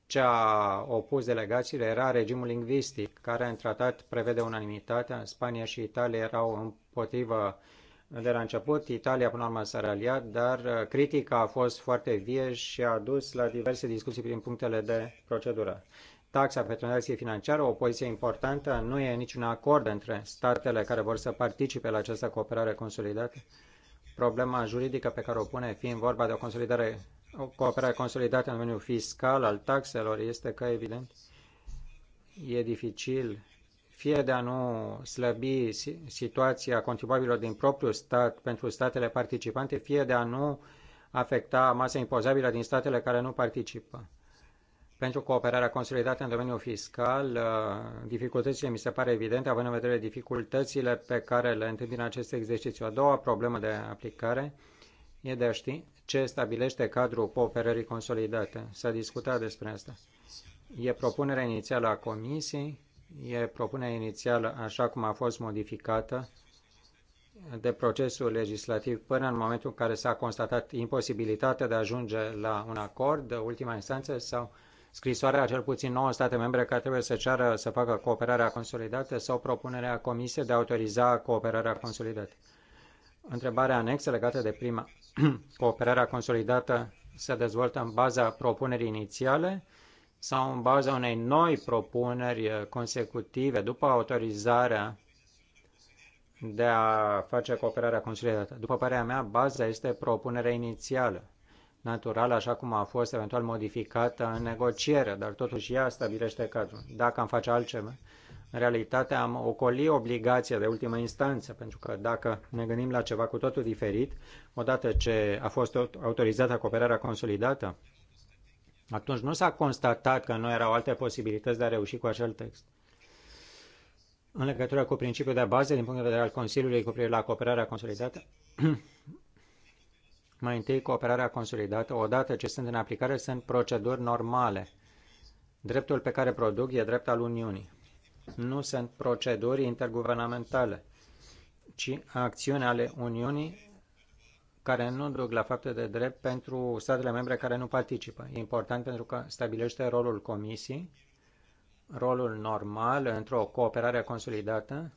ce a opus delegațiile era regimul lingvistic, care în tratat prevede unanimitatea. Spania și Italia erau împotrivă de la început, Italia până la urmă s-a raliat, dar uh, critica a fost foarte vie și a dus la diverse discuții prin punctele de procedură taxa pe tranzacție financiară, o poziție importantă, nu e niciun acord între statele care vor să participe la această cooperare consolidată. Problema juridică pe care o pune, fiind vorba de o, consolidare, o cooperare consolidată în domeniul fiscal al taxelor, este că, evident, e dificil fie de a nu slăbi situația contribuabilor din propriul stat pentru statele participante, fie de a nu afecta masa impozabilă din statele care nu participă pentru cooperarea consolidată în domeniul fiscal. Uh, dificultățile mi se pare evidente, având în vedere dificultățile pe care le întâmpină acest exercițiu. A doua problemă de aplicare e de a ști ce stabilește cadrul cooperării consolidate. S-a discutat despre asta. E propunerea inițială a Comisiei, e propunerea inițială așa cum a fost modificată de procesul legislativ până în momentul în care s-a constatat imposibilitatea de a ajunge la un acord de ultima instanță sau scrisoarea cel puțin 9 state membre care trebuie să ceară să facă cooperarea consolidată sau propunerea Comisiei de a autoriza cooperarea consolidată. Întrebarea anexă legată de prima. Cooperarea consolidată se dezvoltă în baza propunerii inițiale sau în baza unei noi propuneri consecutive după autorizarea de a face cooperarea consolidată. După părerea mea, baza este propunerea inițială natural, așa cum a fost eventual modificată în negociere, dar totuși ea stabilește cadrul. Dacă am face altceva, în realitate am ocoli obligația de ultimă instanță, pentru că dacă ne gândim la ceva cu totul diferit, odată ce a fost autorizată cooperarea consolidată, atunci nu s-a constatat că nu erau alte posibilități de a reuși cu acel text. În legătură cu principiul de bază din punct de vedere al Consiliului cu privire la cooperarea consolidată, Mai întâi, cooperarea consolidată, odată ce sunt în aplicare, sunt proceduri normale. Dreptul pe care produc e drept al Uniunii. Nu sunt proceduri interguvernamentale, ci acțiuni ale Uniunii care nu duc la fapte de drept pentru statele membre care nu participă. E important pentru că stabilește rolul Comisiei, rolul normal într-o cooperare consolidată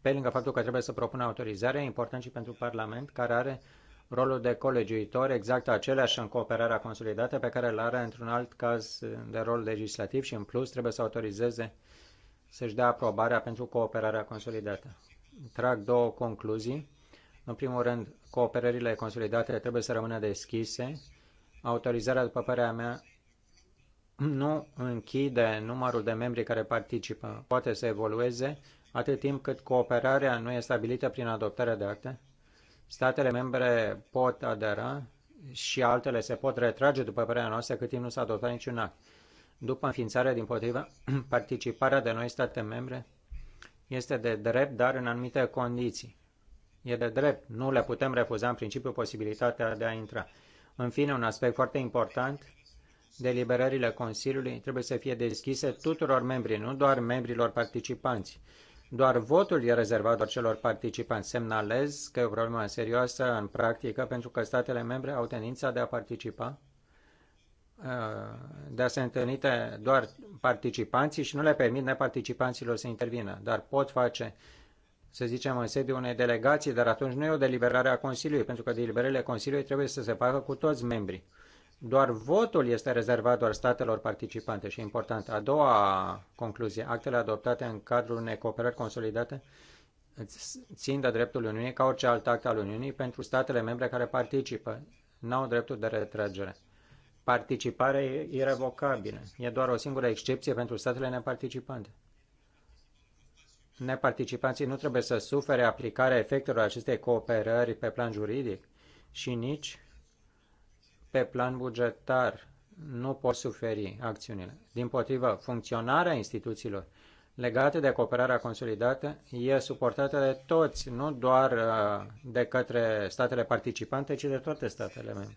pe lângă faptul că trebuie să propună autorizarea, e important și pentru Parlament, care are rolul de colegiuitor, exact aceleași în cooperarea consolidată pe care îl are într-un alt caz de rol legislativ și în plus trebuie să autorizeze să-și dea aprobarea pentru cooperarea consolidată. Trag două concluzii. În primul rând, cooperările consolidate trebuie să rămână deschise. Autorizarea, după părerea mea, nu închide numărul de membri care participă. Poate să evolueze atât timp cât cooperarea nu e stabilită prin adoptarea de acte, statele membre pot adera și altele se pot retrage după părerea noastră cât timp nu s-a adoptat niciun act. După înființarea din potrivă, participarea de noi state membre este de drept, dar în anumite condiții. E de drept, nu le putem refuza în principiu posibilitatea de a intra. În fine, un aspect foarte important, deliberările Consiliului trebuie să fie deschise tuturor membrii, nu doar membrilor participanți. Doar votul e rezervat doar celor participanți. Semnalez că e o problemă serioasă în practică pentru că statele membre au tendința de a participa, uh, de a se întâlni doar participanții și nu le permit neparticipanților să intervină, dar pot face să zicem, în sediul unei delegații, dar atunci nu e o deliberare a Consiliului, pentru că deliberările Consiliului trebuie să se facă cu toți membrii. Doar votul este rezervat doar statelor participante și important. A doua concluzie, actele adoptate în cadrul unei cooperări consolidate țin de dreptul Uniunii ca orice alt act al Uniunii pentru statele membre care participă. N-au dreptul de retragere. Participarea e irrevocabilă. E doar o singură excepție pentru statele neparticipante. Neparticipanții nu trebuie să sufere aplicarea efectelor acestei cooperări pe plan juridic și nici pe plan bugetar nu pot suferi acțiunile. Din potrivă, funcționarea instituțiilor legate de cooperarea consolidată e suportată de toți, nu doar uh, de către statele participante, ci de toate statele membre.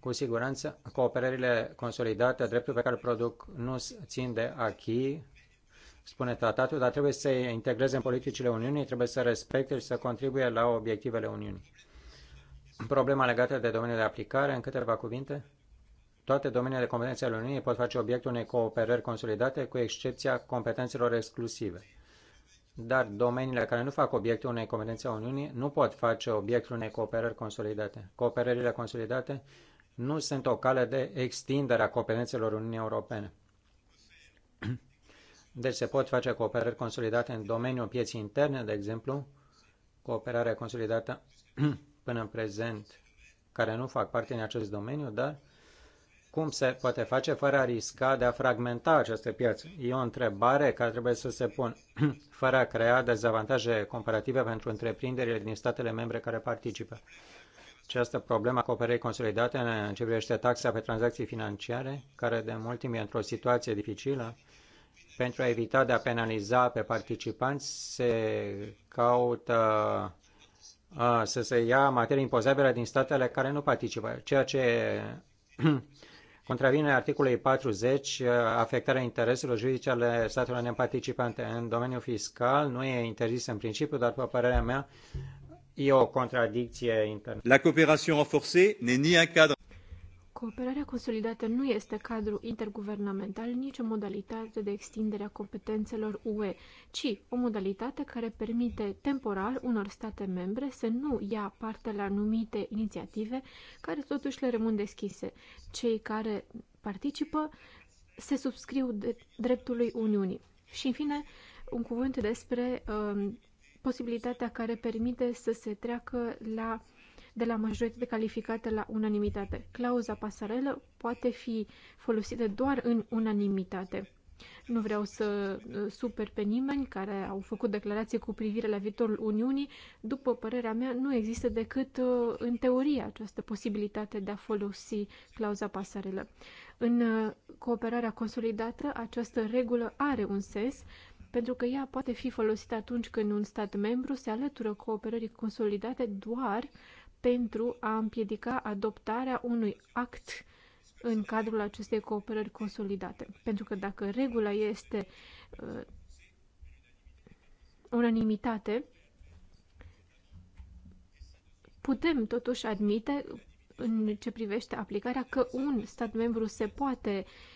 Cu siguranță, cooperările consolidate, dreptul pe care îl produc, nu țin de achii, spune tratatul, dar trebuie să se integreze în politicile Uniunii, trebuie să respecte și să contribuie la obiectivele Uniunii problema legată de domeniul de aplicare, în câteva cuvinte, toate domeniile de competențe ale Uniunii pot face obiectul unei cooperări consolidate, cu excepția competențelor exclusive. Dar domeniile care nu fac obiectul unei competențe a Uniunii nu pot face obiectul unei cooperări consolidate. Cooperările consolidate nu sunt o cale de extindere a competențelor Uniunii Europene. Deci se pot face cooperări consolidate în domeniul pieții interne, de exemplu, cooperarea consolidată până în prezent care nu fac parte din acest domeniu, dar cum se poate face fără a risca de a fragmenta această piață? E o întrebare care trebuie să se pun fără a crea dezavantaje comparative pentru întreprinderile din statele membre care participă. Această problemă a cooperării consolidate în ce privește taxa pe tranzacții financiare, care de mult timp e într-o situație dificilă, pentru a evita de a penaliza pe participanți, se caută să se ia materie impozabilă din statele care nu participă, ceea ce contravine articolului 40, afectarea intereselor juridice ale statelor neparticipante în domeniul fiscal, nu e interzis în principiu, dar, după părerea mea, e o contradicție internă.
La coopération renforcée n'est ni un cadre
Cooperarea consolidată nu este cadru interguvernamental, nici o modalitate de extindere a competențelor UE, ci o modalitate care permite temporal unor state membre să nu ia parte la anumite inițiative care totuși le rămân deschise. Cei care participă se subscriu de dreptului Uniunii. Și, în fine, un cuvânt despre uh, posibilitatea care permite să se treacă la de la majoritate calificată la unanimitate. Clauza pasarelă poate fi folosită doar în unanimitate. Nu vreau să uh, super pe nimeni care au făcut declarații cu privire la viitorul Uniunii. După părerea mea, nu există decât uh, în teorie această posibilitate de a folosi clauza pasarelă. În uh, cooperarea consolidată, această regulă are un sens, pentru că ea poate fi folosită atunci când un stat membru se alătură cooperării consolidate doar uh, pentru a împiedica adoptarea unui act în cadrul acestei cooperări consolidate. Pentru că dacă regula este uh, unanimitate, putem totuși admite în ce privește aplicarea că un stat membru se poate uh,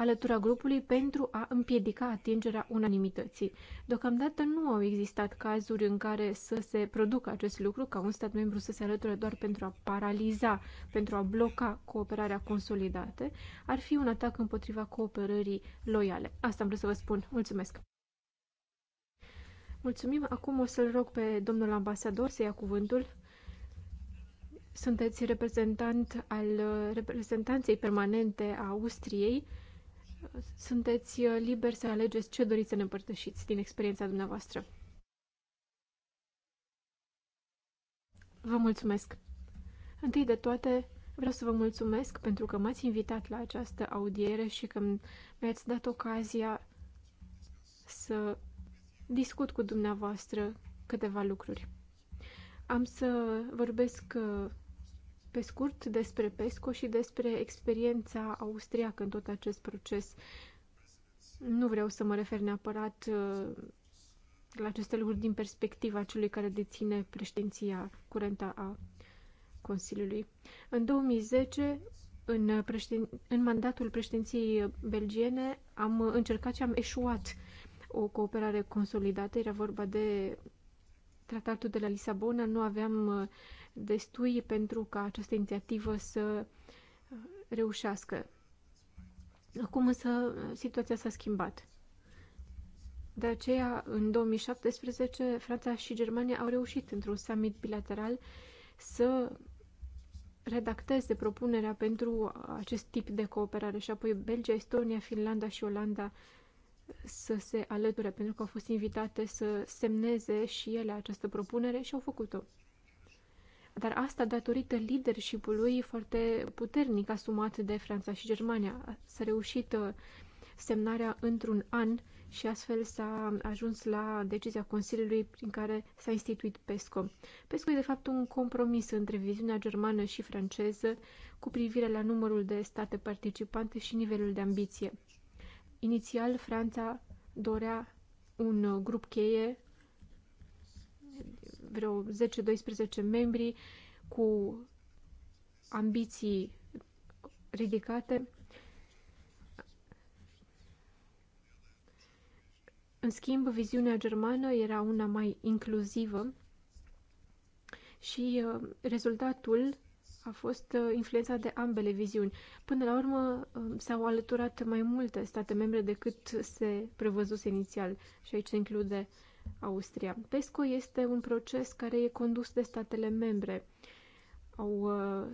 alătura grupului pentru a împiedica atingerea unanimității. Deocamdată nu au existat cazuri în care să se producă acest lucru, ca un stat membru să se alăture doar pentru a paraliza, pentru a bloca cooperarea consolidată. Ar fi un atac împotriva cooperării loiale. Asta am vrut să vă spun. Mulțumesc! Mulțumim. Acum o să-l rog pe domnul ambasador să ia cuvântul. Sunteți reprezentant al reprezentanței permanente a Austriei sunteți uh, liberi să alegeți ce doriți să ne împărtășiți din experiența dumneavoastră. Vă mulțumesc! Întâi de toate, vreau să vă mulțumesc pentru că m-ați invitat la această audiere și că mi-ați dat ocazia să discut cu dumneavoastră câteva lucruri. Am să vorbesc uh, pe scurt despre PESCO și despre experiența austriacă în tot acest proces. Nu vreau să mă refer neapărat uh, la aceste lucruri din perspectiva celui care deține președinția curentă a Consiliului. În 2010, în, președin... în mandatul președinției belgiene, am încercat și am eșuat o cooperare consolidată. Era vorba de tratatul de la Lisabona, nu aveam uh, destui pentru ca această inițiativă să uh, reușească. Acum însă uh, situația s-a schimbat. De aceea, în 2017, Franța și Germania au reușit, într-un summit bilateral, să redacteze propunerea pentru acest tip de cooperare și apoi Belgia, Estonia, Finlanda și Olanda uh, să se alăture pentru că au fost invitate să semneze și ele această propunere și au făcut-o dar asta datorită leadership-ului foarte puternic asumat de Franța și Germania. S-a reușit uh, semnarea într-un an și astfel s-a ajuns la decizia Consiliului prin care s-a instituit PESCO. PESCO e de fapt un compromis între viziunea germană și franceză cu privire la numărul de state participante și nivelul de ambiție. Inițial, Franța dorea un uh, grup cheie vreo 10-12 membri cu ambiții ridicate. În schimb, viziunea germană era una mai inclusivă și uh, rezultatul a fost uh, influențat de ambele viziuni. Până la urmă, uh, s-au alăturat mai multe state membre decât se prevăzuse inițial și aici se include Austria. PESCO este un proces care e condus de statele membre. Au uh,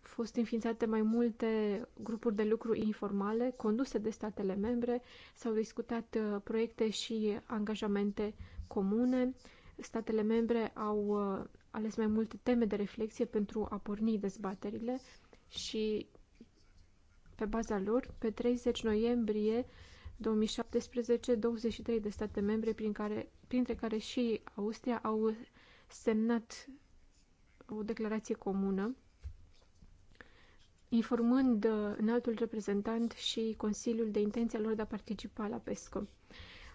fost înființate mai multe grupuri de lucru informale conduse de statele membre, s-au discutat uh, proiecte și angajamente comune, statele membre au uh, ales mai multe teme de reflexie pentru a porni dezbaterile și pe baza lor, pe 30 noiembrie 2017, 23 de state membre, prin care printre care și Austria, au semnat o declarație comună informând uh, înaltul reprezentant și Consiliul de intenția lor de a participa la PESCO.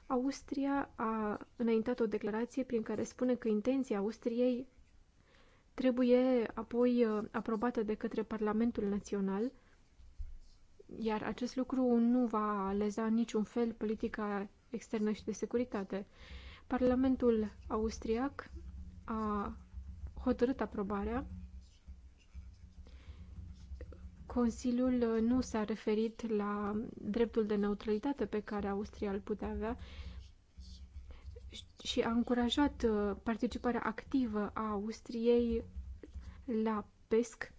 Austria a înaintat o declarație prin care spune că intenția Austriei trebuie apoi uh, aprobată de către Parlamentul Național, iar acest lucru nu va leza niciun fel politica externă și de securitate. Parlamentul austriac a hotărât aprobarea. Consiliul nu s-a referit la dreptul de neutralitate pe care Austria îl putea avea și a încurajat uh, participarea activă a Austriei la PESC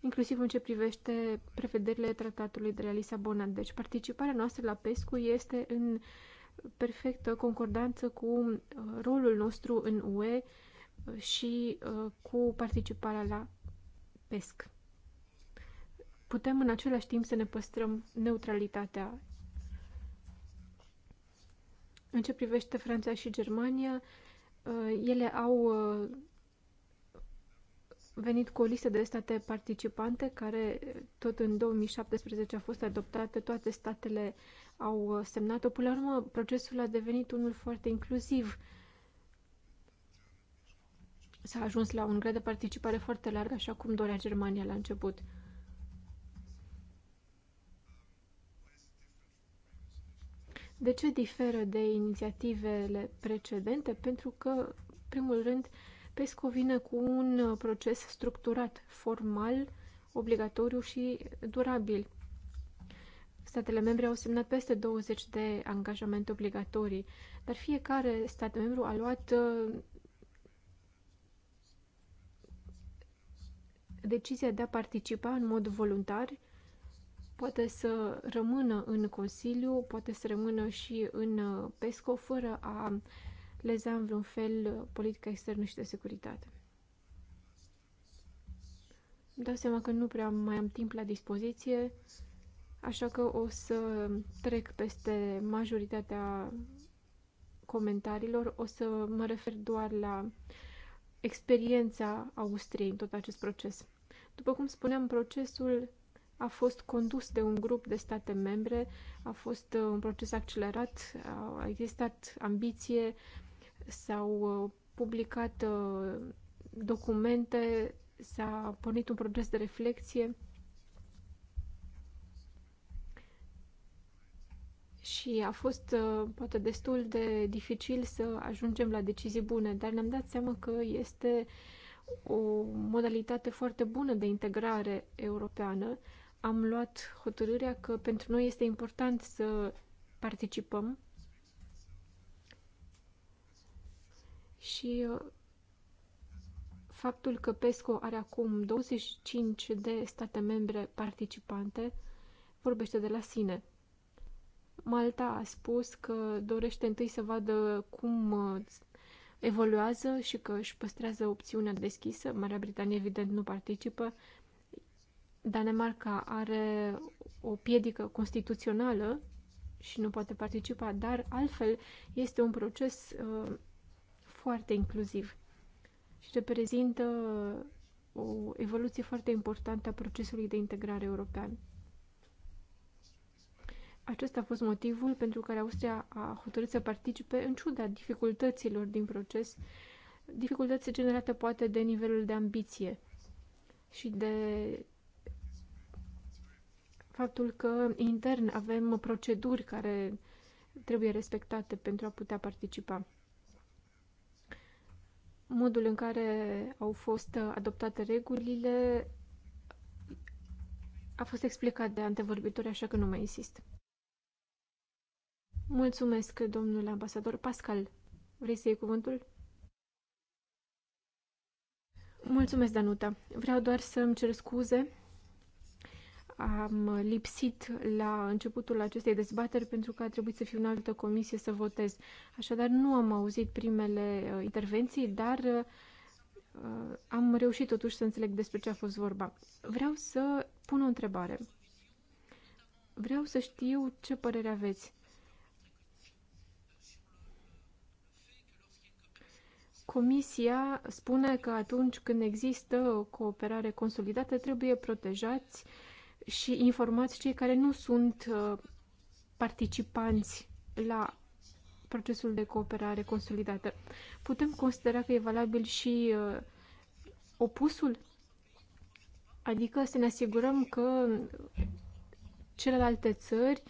inclusiv în ce privește prevederile tratatului de la Lisabona. Deci participarea noastră la PESCU este în perfectă concordanță cu uh, rolul nostru în UE uh, și uh, cu participarea la PESC. Putem în același timp să ne păstrăm neutralitatea. În ce privește Franța și Germania, ele au venit cu o listă de state participante care tot în 2017 a fost adoptată, toate statele au semnat-o. Până la urmă, procesul a devenit unul foarte inclusiv. S-a ajuns la un grad de participare foarte larg, așa cum dorea Germania la început. De ce diferă de inițiativele precedente? Pentru că, primul rând, uh, PESCO vine cu un uh, proces structurat, formal, obligatoriu și durabil. Statele membre au semnat peste 20 de angajamente obligatorii, dar fiecare stat membru a luat uh, decizia de a participa în mod voluntar, poate să rămână în Consiliu, poate să rămână și în uh, PESCO, fără a leza în vreun fel uh, politica externă și de securitate. Îmi dau seama că nu prea mai am timp la dispoziție, așa că o să trec peste majoritatea comentariilor, o să mă refer doar la experiența Austriei în tot acest proces. După cum spuneam, procesul a fost condus de un grup de state membre, a fost uh, un proces accelerat, a existat ambiție, s-au uh, publicat uh, documente, s-a pornit un proces de reflexie și a fost uh, poate destul de dificil să ajungem la decizii bune, dar ne-am dat seama că este o modalitate foarte bună de integrare europeană. Am luat hotărârea că pentru noi este important să participăm și uh, faptul că PESCO are acum 25 de state membre participante vorbește de la sine. Malta a spus că dorește întâi să vadă cum uh, evoluează și că își păstrează opțiunea deschisă. Marea Britanie, evident, nu participă. Danemarca are o piedică constituțională și nu poate participa, dar altfel este un proces uh, foarte inclusiv și reprezintă o evoluție foarte importantă a procesului de integrare european. Acesta a fost motivul pentru care Austria a hotărât să participe în ciuda dificultăților din proces, dificultăți generate poate de nivelul de ambiție și de faptul că intern avem proceduri care trebuie respectate pentru a putea participa modul în care au fost adoptate regulile a fost explicat de antevorbitori, așa că nu mai insist. Mulțumesc, domnul ambasador Pascal. Vrei să iei cuvântul? Mulțumesc, Danuta. Vreau doar să-mi cer scuze am lipsit la începutul acestei dezbateri pentru că a trebuit să fiu în altă comisie să votez. Așadar, nu am auzit primele uh, intervenții, dar uh, uh, am reușit totuși să înțeleg despre ce a fost vorba. Vreau să pun o întrebare. Vreau să știu ce părere aveți. Comisia spune că atunci când există o cooperare consolidată, trebuie protejați uh, și informați cei care nu sunt uh, participanți la procesul de cooperare consolidată. Putem considera că e valabil și uh, opusul? Adică să ne asigurăm că celelalte țări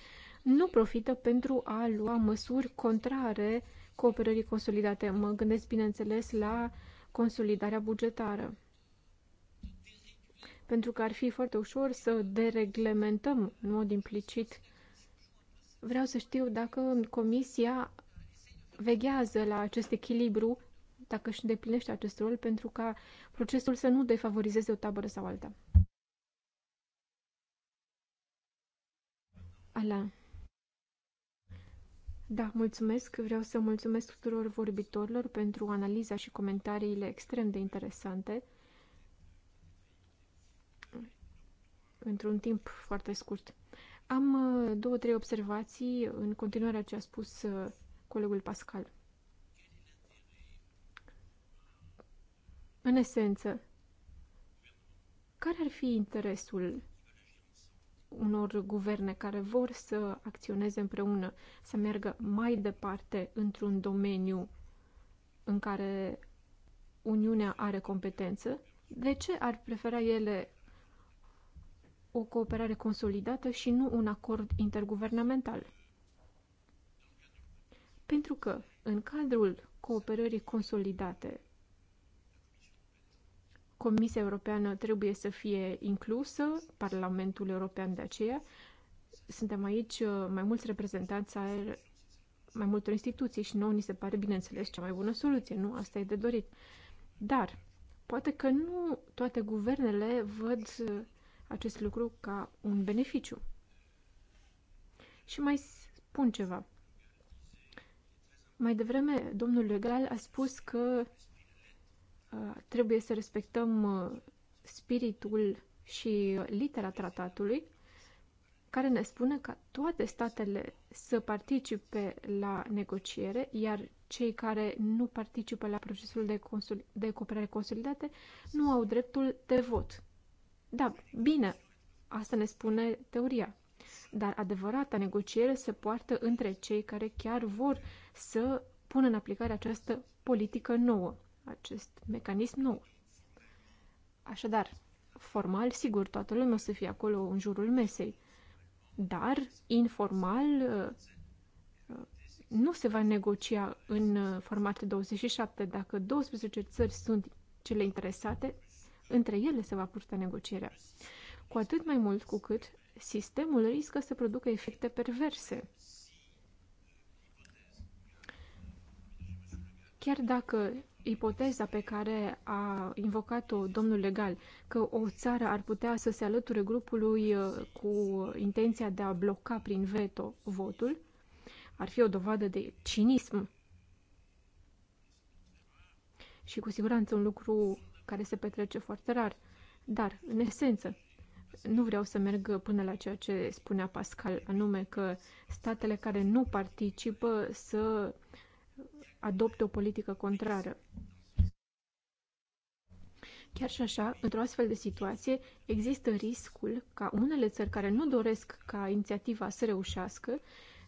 nu profită pentru a lua măsuri contrare cooperării consolidate. Mă gândesc, bineînțeles, la consolidarea bugetară pentru că ar fi foarte ușor să dereglementăm în mod implicit. Vreau să știu dacă Comisia veghează la acest echilibru, dacă își îndeplinește acest rol, pentru ca procesul să nu defavorizeze o tabără sau alta. Ala. Da, mulțumesc. Vreau să mulțumesc tuturor vorbitorilor pentru analiza și comentariile extrem de interesante. într-un timp foarte scurt. Am uh, două, trei observații în continuarea ce a spus uh, colegul Pascal. În esență, care ar fi interesul unor guverne care vor să acționeze împreună, să meargă mai departe într-un domeniu în care Uniunea are competență, de ce ar prefera ele o cooperare consolidată și nu un acord interguvernamental. Pentru că, în cadrul cooperării consolidate, Comisia Europeană trebuie să fie inclusă, Parlamentul European de aceea. Suntem aici uh, mai mulți reprezentanți ai mai multor instituții și nouă ni se pare, bineînțeles, cea mai bună soluție, nu? Asta e de dorit. Dar, poate că nu toate guvernele văd uh, acest lucru ca un beneficiu. Și mai spun ceva. Mai devreme, domnul Legal a spus că uh, trebuie să respectăm uh, spiritul și uh, litera tratatului, care ne spune că toate statele să participe la negociere, iar cei care nu participă la procesul de, consul- de cooperare consolidate nu au dreptul de vot. Da, bine, asta ne spune teoria. Dar adevărata negociere se poartă între cei care chiar vor să pună în aplicare această politică nouă, acest mecanism nou. Așadar, formal, sigur, toată lumea o să fie acolo în jurul mesei, dar informal uh, uh, nu se va negocia în uh, format 27. Dacă 12 țări sunt cele interesate, între ele se va purta negocierea. Cu atât mai mult cu cât sistemul riscă să producă efecte perverse. Chiar dacă ipoteza pe care a invocat-o domnul legal, că o țară ar putea să se alăture grupului uh, cu intenția de a bloca prin veto votul, ar fi o dovadă de cinism. Și cu siguranță un lucru care se petrece foarte rar. Dar, în esență, nu vreau să merg până la ceea ce spunea Pascal, anume că statele care nu participă să adopte o politică contrară. Chiar și așa, într-o astfel de situație, există riscul ca unele țări care nu doresc ca inițiativa să reușească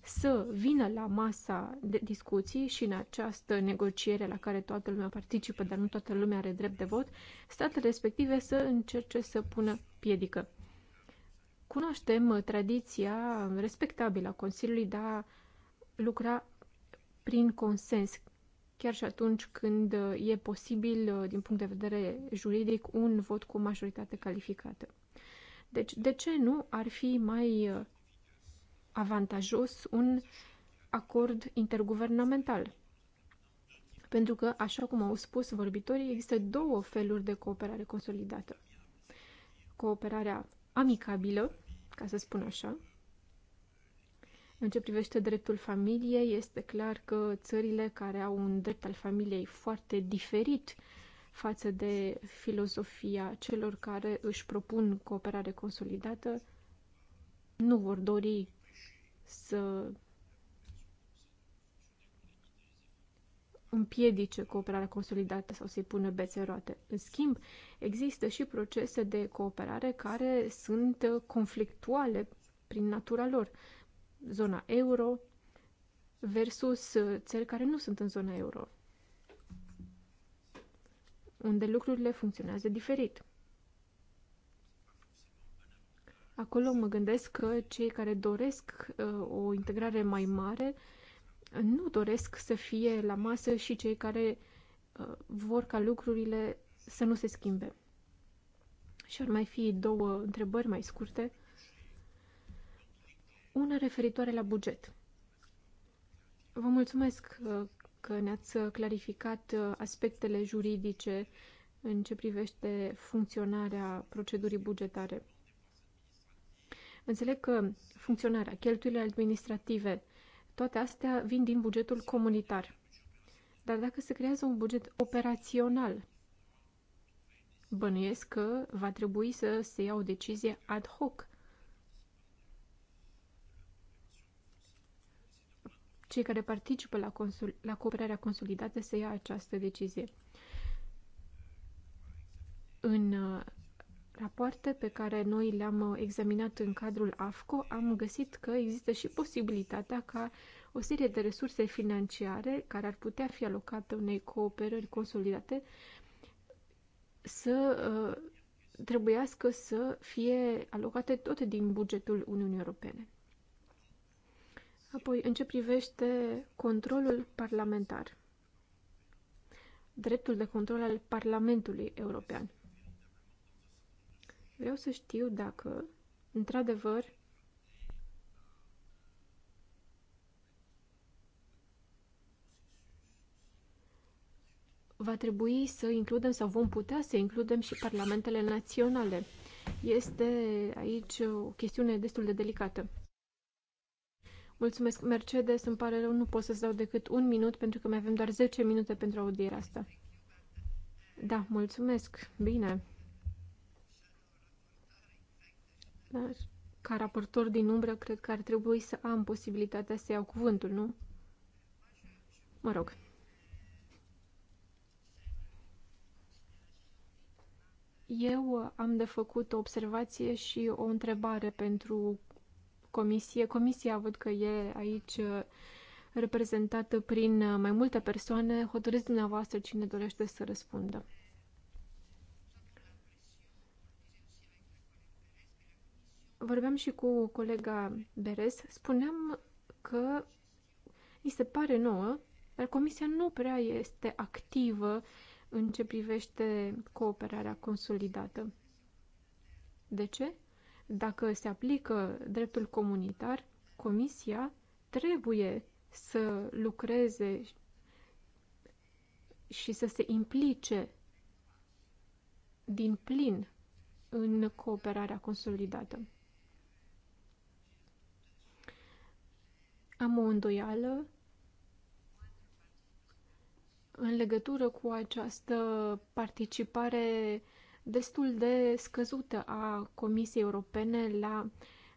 să vină la masa de discuții și în această negociere la care toată lumea participă, dar nu toată lumea are drept de vot, statele respective să încerce să pună piedică. Cunoaștem uh, tradiția respectabilă a Consiliului de a lucra prin consens, chiar și atunci când uh, e posibil, uh, din punct de vedere juridic, un vot cu majoritate calificată. Deci, de ce nu ar fi mai avantajos un acord interguvernamental. Pentru că, așa cum au spus vorbitorii, există două feluri de cooperare consolidată. Cooperarea amicabilă, ca să spun așa, în ce privește dreptul familiei, este clar că țările care au un drept al familiei foarte diferit față de filozofia celor care își propun cooperare consolidată, nu vor dori să împiedice cooperarea consolidată sau să-i pună bețe roate. În schimb, există și procese de cooperare care sunt conflictuale prin natura lor. Zona euro versus țări care nu sunt în zona euro, unde lucrurile funcționează diferit. Acolo mă gândesc că cei care doresc uh, o integrare mai mare nu doresc să fie la masă și cei care uh, vor ca lucrurile să nu se schimbe. Și ar mai fi două întrebări mai scurte. Una referitoare la buget. Vă mulțumesc uh, că ne-ați clarificat aspectele juridice în ce privește funcționarea procedurii bugetare. Înțeleg că funcționarea, cheltuielile administrative, toate astea vin din bugetul comunitar. Dar dacă se creează un buget operațional, bănuiesc că va trebui să se ia o decizie ad hoc. Cei care participă la, consul, la cooperarea consolidată să ia această decizie. În rapoarte pe care noi le-am uh, examinat în cadrul AFCO, am găsit că există și posibilitatea ca o serie de resurse financiare care ar putea fi alocate unei cooperări consolidate să uh, trebuiască să fie alocate tot din bugetul Uniunii Europene. Apoi, în ce privește controlul parlamentar, dreptul de control al Parlamentului European. Vreau să știu dacă, într-adevăr, va trebui să includem sau vom putea să includem și parlamentele naționale. Este aici o chestiune destul de delicată. Mulțumesc, Mercedes. Îmi pare rău, nu pot să-ți dau decât un minut pentru că mai avem doar 10 minute pentru audierea asta. Da, mulțumesc. Bine. Da? Ca raportor din umbră, cred că ar trebui să am posibilitatea să iau cuvântul, nu? Mă rog. Eu am de făcut o observație și o întrebare pentru comisie. Comisia văd că e aici uh, reprezentată prin uh, mai multe persoane. Hotărâți dumneavoastră cine dorește să răspundă. vorbeam și cu colega Beres, spuneam că îi se pare nouă, dar Comisia nu prea este activă în ce privește cooperarea consolidată. De ce? Dacă se aplică dreptul comunitar, Comisia trebuie să lucreze și să se implice din plin în cooperarea consolidată. Am o îndoială în legătură cu această participare destul de scăzută a Comisiei Europene la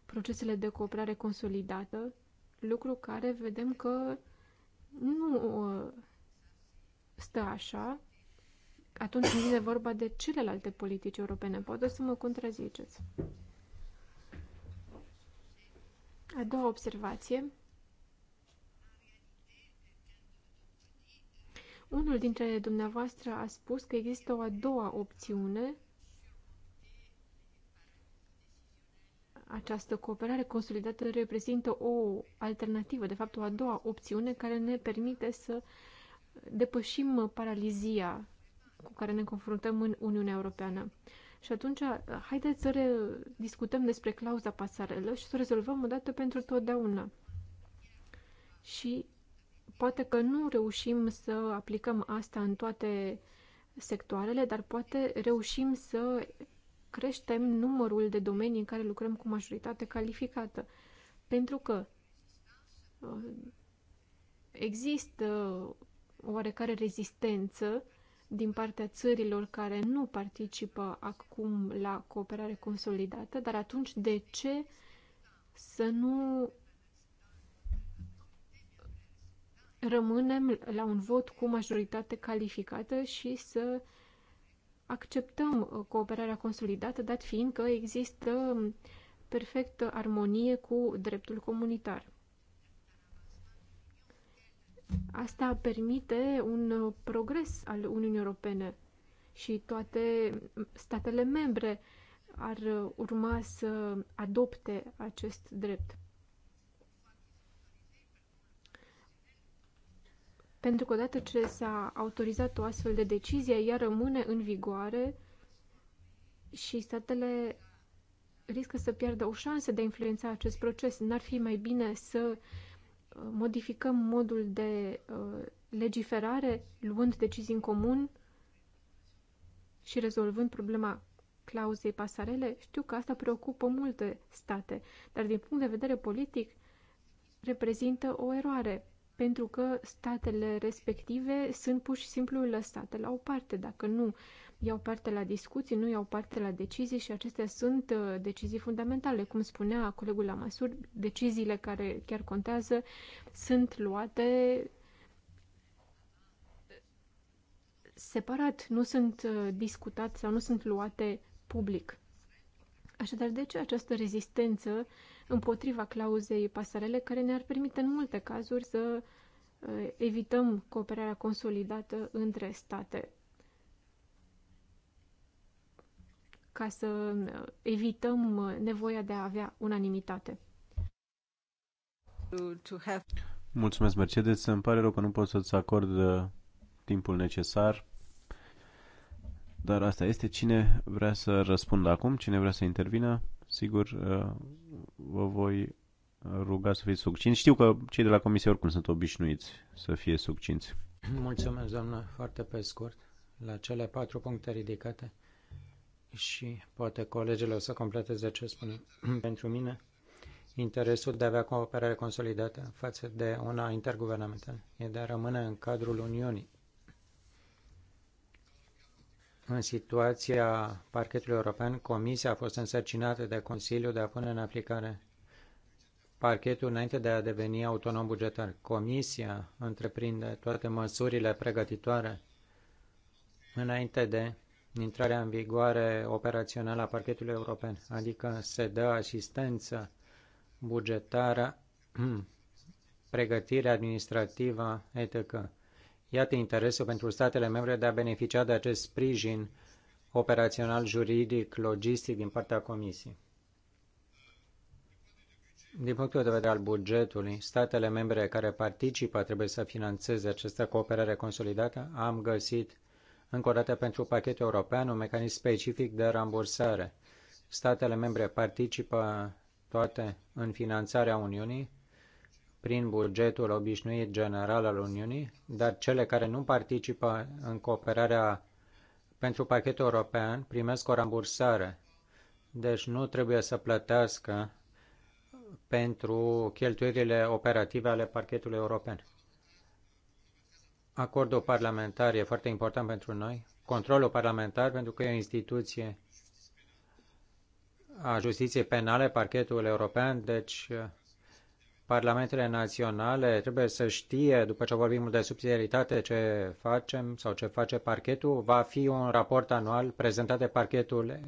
procesele de cooperare consolidată, lucru care vedem că nu uh, stă așa atunci când vine vorba de celelalte politici europene. Poate să mă contraziceți. A doua observație Unul dintre dumneavoastră a spus că există o a doua opțiune, această cooperare consolidată reprezintă o alternativă, de fapt o a doua opțiune care ne permite să depășim paralizia cu care ne confruntăm în Uniunea Europeană. Și atunci, haideți să discutăm despre clauza pasarelă și să o rezolvăm odată pentru totdeauna. Și Poate că nu reușim să aplicăm asta în toate sectoarele, dar poate reușim să creștem numărul de domenii în care lucrăm cu majoritate calificată. Pentru că uh, există oarecare rezistență din partea țărilor care nu participă acum la cooperare consolidată, dar atunci de ce să nu rămânem la un vot cu majoritate calificată și să acceptăm uh, cooperarea consolidată, dat fiind că există um, perfectă armonie cu dreptul comunitar. Asta permite un uh, progres al Uniunii Europene și toate um, statele membre ar uh, urma să adopte acest drept. pentru că odată ce s-a autorizat o astfel de decizie, ea rămâne în vigoare și statele riscă să piardă o șansă de a influența acest proces. N-ar fi mai bine să uh, modificăm modul de uh, legiferare, luând decizii în comun și rezolvând problema clauzei pasarele? Știu că asta preocupă multe state, dar din punct de vedere politic reprezintă o eroare pentru că statele respective sunt pur și simplu lăsate la o parte. Dacă nu iau parte la discuții, nu iau parte la decizii și acestea sunt uh, decizii fundamentale. Cum spunea colegul la măsuri, deciziile care chiar contează sunt luate separat, nu sunt uh, discutate sau nu sunt luate public. Așadar, de ce această rezistență uh, împotriva clauzei pasarele, care ne-ar permite în multe cazuri să uh, evităm cooperarea consolidată între state ca să uh, evităm uh, nevoia de a avea unanimitate.
Mulțumesc, Mercedes. Îmi pare rău că nu pot să-ți acord timpul necesar, dar asta este. Cine vrea să răspundă acum? Cine vrea să intervină? sigur uh, vă voi uh, ruga să fiți succinți. Știu că cei de la comisie oricum sunt obișnuiți să fie succinți.
Mulțumesc, doamnă, foarte pe scurt, la cele patru puncte ridicate și poate colegele o să completeze ce spune. Pentru mine, interesul de a avea cooperare consolidată față de una interguvernamentală e de a rămâne în cadrul Uniunii în situația parchetului european, Comisia a fost însărcinată de Consiliu de a pune în aplicare parchetul înainte de a deveni autonom bugetar. Comisia întreprinde toate măsurile pregătitoare înainte de intrarea în vigoare operațională a parchetului european, adică se dă asistență bugetară, pregătire administrativă, etc. Iată interesul pentru statele membre de a beneficia de acest sprijin operațional, juridic, logistic din partea Comisiei. Din punctul de vedere al bugetului, statele membre care participă trebuie să financeze această cooperare consolidată. Am găsit încă o dată pentru pachetul european un mecanism specific de rambursare. Statele membre participă toate în finanțarea Uniunii prin bugetul obișnuit general al Uniunii, dar cele care nu participă în cooperarea pentru pachetul european primesc o rambursare. Deci nu trebuie să plătească pentru cheltuielile operative ale parchetului european. Acordul parlamentar e foarte important pentru noi. Controlul parlamentar pentru că e o instituție a justiției penale, parchetul european, deci Parlamentele naționale trebuie să știe, după ce vorbim de subsidiaritate, ce facem sau ce face parchetul. Va fi un raport anual prezentat de parchetul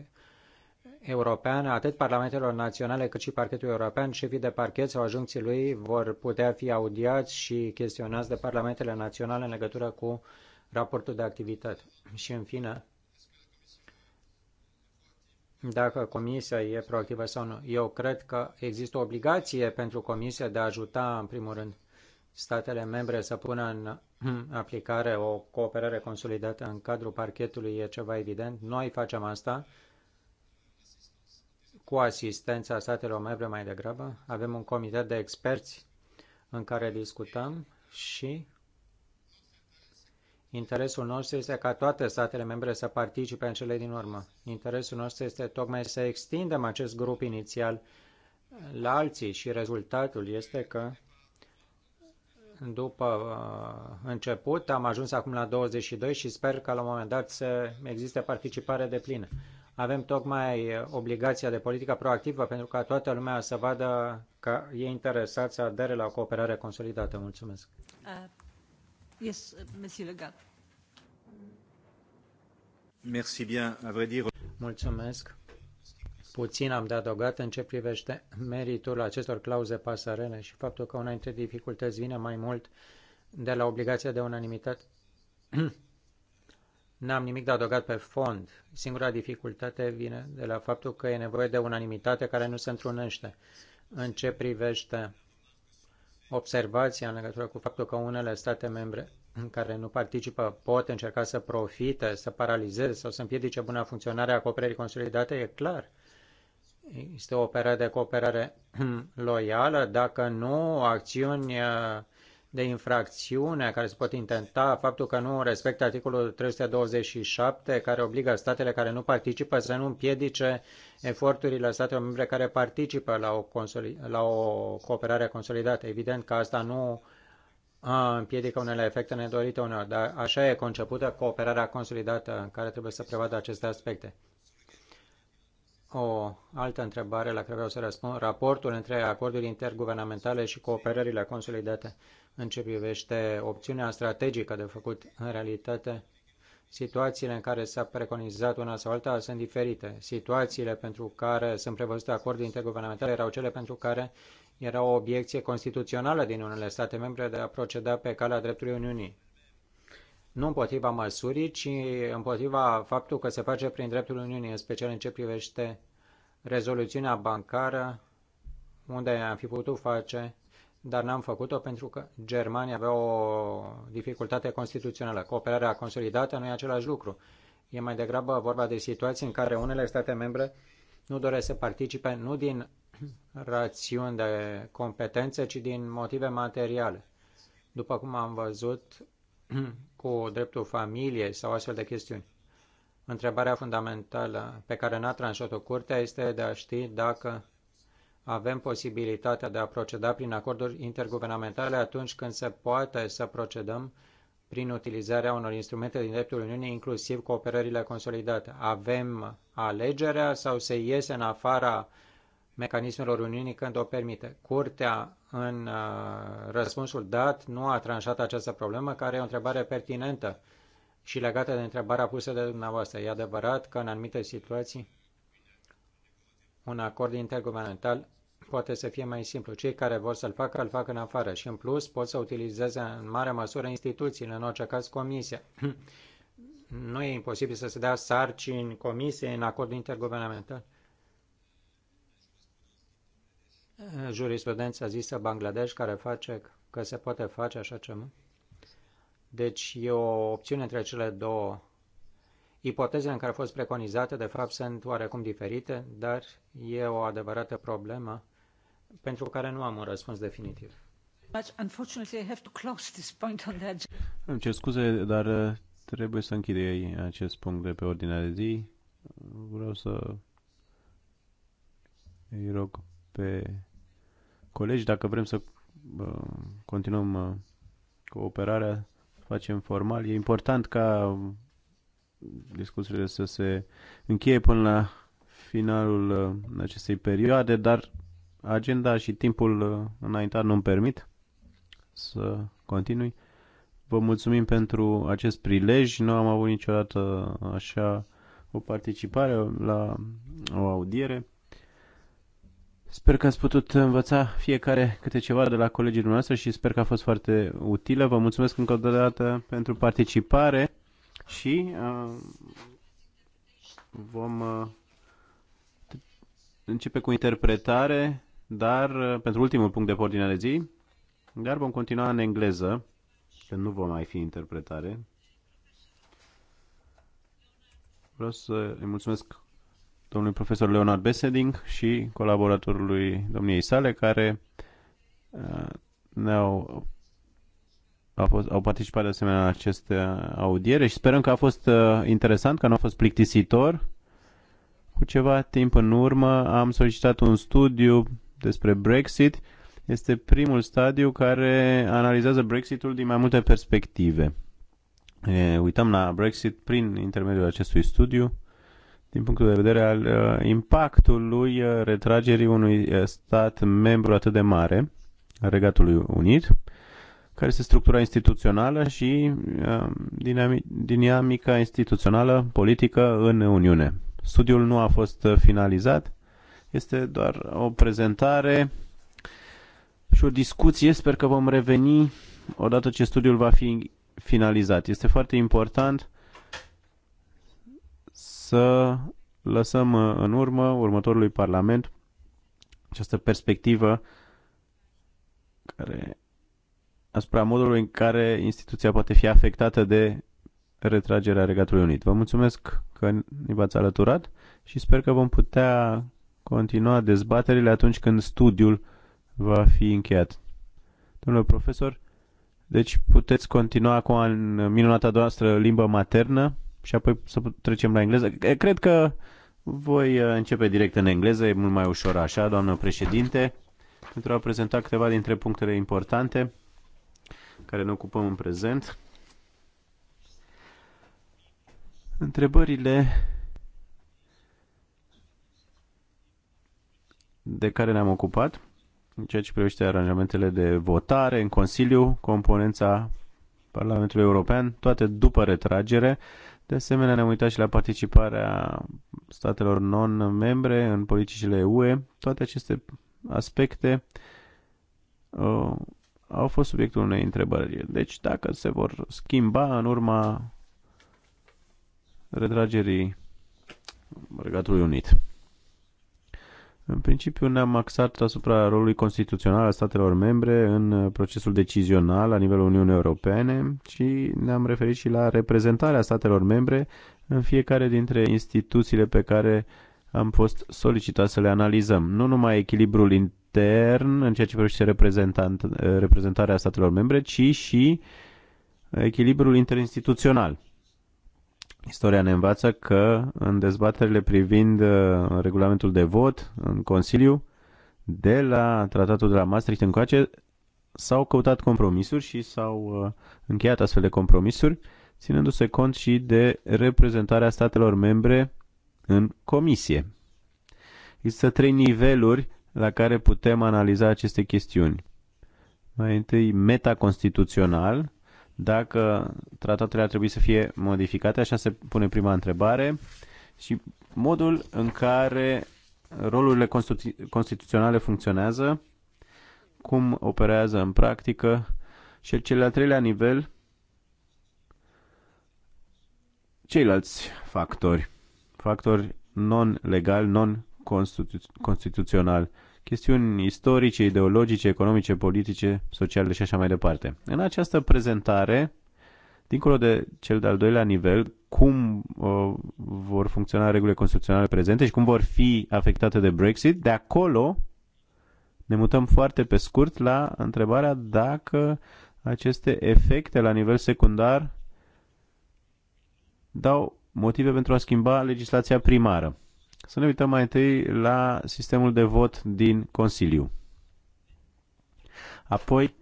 european, atât parlamentelor naționale cât și parchetul european, șefii de parchet sau ajunții lui vor putea fi audiați și chestionați de parlamentele naționale în legătură cu raportul de activitate. Și în fine, dacă comisia e proactivă sau nu. Eu cred că există o obligație pentru comisia de a ajuta, în primul rând, statele membre să pună în aplicare o cooperare consolidată în cadrul parchetului, e ceva evident. Noi facem asta cu asistența statelor membre mai degrabă. Avem un comitet de experți în care discutăm și Interesul nostru este ca toate statele membre să participe în cele din urmă. Interesul nostru este tocmai să extindem acest grup inițial la alții și rezultatul este că după uh, început am ajuns acum la 22 și sper că la un moment dat să existe participare de plină. Avem tocmai obligația de politică proactivă pentru ca toată lumea să vadă că e interesat să adere la o cooperare consolidată. Mulțumesc!
Uh, Uh,
Mulțumesc. Puțin am de adăugat în ce privește meritul acestor clauze pasarele și faptul că una dintre dificultăți vine mai mult de la obligația de unanimitate. N-am nimic de adăugat pe fond. Singura dificultate vine de la faptul că e nevoie de unanimitate care nu se întrunește în ce privește observația în legătură cu faptul că unele state membre care nu participă pot încerca să profite, să paralizeze sau să împiedice buna funcționare a cooperării consolidate, e clar. Este o operă de cooperare loială, dacă nu, acțiuni uh, de infracțiune care se pot intenta, faptul că nu respectă articolul 327 care obligă statele care nu participă să nu împiedice eforturile statelor membre care participă la o, la o cooperare consolidată. Evident că asta nu împiedică unele efecte nedorite uneori, dar așa e concepută cooperarea consolidată în care trebuie să prevadă aceste aspecte. O altă întrebare la care vreau să răspund. Raportul între acorduri interguvernamentale și cooperările consolidate în ce privește opțiunea strategică de făcut. În realitate, situațiile în care s-a preconizat una sau alta sunt diferite. Situațiile pentru care sunt prevăzute acorduri interguvernamentale erau cele pentru care era o obiecție constituțională din unele state membre de a proceda pe calea dreptului Uniunii. Nu împotriva măsurii, ci împotriva faptul că se face prin dreptul Uniunii, în special în ce privește rezoluțiunea bancară, unde am fi putut face dar n-am făcut-o pentru că Germania avea o dificultate constituțională. Cooperarea consolidată nu e același lucru. E mai degrabă vorba de situații în care unele state membre nu doresc să participe nu din rațiuni de competențe, ci din motive materiale. După cum am văzut cu dreptul familiei sau astfel de chestiuni. Întrebarea fundamentală pe care n-a tranșat-o curtea este de a ști dacă avem posibilitatea de a proceda prin acorduri interguvernamentale atunci când se poate să procedăm prin utilizarea unor instrumente din dreptul Uniunii, inclusiv cooperările consolidate. Avem alegerea sau se iese în afara mecanismelor Uniunii când o permite. Curtea, în uh, răspunsul dat, nu a tranșat această problemă, care e o întrebare pertinentă și legată de întrebarea pusă de dumneavoastră. E adevărat că în anumite situații un acord interguvernamental poate să fie mai simplu. Cei care vor să-l facă, îl fac în afară și în plus pot să utilizeze în mare măsură instituțiile, în orice caz comisia. nu e imposibil să se dea sarcini comisiei în acord interguvernamental. Jurisprudența zisă Bangladesh care face că se poate face așa ceva. Deci e o opțiune între cele două. Ipotezele în care au fost preconizate, de fapt, sunt oarecum diferite, dar e o adevărată problemă pentru care nu am un răspuns definitiv.
Îmi cer scuze, dar uh, trebuie să închidei acest punct de pe ordinea de zi. Vreau să îi rog pe colegi, dacă vrem să uh, continuăm uh, cooperarea, facem formal. E important ca discuțiile să se încheie până la finalul acestei perioade, dar agenda și timpul uh, înaintat nu-mi permit să continui. Vă mulțumim pentru acest prilej. Nu am avut niciodată așa o participare la o audiere. Sper că ați putut învăța fiecare câte ceva de la colegii dumneavoastră și sper că a fost foarte utilă. Vă mulțumesc încă o dată pentru participare și uh, vom uh, începe cu interpretare dar uh, pentru ultimul punct de pe ordinea de zi, dar vom continua în engleză, că nu va mai fi interpretare. Vreau să îi mulțumesc domnului profesor Leonard Beseding și colaboratorului domniei sale, care uh, ne-au au, fost, au participat de asemenea la aceste audiere și sperăm că a fost uh, interesant, că nu a fost plictisitor. Cu ceva timp în urmă am solicitat un studiu despre Brexit este primul stadiu care analizează Brexitul din mai multe perspective. E, uităm la Brexit prin intermediul acestui studiu din punctul de vedere al uh, impactului uh, retragerii unui uh, stat membru atât de mare, Regatului Unit, care este structura instituțională și uh, dinamica instituțională politică în Uniune. Studiul nu a fost uh, finalizat, este doar o prezentare și o discuție. Sper că vom reveni odată ce studiul va fi finalizat. Este foarte important să lăsăm în urmă următorului Parlament această perspectivă care asupra modului în care instituția poate fi afectată de retragerea Regatului Unit. Vă mulțumesc că ne v-ați alăturat și sper că vom putea continua dezbaterile atunci când studiul va fi încheiat. Domnule profesor, deci puteți continua cu în minunata noastră limbă maternă și apoi să trecem la engleză. Cred că voi uh, începe direct în engleză, e mult mai ușor așa, doamnă președinte, pentru a prezenta câteva dintre punctele importante care ne ocupăm în prezent. Întrebările de care ne-am ocupat în ceea ce privește aranjamentele de votare în Consiliu, componența Parlamentului European, toate după retragere. De asemenea, ne-am uitat și la participarea statelor non-membre în politicile UE. Toate aceste aspecte uh, au fost subiectul unei întrebări. Deci, dacă se vor schimba în urma retragerii Regatului Unit. În principiu ne-am axat asupra rolului constituțional al statelor membre în uh, procesul decizional la nivelul Uniunii Europene și ne-am referit și la reprezentarea statelor membre în fiecare dintre instituțiile pe care am fost solicitat să le analizăm. Nu numai echilibrul intern în ceea ce privește uh, reprezentarea statelor membre, ci și echilibrul interinstituțional. Istoria ne învață că în dezbaterile privind uh, regulamentul de vot în Consiliu, de la tratatul de la Maastricht încoace, s-au căutat compromisuri și s-au uh, încheiat astfel de compromisuri, ținându-se cont și de reprezentarea statelor membre în comisie. Există trei niveluri la care putem analiza aceste chestiuni. Mai întâi, metaconstituțional, dacă tratatele ar trebui să fie modificate, așa se pune prima întrebare, și modul în care rolurile constitu- constituționale funcționează, cum operează în practică și cel al treilea nivel, ceilalți factori, factori non-legal, non-constituțional. -constitu chestiuni istorice, ideologice, economice, politice, sociale și așa mai departe. În această prezentare, dincolo de cel de-al doilea nivel, cum uh, vor funcționa regulile constituționale prezente și cum vor fi afectate de Brexit, de acolo ne mutăm foarte pe scurt la întrebarea dacă aceste efecte la nivel secundar dau motive pentru a schimba legislația primară. Să ne uităm mai întâi la sistemul de vot din Consiliu. Apoi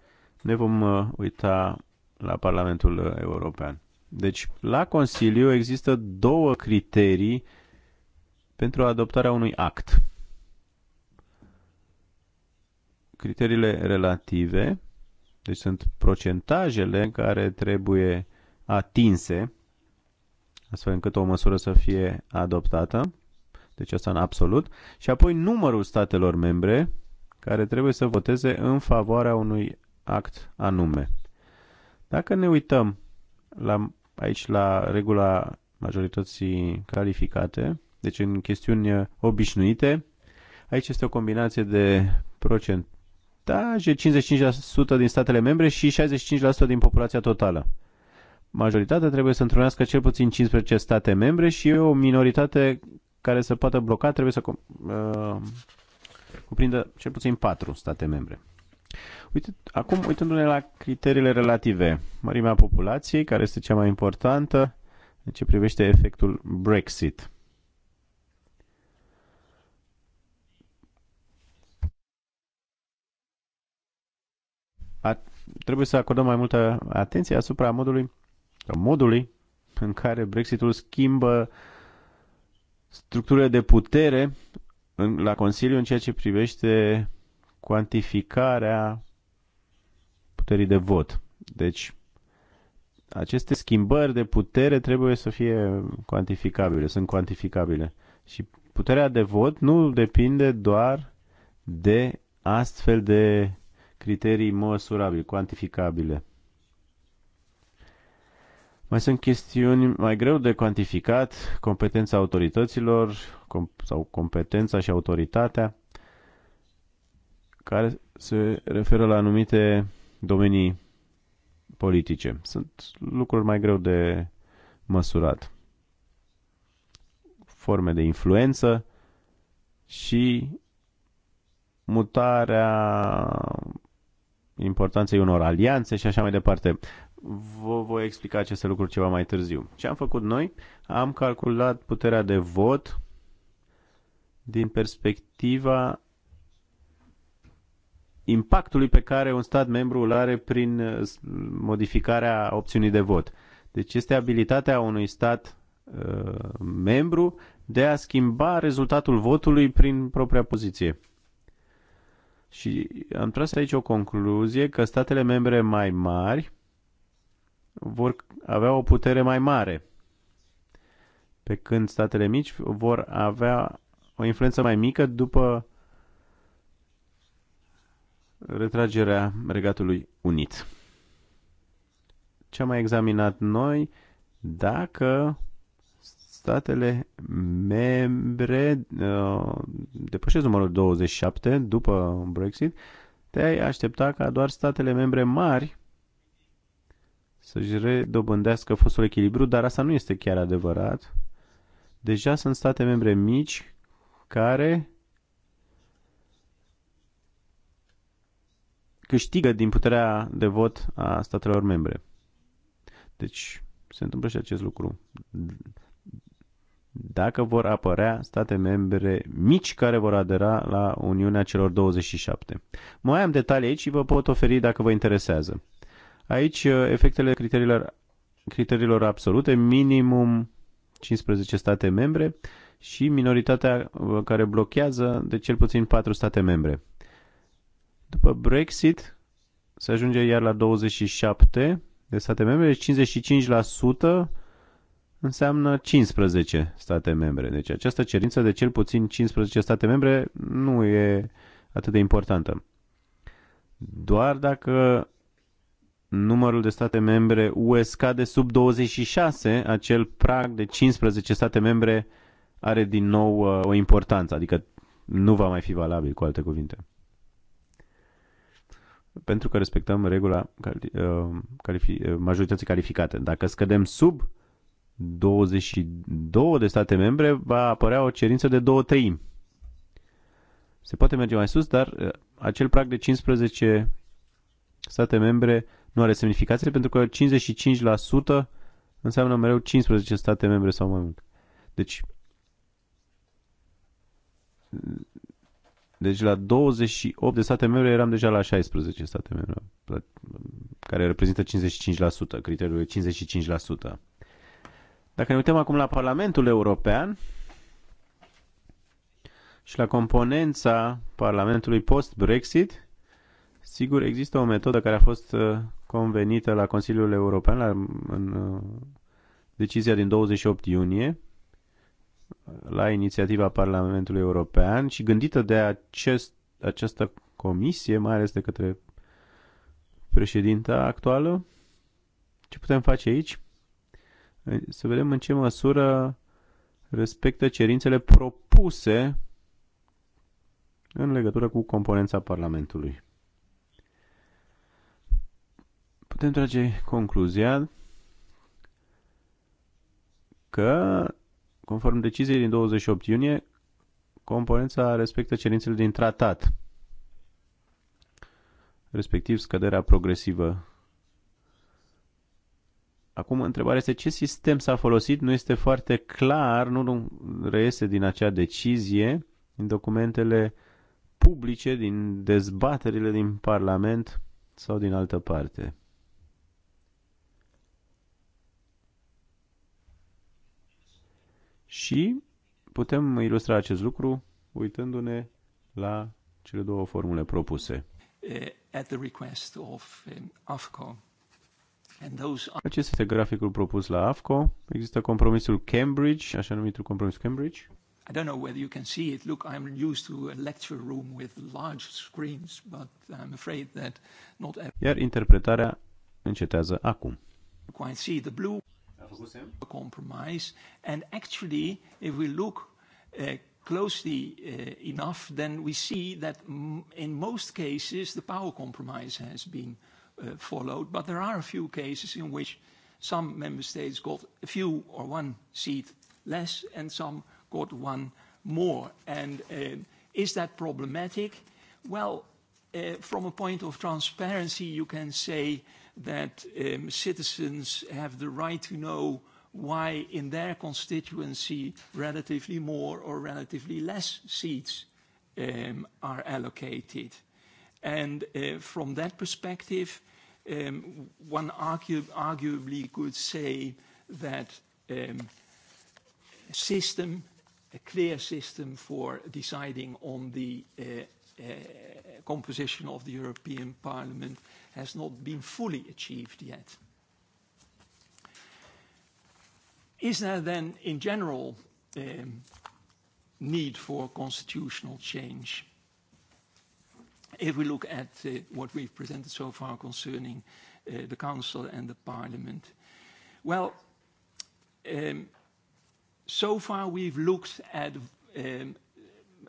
ne vom uh, uita la Parlamentul uh, European. Deci, la Consiliu există două criterii pentru adoptarea unui act. Criteriile relative, deci sunt procentajele care trebuie atinse astfel încât o măsură să fie adoptată deci asta în absolut, și apoi numărul statelor membre care trebuie să voteze în favoarea unui act anume. Dacă ne uităm la, aici la regula majorității calificate, deci în chestiuni obișnuite, aici este o combinație de procentaje, 55% din statele membre și 65% din populația totală. Majoritatea trebuie să întrunească cel puțin 15 state membre și o minoritate care să poată bloca trebuie să uh, cuprindă cel puțin patru state membre. Uite, acum, uitându-ne la criteriile relative, mărimea populației, care este cea mai importantă în ce privește efectul Brexit. A, trebuie să acordăm mai multă atenție asupra modului, modului în care Brexitul schimbă uh, structurile de putere în, la Consiliu în ceea ce privește cuantificarea puterii de vot. Deci, aceste schimbări de putere trebuie să fie cuantificabile, sunt cuantificabile. Și puterea de vot nu depinde doar de astfel de criterii măsurabile, cuantificabile. Mai sunt chestiuni mai greu de cuantificat, competența autorităților com- sau competența și autoritatea, care se referă la anumite domenii politice. Sunt lucruri mai greu de măsurat. Forme de influență și mutarea importanței unor alianțe și așa mai departe vă voi explica aceste lucruri ceva mai târziu. Ce am făcut noi? Am calculat puterea de vot din perspectiva impactului pe care un stat membru îl are prin uh, modificarea opțiunii de vot. Deci este abilitatea unui stat uh, membru de a schimba rezultatul votului prin propria poziție. Și am tras aici o concluzie că statele membre mai mari vor avea o putere mai mare, pe când statele mici vor avea o influență mai mică după retragerea Regatului Unit. Ce am mai examinat noi? Dacă statele membre uh, depășesc numărul 27 după Brexit, te-ai aștepta ca doar statele membre mari să-și redobândească fostul echilibru, dar asta nu este chiar adevărat. Deja sunt state membre mici care câștigă din puterea de vot a statelor membre. Deci se întâmplă și acest lucru. Dacă vor apărea state membre mici care vor adera la Uniunea celor 27. Mai am detalii aici și vă pot oferi dacă vă interesează. Aici uh, efectele criteriilor, criteriilor absolute, minimum 15 state membre și minoritatea uh, care blochează de cel puțin 4 state membre. După Brexit se ajunge iar la 27 de state membre, 55% deci înseamnă 15 state membre. Deci această cerință de cel puțin 15 state membre nu e atât de importantă. Doar dacă numărul de state membre UE scade sub 26, acel prag de 15 state membre are din nou uh, o importanță, adică nu va mai fi valabil, cu alte cuvinte. Pentru că respectăm regula uh, califi- uh, majorității calificate. Dacă scădem sub 22 de state membre, va apărea o cerință de două treimi. Se poate merge mai sus, dar acel prag de 15 state membre nu are semnificație pentru că 55% înseamnă mereu 15 state membre sau mai mult. Deci, deci la 28 de state membre eram deja la 16 state membre, care reprezintă 55%, criteriul e 55%. Dacă ne uităm acum la Parlamentul European și la componența Parlamentului post-Brexit, sigur există o metodă care a fost uh, convenită la Consiliul European la, în uh, decizia din 28 iunie la inițiativa Parlamentului European și gândită de acest, această comisie, mai ales de către președinta actuală. Ce putem face aici? Să vedem în ce măsură respectă cerințele propuse în legătură cu componența Parlamentului putem trage concluzia că, conform deciziei din 28 iunie, componența respectă cerințele din tratat, respectiv scăderea progresivă. Acum, întrebarea este ce sistem s-a folosit, nu este foarte clar, nu reiese din acea decizie, din documentele publice, din dezbaterile din Parlament sau din altă parte. Și putem ilustra acest lucru uitându-ne la cele două formule propuse.
Eh, at the request of eh, AFCO. And
those... Acesta este graficul propus la AFCO. Există compromisul Cambridge, așa numitul compromis
Cambridge. I don't know whether you can see it. Look, I'm used to a lecture room with large screens, but I'm afraid that not every... Iar
interpretarea încetează acum.
Quite see the blue Compromise and actually if we look uh, closely uh, enough then we see that m in most cases the power compromise has been uh, followed but there are a few cases in which some member states got a few or one seat less and some got one more and uh, is that problematic? Well, Uh, from a point of transparency, you can say that um, citizens have the right to know why in their constituency relatively more or relatively less seats um, are allocated. And uh, from that perspective, um, one arguably could say that a system, a clear system for deciding on the uh, Uh, composition of the European Parliament has not been fully achieved yet. Is there then, in general, um, need for constitutional change? If we look at uh, what we've presented so far concerning uh, the Council and the Parliament, well, um, so far we've looked at um,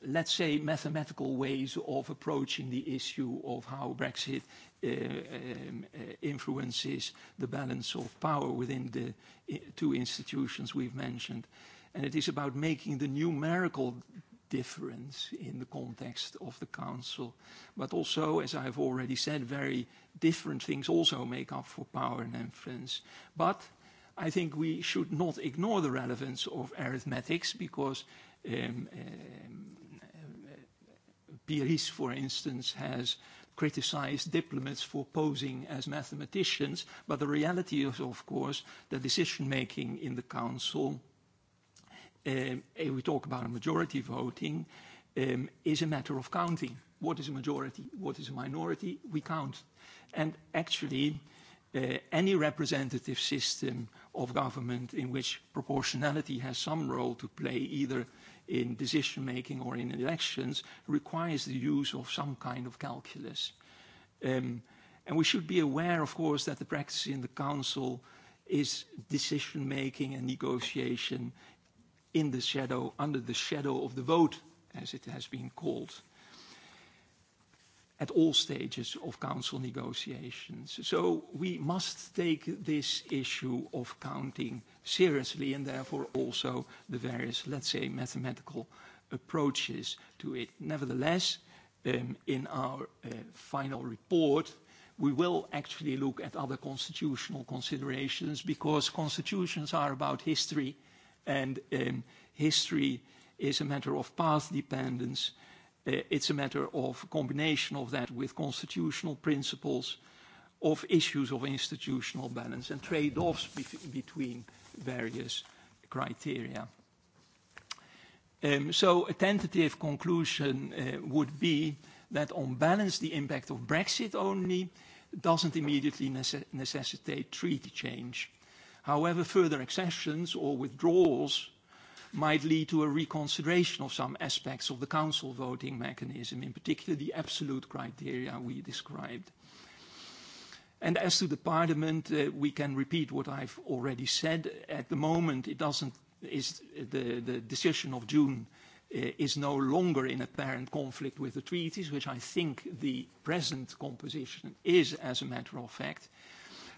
let's say, mathematical ways of approaching the issue of how Brexit uh, um, uh, influences the balance of power within the two institutions we've mentioned. And it is about making the numerical difference in the context of the Council. But also, as I've already said, very different things also make up for power and influence. But I think we should not ignore the relevance of arithmetics because um, um, Pieris, for instance, has criticized diplomats for posing as mathematicians, but the reality is, of course, that decision-making in the Council, um, eh, if eh, we talk about a majority voting, um, is a matter of counting. What is a majority? What is a minority? We count. And actually, uh, any representative system of government in which proportionality has some role to play, either in decision-making or in elections requires the use of some kind of calculus. Um, and we should be aware, of course, that the practice in the Council is decision-making and negotiation in the shadow, under the shadow of the vote, as it has been called at all stages of council negotiations. So we must take this issue of counting seriously and therefore also the various, let's say, mathematical approaches to it. Nevertheless, um, in our uh, final report, we will actually look at other constitutional considerations because constitutions are about history and um, history is a matter of past dependence uh, Uh, it's a matter of combination of that with constitutional principles, of issues of institutional balance and trade-offs between various criteria. Um, so a tentative conclusion uh, would be that on balance, the impact of Brexit only doesn't immediately necessitate treaty change. However, further accessions or withdrawals might lead to a reconsideration of some aspects of the council voting mechanism, in particular the absolute criteria we described. And as to the parliament, uh, we can repeat what I've already said. At the moment, it doesn't, is the, the decision of June uh, is no longer in apparent conflict with the treaties, which I think the present composition is, as a matter of fact. Uh,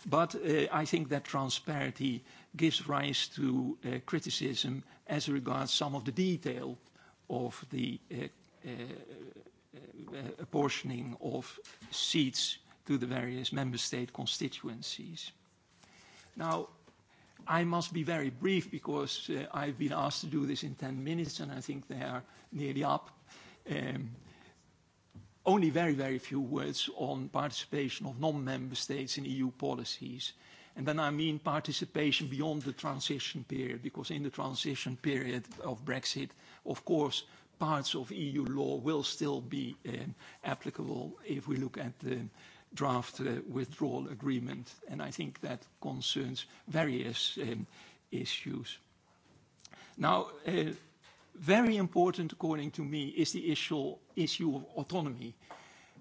But uh, I think that transparency gives rise to uh, criticism as regards some of the detail of the uh, uh, uh apportioning of seats to the various member state constituencies. Now, I must be very brief because uh, I've been asked to do this in 10 minutes, and I think they are nearly up. Um, only very, very few words on participation of non-member states in EU policies. And then I mean participation beyond the transition period, because in the transition period of Brexit, of course, parts of EU law will still be um, applicable if we look at the draft uh, withdrawal agreement. And I think that concerns various um, issues. Now, uh, Very important, according to me, is the issue, issue of autonomy.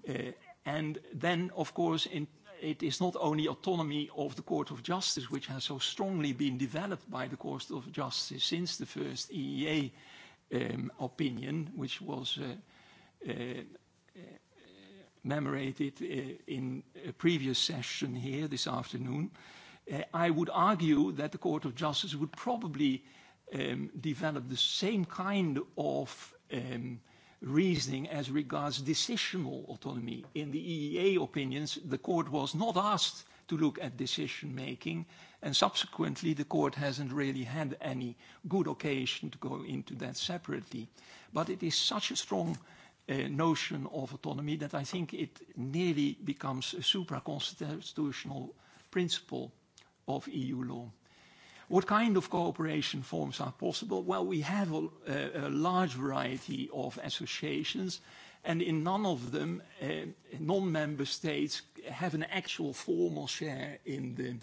Uh, and then, of course, in, it is not only autonomy of the Court of Justice, which has so strongly been developed by the Court of Justice since the first EEA um, opinion, which was uh, uh, uh, commemorated uh, in a previous session here this afternoon. Uh, I would argue that the Court of Justice would probably uh, um, develop the same kind of um, reasoning as regards decisional autonomy. In the EEA opinions, the court was not asked to look at decision making, and subsequently the court hasn't really had any good occasion to go into that separately. But it is such a strong uh, notion of autonomy that I think it nearly becomes a supraconstitutional principle of EU law. What kind of cooperation forms are possible? Well, we have a, a large variety of associations, and in none of them, uh, non-member states have an actual formal share in the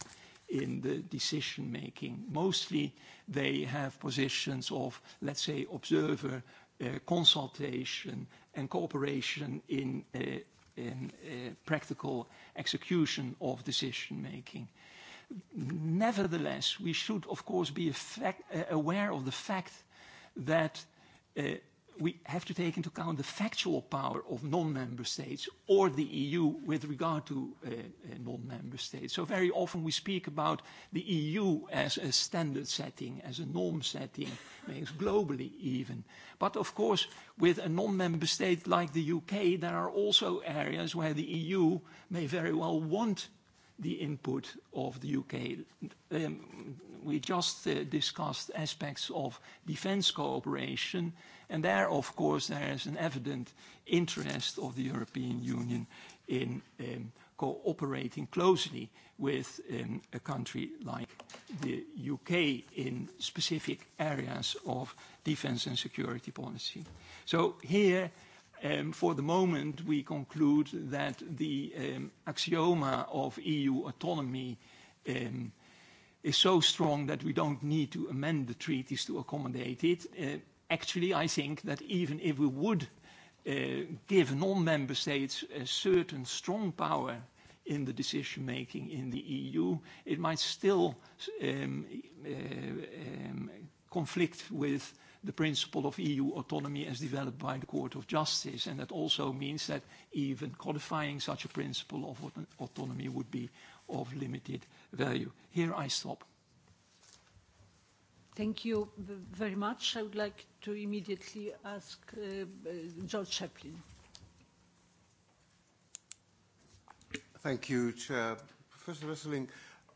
in the decision making. Mostly, they have positions of, let's say, observer, uh, consultation, and cooperation in, uh, in uh, practical execution of decision making. Nevertheless, we should, of course, be effect, uh, aware of the fact that uh, we have to take into account the factual power of non-member states or the EU with regard to uh, uh, non-member states. So very often we speak about the EU as a standard setting, as a norm setting, globally even. But of course, with a non-member state like the UK, there are also areas where the EU may very well want the input of the U.K. Um, we just uh, discussed aspects of defense cooperation, and there, of course, there is an evident interest of the European Union in um, cooperating closely with um, a country like the U.K. in specific areas of defense and security policy. So here, Um, for the moment, we conclude that the um, axioma of EU autonomy um, is so strong that we don't need to amend the treaties to accommodate it. Uh, actually, I think that even if we would uh, give non-member states a certain strong power in the decision-making in the EU, it might still um, uh, um, conflict with the principle of EU autonomy as developed by the Court of Justice. And that also means that even codifying such a principle of autonomy would be of limited value. Here I stop.
Thank you very much. I would like to immediately ask uh, uh, George Chaplin.
Thank you, Chair. Professor Wesseling,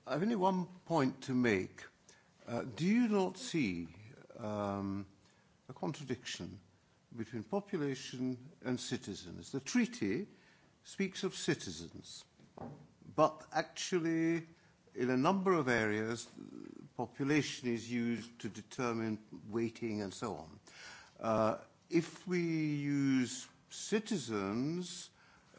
I have only one point to make. Uh, do you not see um, contradiction between population and citizens. The treaty speaks of citizens, but actually, in a number of areas, population is used to determine weighting and so on. Uh, if we use citizens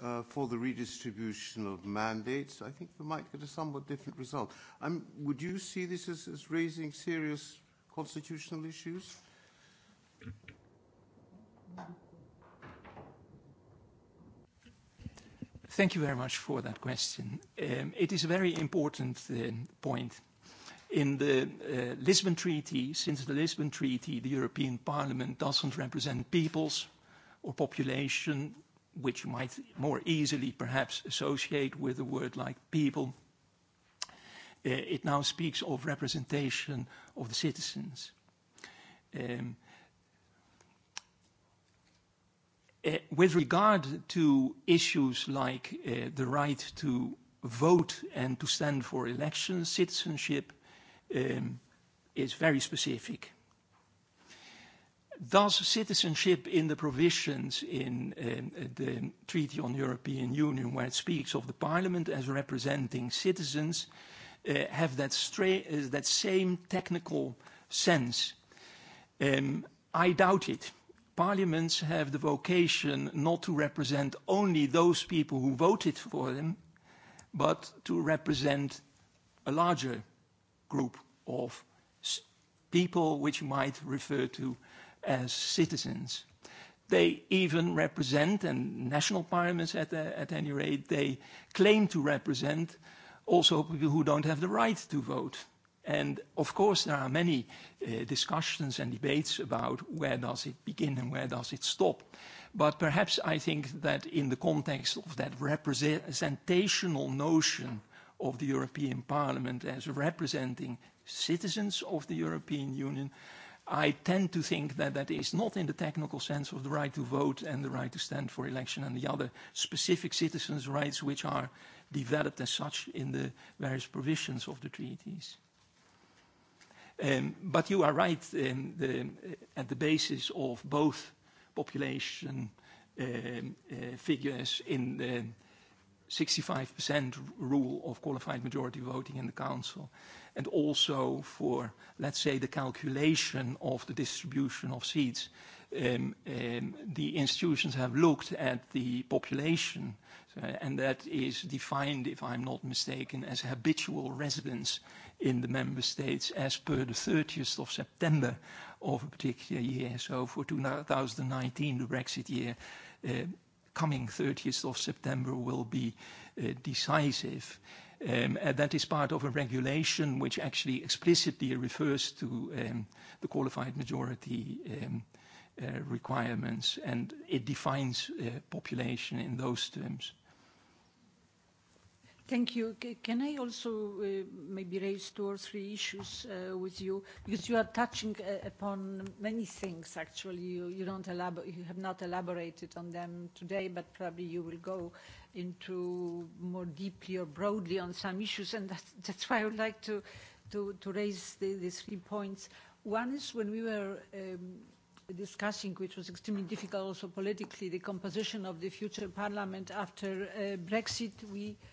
uh, for the redistribution of mandates, I think we might get a somewhat different result. Um, would you see this as, as raising serious constitutional issues?
Thank you very much for that question. Um, it is a very important uh, point. In the uh, Lisbon Treaty, since the Lisbon Treaty, the European Parliament doesn't represent peoples or population, which you might more easily perhaps associate with a word like people. Uh, it now speaks of representation of the citizens. Um, Eh, with regard to issues like uh, the right to vote and to stand for elections, citizenship um, is very specific. Does citizenship in the provisions in um, the Treaty on European Union, where it speaks of the Parliament as representing citizens, uh, have that, that, same technical sense? Um, I doubt it parliaments have the vocation not to represent only those people who voted for them, but to represent a larger group of people which might refer to as citizens. They even represent, and national parliaments at, the, at any rate, they claim to represent also people who don't have the right to vote. And of course, there are many uh, discussions and debates about where does it begin and where does it stop. But perhaps I think that in the context of that representational notion of the European Parliament as representing citizens of the European Union, I tend to think that that is not in the technical sense of the right to vote and the right to stand for election and the other specific citizens' rights which are developed as such in the various provisions of the treaties. Um, but you are right, um, the, uh, at the basis of both population um, uh, figures in the 65% rule of qualified majority voting in the council, and also for, let's say, the calculation of the distribution of seats, the institutions have looked at the population Uh, and that is defined, if I'm not mistaken, as habitual residence in the member states as per the 30th of September of a particular year. So for 2019, the Brexit year, uh, coming 30th of September will be uh, decisive. Um, and that is part of a regulation which actually explicitly refers to um, the qualified majority um, Uh, requirements, and it defines uh, population in those terms.
Thank you. can I also uh, maybe raise two or three issues uh, with you? Because you are touching uh, upon many things, actually. You, you, don't you have not elaborated on them today, but probably you will go into more deeply or broadly on some issues. And that's, that's why I would like to, to, to raise the, the three points. One is when we were um, discussing, which was extremely difficult also politically, the composition of the future parliament after uh, Brexit, we –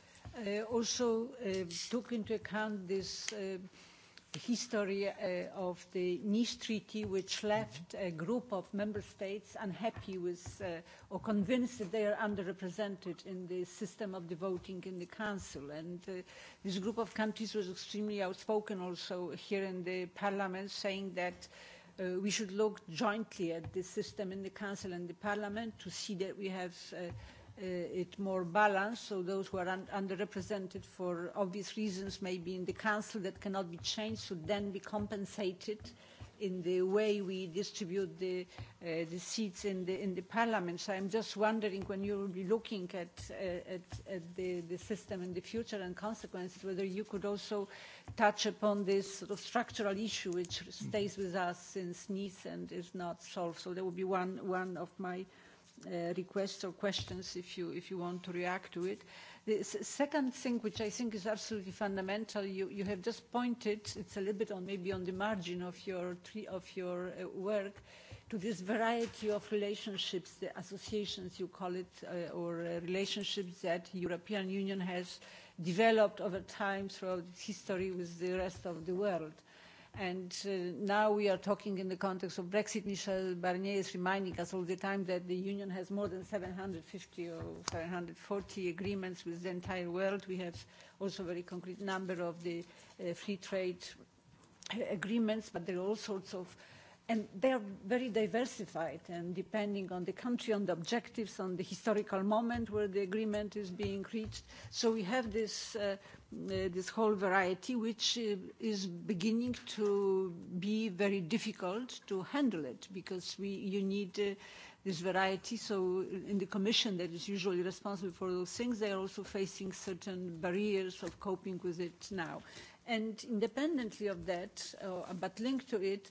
Uh, also uh, took into account this uh, history of the Nice Treaty, which mhm. left a group of member states unhappy with or convinced that they are underrepresented in the system of the voting in the Council. And this group of countries was extremely outspoken also here in the Parliament, saying that uh, we should look jointly at the system in the Council and the Parliament to see that we have uh, uh, it more balanced, so those who are un underrepresented for obvious reasons may be in the council that cannot be changed should then be compensated in the way we distribute the, uh, the seats in the, in the parliament. So I'm just wondering when you will be looking at, uh, at, at the, the system in the future and consequences, whether you could also touch upon this sort of structural issue which stays with us since Nice and is not solved. So that would be one, one of my Uh, requests or questions if you, if you want to react to it. The second thing, which I think is absolutely fundamental, you, you have just pointed, it's a little bit on maybe on the margin of your, tree, of your uh, work, to this variety of relationships, the associations you call it, uh, or uh, relationships that European Union has developed over time throughout its history with the rest of the world. And uh, now we are talking in the context of Brexit. Michel Barnier is reminding us all the time that the Union has more than 750 or 740 agreements with the entire world. We have also a very concrete number of the uh, free trade uh, agreements, but there are all sorts of uh, and they are very diversified and depending on the country, on the objectives, on the historical moment where the agreement is being reached. So we have this, uh, uh, this whole variety which uh, is beginning to be very difficult to handle it because we, you need uh, this variety. So in the Commission that is usually responsible for those things, they are also facing certain barriers of coping with it now. And independently of that, uh, but linked to it, uh,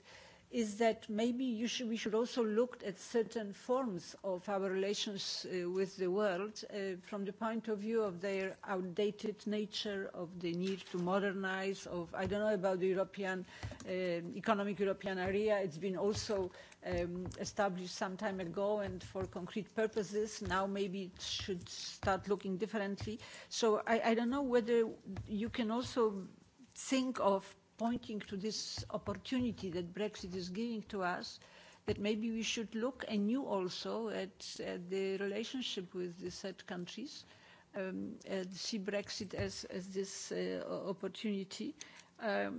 is that maybe you should, we should also look at certain forms of our relations uh, with the world uh, from the point of view of their outdated nature, of the need to modernize, of, I don't know about the European, uh, economic European area, it's been also um, established some time ago and for concrete purposes, now maybe it should start looking differently. So I, I don't know whether you can also think of pointing to this opportunity that Brexit is giving to us, that maybe we should look anew also at, at the relationship with the third countries, um, and see Brexit as, as this uh, opportunity. Um,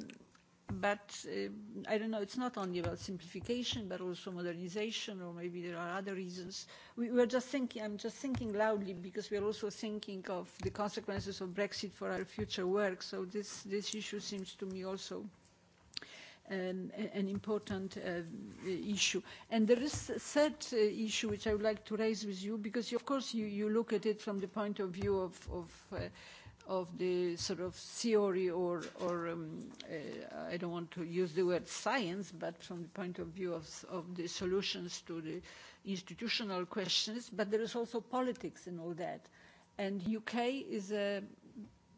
but uh, I don't know, it's not only about simplification, but also modernization, or maybe there are other reasons. We, we're just thinking, I'm just thinking loudly because we are also thinking of the consequences of Brexit for our future work. So this, this issue seems to me also um, an important uh, issue. And there is a third uh, issue which I would like to raise with you because, you, of course, you, you look at it from the point of view of, of uh, of the sort of theory or, or um, uh, I don't want to use the word science, but from the point of view of, of the solutions to the institutional questions, but there is also politics in all that. And UK is a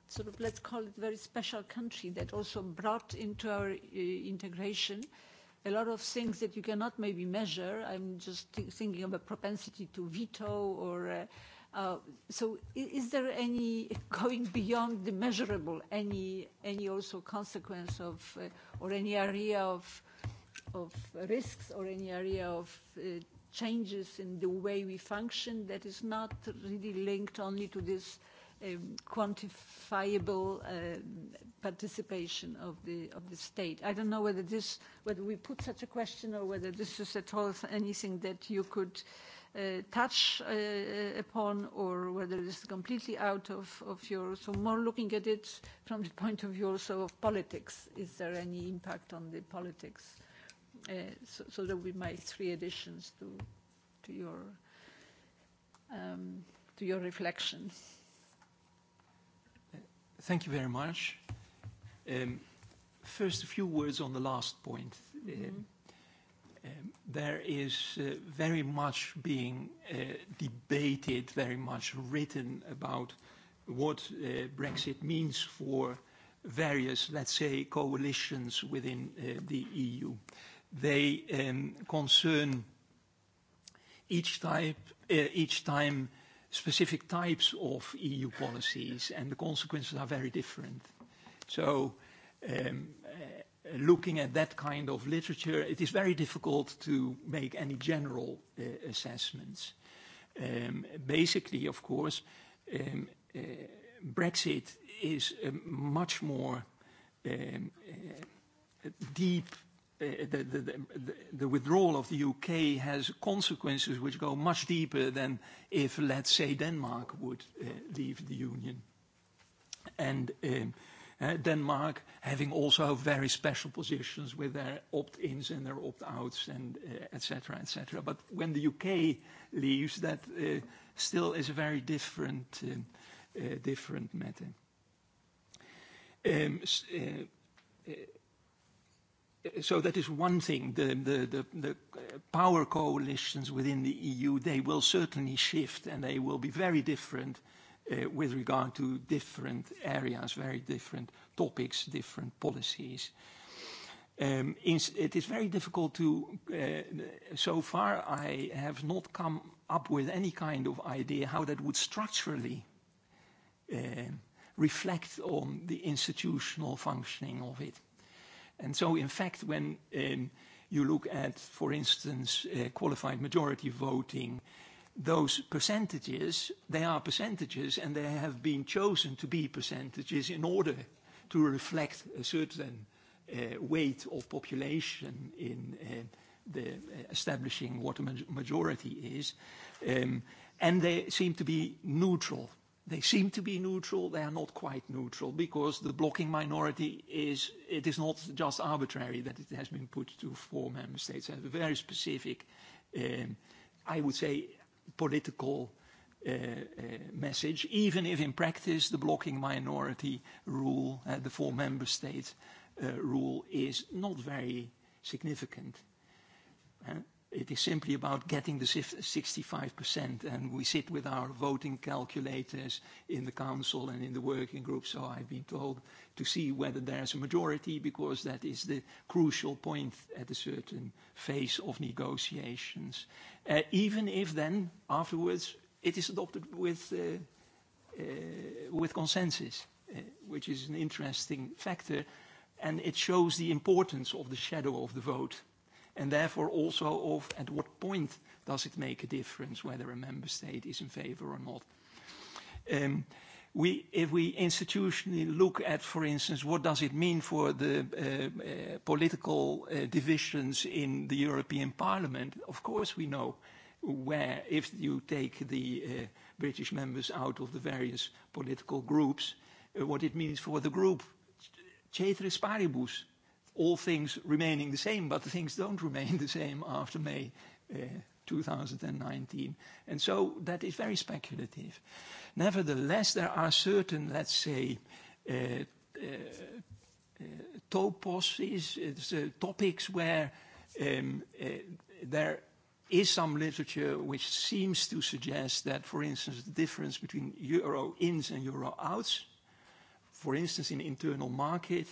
sort of, let's call it, very special country that also brought into our uh, integration a lot of things that you cannot maybe measure. I'm just th thinking of a propensity to veto or uh, Uh, so is there any going beyond the measurable, any, any also consequence of, uh, or any area of, of risks or any area of uh, changes in the way we function that is not really linked only to this um, quantifiable uh, participation of the of the state. I don't know whether this whether we put such a question or whether this is at all anything that you could uh, Uh, touch uh, upon or whether is completely out of, of your... So more looking at it from the point of view also of politics. Is there any impact on the politics? Uh, so, so that will be my three additions to, to, your, um, to your reflection.
Uh, thank you very much. Um, first, a few words on the last point. Mm -hmm Um, there is uh, very much being uh, debated, very much written about what uh, Brexit means for various, let's say, coalitions within uh, the EU. They um, concern each type, uh, each time specific types of EU policies, and the consequences are very different. So um, looking at that kind of literature, it is very difficult to make any general uh, assessments. Um, basically, of course, um, uh, Brexit is a much more um, uh, deep. Uh, the, the, the, the withdrawal of the U.K. has consequences which go much deeper than if, let's say, Denmark would uh, leave the Union. And um, Uh, Denmark having also very special positions with their opt-ins and their opt-outs and uh, et cetera, et cetera. But when the U.K. leaves, that uh, still is a very different, different matter. Um, so that is one thing. the, the, the power coalitions within the EU, they will certainly shift, and they will be very different uh, with regard to different areas, very different topics, different policies. Um, it is very difficult to, uh, so far I have not come up with any kind of idea how that would structurally uh, reflect on the institutional functioning of it. And so in fact when um, you look at, for instance, uh, qualified majority voting, those percentages, they are percentages, and they have been chosen to be percentages in order to reflect a certain uh, weight of population in uh, the uh, establishing what a majority is. Um, and they seem to be neutral. They seem to be neutral. They are not quite neutral because the blocking minority is, it is not just arbitrary that it has been put to four member states. They have a very specific, um, I would say, political uh, uh, message, even if in practice the blocking minority rule, uh, the four member state uh, rule, is not very significant. Uh, It is simply about getting the 65%, and we sit with our voting calculators in the council and in the working group, so I've been told, to see whether there's a majority, because that is the crucial point at a certain phase of negotiations. Uh, even if then, afterwards, it is adopted with uh, uh, consensus, which is an interesting factor, and it shows the importance of the shadow of the vote and therefore also of at what point does it make a difference whether a member state is in favor or not. Um, we, if we institutionally look at, for instance, what does it mean for the uh, uh, political uh, divisions in the European Parliament, of course we know where, if you take the uh, British members out of the various political groups, uh, what it means for the group. Ceteris paribus all things remaining the same, but the things don't remain the same after May uh, 2019. And so that is very speculative. Nevertheless, there are certain, let's say, uh, uh, uh toposes, uh, uh, topics where um, there is some literature which seems to suggest that, for instance, the difference between euro ins and euro outs, for instance, in internal market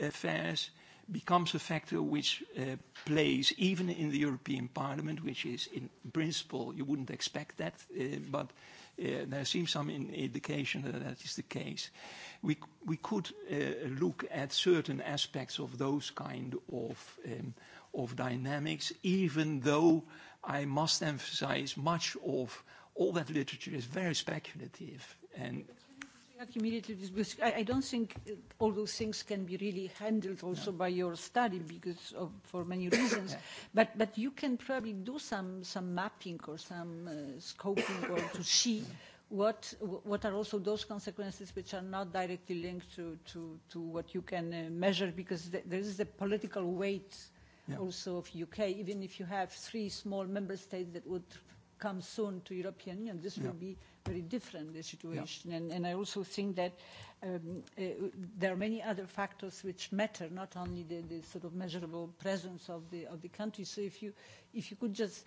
affairs, becomes a factor which uh, plays even in the European Parliament, which is in principle you wouldn't expect that, uh, but uh, there seems some in indication that that is the case. We, we could uh, look at certain aspects of those kind of, um, of dynamics, even though I must emphasize much of all that literature is very speculative and
immediately because I, I don't think all those things can be really handled also no. by your study because of, for many reasons. yeah. But but you can probably do some some mapping or some uh, scoping or to see what what are also those consequences which are not directly linked to to, to what you can uh, measure because th there is the political weight yeah. also of UK even if you have three small member states that would come soon to European Union, this yeah. will be very different, the situation. Yeah. And, and I also think that um, uh, there are many other factors which matter, not only the, the sort of measurable presence of the, of the country. So if you, if you could just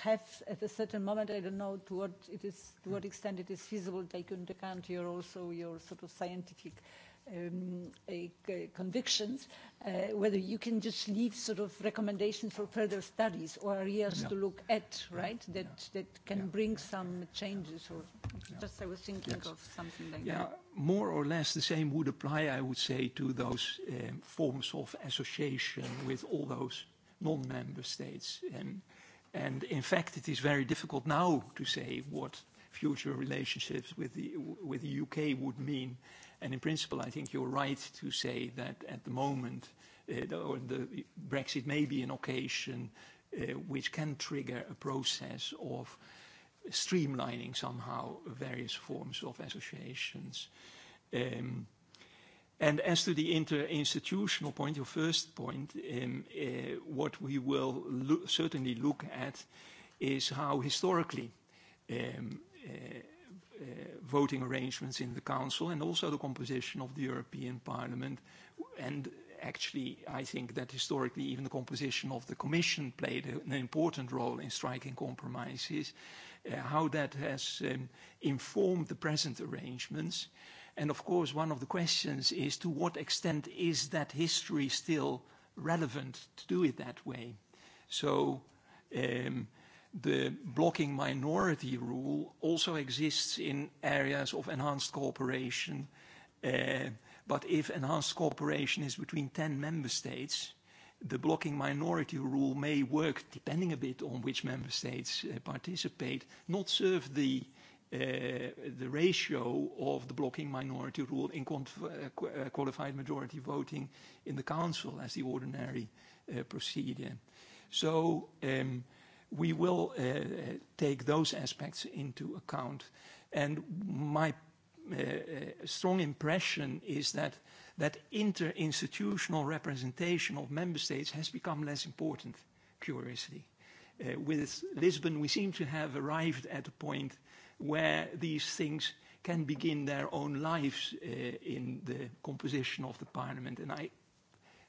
have at a certain moment, I don't know to what, it is, to what hmm. extent it is feasible, take into account your also your sort of scientific uh, um, a, a convictions, uh, whether you can just leave sort of recommendations for further studies or areas yeah. to look at, right? That that can yeah. bring some changes, or yeah. just I was thinking yes. of something like yeah, that.
Yeah, more or less the same would apply, I would say, to those um, forms of association with all those non-member states. And, and in fact, it is very difficult now to say what future relationships with the, with the UK would mean in principle, I think you're right to say that at the moment, uh, the, the Brexit may be an occasion uh, which can trigger a process of streamlining somehow various forms of associations. Um, and as to the inter-institutional point, your first point, um, uh, what we will lo certainly look at is how historically um, uh, Uh, voting arrangements in the Council and also the composition of the European Parliament. And actually, I think that historically even the composition of the Commission played an important role in striking compromises. Uh, how that has um, informed the present arrangements. And of course, one of the questions is to what extent is that history still relevant to do it that way? So um, the blocking minority rule also exists in areas of enhanced cooperation. Uh, but if enhanced cooperation is between 10 member states, the blocking minority rule may work, depending a bit on which member states uh, participate, not serve the, uh, the ratio of the blocking minority rule in uh, uh, qualified majority voting in the Council as the ordinary uh, procedure. So um, uh, we will uh, uh, take those aspects into account. And my uh, strong impression is that that interinstitutional representation of member states has become less important, curiously. with Lisbon, we seem to have arrived at a point where these things can begin their own lives in the composition of the parliament. I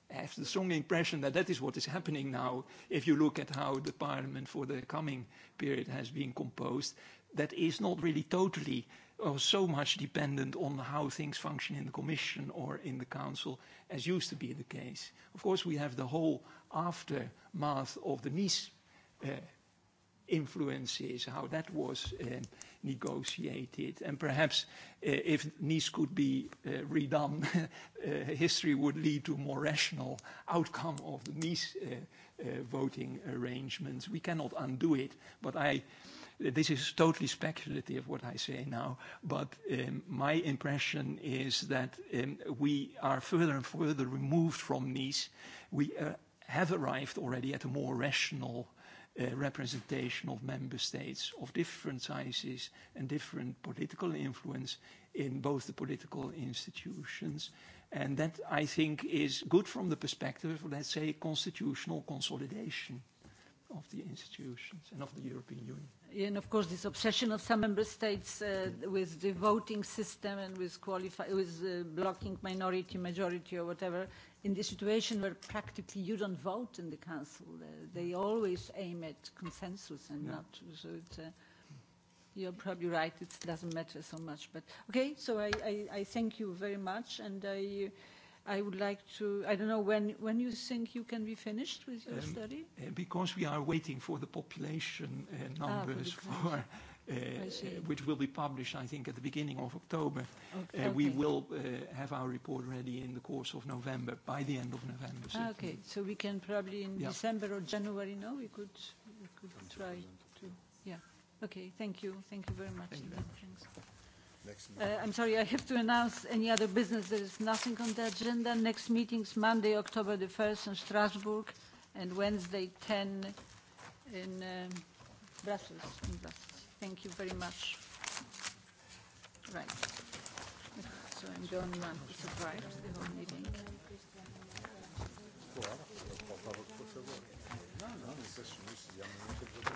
have the strong impression that that is what is happening now. If you look at how the parliament for the coming period has been composed, that is not really totally or uh, so much dependent on how things function in the commission or in the council as used to be the case. Of course, we have the whole aftermath of the Nice uh, influences, how that was uh, negotiated. And perhaps uh, if Nice could be uh, redone, uh, history would lead to a more rational outcome of the Nice uh, uh, voting arrangements. We cannot undo it, but I, this is totally speculative what I say now, but um, my impression is that um, we are further and further removed from Nice. We uh, have arrived already at a more rational uh, representation of member states of different sizes and different political influence in both the political institutions. And that, I think, is good from the perspective of, let's say, constitutional consolidation of the institutions and of the European Union.
and of course, this obsession of some member states uh, with the voting system and with, qualify with uh, blocking minority, majority, or whatever in the situation where practically you don't vote in the council. Uh, they always aim at consensus and yeah. not so it, uh, you're probably right it doesn't matter so much but okay so I, I, I thank you very much and I I would like to I don't know when when you think you can be finished with your um, study
uh, because we are waiting for the population uh, numbers ah, for, for Uh, uh, which will be published, I think, at the beginning of October. Okay. Uh, we will uh, have our report ready in the course of November, by the end of November. Ah, certainly. Okay,
so we can probably in yeah. December or January No, we could, we could try to, yeah. Okay, thank you. Thank you very much. Thank you very Uh, I'm sorry, I have to announce any other business. There is nothing on the agenda. Next meeting's Monday, October the 1st in Strasbourg and Wednesday 10 in um, Brussels. In Brussels. Thank you very much. Right. So I'm the only one who survived the whole meeting. No, no, no,